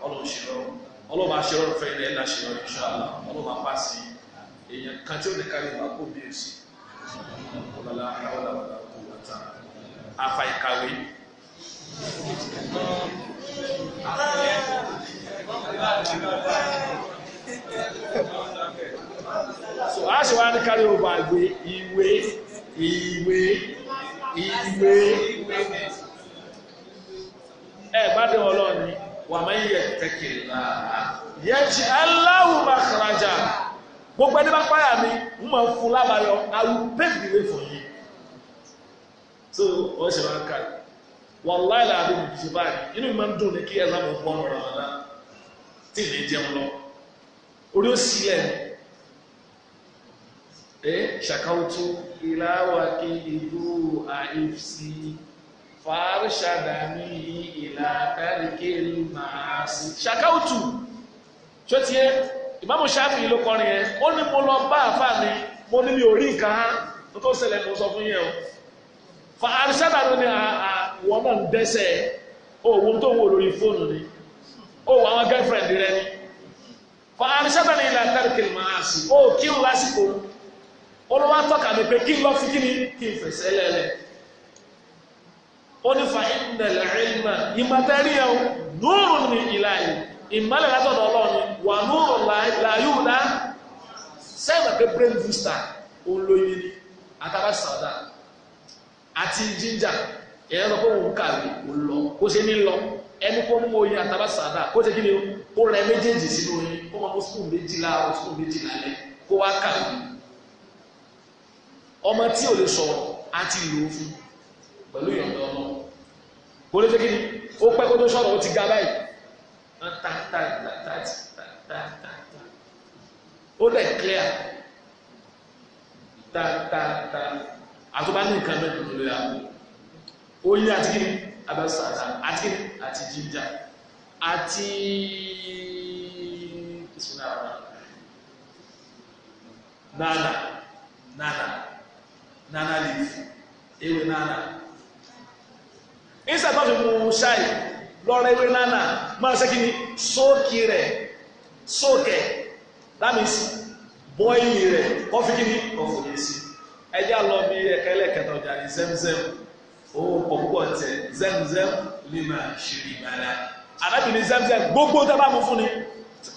ọlọ́run ṣe lọ́wọ́ ọlọ́ba aṣọ́rọ̀ fẹ́ ilẹ̀ ẹ̀dá ṣe lọ́rọ̀ ìṣọ́lá ọlọ́ba pa sí èèyàn kan tí ó lè kárí ìgbà kó bí èsì ọ̀làlá aláwọ̀lá kó wà tá afa ìkàwé. so a ṣe wá ní kárí ìgbà ìwé ìwé ìwé ìwé ẹ bá dé ọlọ́ọ̀ni wà máa ń yẹ tẹkìlá yẹ ti aláwù máa sàràjà gbogbo ẹni bá páyà mi ń máa fún lábàáyọ awu pépì wé fún yìí so wọ́n ṣe máa ń ká wàláì làbí mi ti báyìí inú mi máa ń dùn ní kí ẹ sábà bọ́ ọ̀rọ̀ Ramadan tí ì ní jẹun lọ orí ó sílẹ̀ ni ẹ ṣàkàwùtú kí ìlú àìsí fàárṣàdàmí ìlà tàríkì màásì ṣàkáwùtù tí ó ti yẹ ìmáàmù ṣáfì ló kọrin yẹn ó ní mo lọ bá àfà mi mo ní mi ò rí nǹkan á tó tó ṣẹlẹ̀ mo sọ fún yẹn o fàárṣàdàmí ni àwọ̀ náà ń dẹ́sẹ̀ òun tó wò lórí fóònù ni ó àwọn girlfriend rẹ ni fàárṣàdàmí ìlà tàríkì màásì ó kí n lásìkò olówó atọ́ka mi pé kí n lọ fi kí ni kí n fẹsẹ̀ lẹ́lẹ̀ ó ní fa innal ilma ìmọ̀tẹ́rí ẹ̀ nurun min ilahi ìmọ̀lẹ̀ látọ̀dọ̀ ọlọ́run wà nurun láyú ná sẹ́yìn pé brain booster òun ló yẹ ni àtàrà sàdá àti ginger ẹ̀yẹ́ lọ pé òun kàwé òun lọ kó ṣe ní lọ ẹni kó ọmọ kò lè ṣe kí ni ó pẹ́ kó tó sọ̀rọ̀ ó ti ga báyìí ta ta ta ta ta ta ta ó dẹ̀ clear ta ta ta àtúbá ní nǹkan mẹ́rin tó lóya ó yí àti kí ni abẹ́sàdá àti kí ni àti jíjà àti nana nana nana leaf ewé nana ìsà tó fi mu ṣáì lọ́rọ̀ ewé nánà máa ṣe kí ni sóòkì rẹ̀ sóòkẹ̀ that means bọ́ìlì rẹ̀ kọ́ fi kí ni ọ̀fọ̀ yẹn sí ẹjẹ́ lọ bí ẹ̀ka ẹlẹ́kẹta ọjà ní zemzem owó pọ̀ púpọ̀ tẹ zemzem lima ṣìrì ìbára arábìnrin zemzem gbogbo tẹ́ bá mú fún ni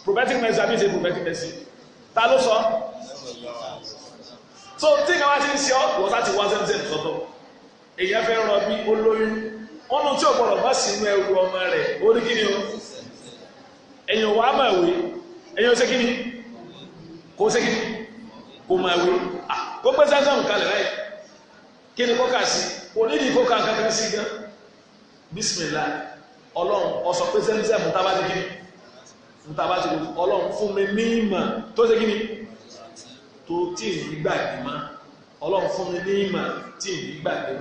prophetic message àbí ṣe prophetic message ta ló sọ so tí ìgbà wá ti ń ṣe ọ́ wọ́n sá ti wá zemzem sọ́tọ̀ èyí ẹ fẹ́ rọ bí olóyún ọ̀nà tí ọ̀gbọ̀rọ̀ bá sì inú ẹrù ọmọ rẹ̀ ó ní kí ni o ẹ̀yìn wà á máa wé ẹ̀yìn ọ̀sẹ̀ kí ni kò ṣe kí ni kò máa wé kó pẹ́ sáńsán kalẹ̀ láì kí ni kó sí kò ní ìdíkó kan kankan sí gan bísímìlá ọlọ́run ọ̀sọ̀ pé sẹ́ńsẹ́ mú ti kí ni mú tábà ti kí ni ọlọ́run fún mi ní ìmọ̀ tó ṣe kí ni tó tí ì ní gbàgbé ọlọ́run fún mi ní ìmọ̀ tí ì ní gbàgbé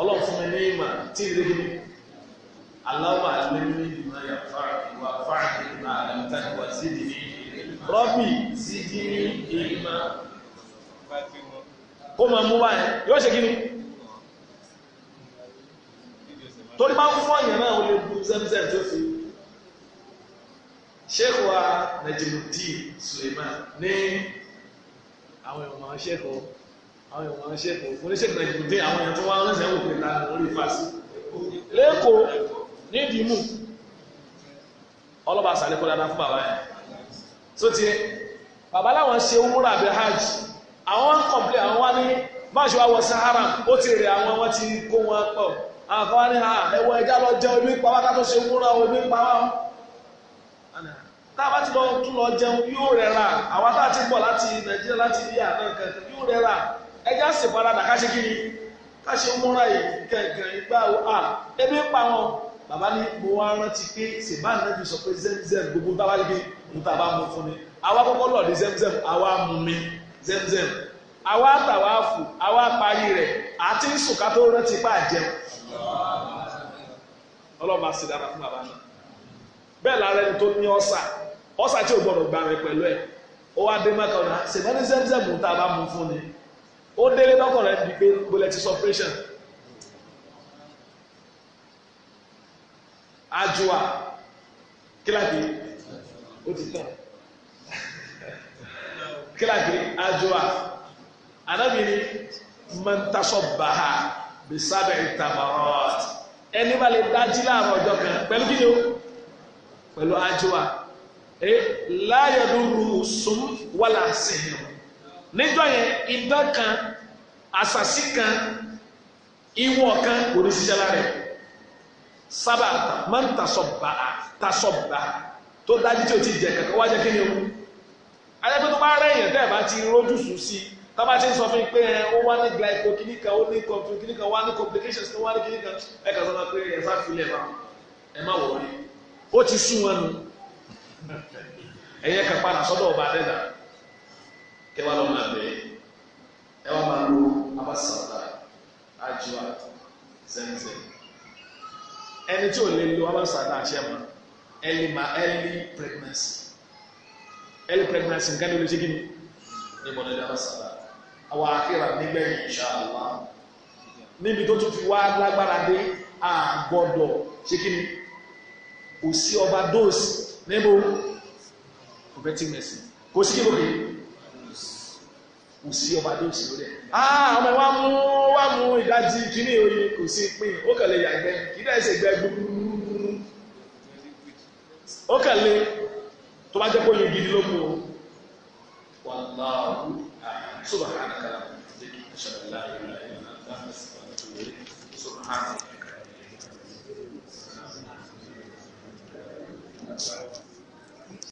ọlọ́run fún mi ní ìmọ̀ tí ì lébi aláwọ̀ àlẹ́mí ìmọ̀ yàtọ̀ ìwà fáàkì ìmọ̀ àlẹ́mítà ìwà sídìí ní rọ́bì sídìí ní ìmọ̀ kó máa mú wáyé yóò ṣe kí ni torí bá fún ọ̀yàn náà wọ́n lè bu zẹ́mzẹ́m tó fi sheikh wa Najimudin Suleiman ní àwọn ìwọ̀n sheikh àwọn èèyàn oníṣègùn oníṣègùn ìdìbòdé àwọn èèyàn tó wá lọ́sẹ̀ wò pé ta lórí fásitì lẹ́kọ̀ọ́ nídìí mú ọlọ́ba àṣàlẹ̀ kó dáadáa fún bàbá yẹn tó tiẹ̀ bàbá làwọn ṣe wúrà bíi hajj àwọn ń kọ̀m̀plé àwọn wá ní máṣe wá wọ sahara ó ti rè àwọn wọn ti kó wọn pọ̀ àfọwọ́ ní ha ah, ẹ̀wọ̀ ẹja lọ jẹun omi pa ká tó ṣe wúrà omi pa tá a bá ti lọ tún lọ jẹun yóò rẹ̀ ra àwa tá a ti pọ̀ láti nàìjíríà láti ilé àná kankan yóò rẹ̀ ra ẹjẹ́ àṣepàdà ká ṣe kí ni ká ṣe múra yìí gẹ̀gẹ̀ ìgbà o ebi ń pa wọn bàbá ní mo wá rántí pé sèbá nàbì sọ pé zemzem gbogbo tá a bá mo tá a bá mú fún mi àwa kọ́kọ́ lọ̀dí zemzem àwa mú mi zemzem àwa àtàwà fò àwa parí rẹ̀ àti sùkà tó rántí pa àjẹun ọlọ́ba sì dára fún bàbá náà bẹ́ẹ̀ lára ẹni tó ní ọ̀sà ọ̀sà tí ò gbọ́dọ̀ gbà rẹ̀ pẹ̀lú ẹ̀ ó wá dé mẹ́ta ọ̀nà sèbá ní zemzem mo tá bá mú fún mi ó délé lọ́kọ̀ rẹ̀ di pé bọ́lẹ̀ ti sọpẹ́ṣàn ajua kílàkì ó ti tàn kílàkì ajua anábìrì mọ̀ntàṣọ́bàá bisábẹ̀ ìtàmọ̀rọ̀t ẹni bá lè dájú láàárọ̀ ọjọ́ kan pẹ̀lú kí ni ó pẹ̀lú ajua láyọ̀dún rú sùn wàlà síhìn níjọ́ yẹn idán kan àṣàṣì kan ìwọ̀ kan kò ní ṣiṣẹ́ lára ẹ̀ sábà máa ń tasọ̀bà tasọ̀bà tó dájú tí o ti jẹ kankan wájú kí ni o ayẹ́pẹ́ tó bá rẹ̀ yẹn tẹ́ ẹ̀ bá ti rójú sùn sí i tába ti ń sọ fún mi pé ẹ ó wá ní glyco kìíní kan ó ní kọfí kìíní kan wá ní complications tó wá ní kìíní kan ẹ kà sọ́nà pé ẹ sáfilẹ̀ ẹ má ẹ má wọlé ó ti sún wọn nù ẹ̀yẹ kan padà sọ́dọ̀ ọba adẹ́dà Ewa wá lọ máa bẹ ẹ wá máa lo abasawuda ajuwa zẹnzẹ ẹni tí ò lè lo abasawuda àṣẹ mọ ẹni ma ẹni pregnancy ẹni pregnancy nǹkan ní o lè ṣe kí ni ní mọ̀ lẹ́dí abasawuda àwọn àkírà nígbẹ̀yìn ìṣàlùwà níbi tó tún fi wá lágbára dé àgbọ̀dọ̀ ṣe kí ni kò sí overdose níbo prophetic medicine kò sí kí kò sí ọba tó sì lórí ah ọmọ wa mú wa mú ìdajì kíní oyè kò sí pín ó kàn lè yàgbẹ́ kí náà ṣe gbẹ gbúgbúrú ó kàn lè tó bá jẹ́ kó yin gidi ló Thank you.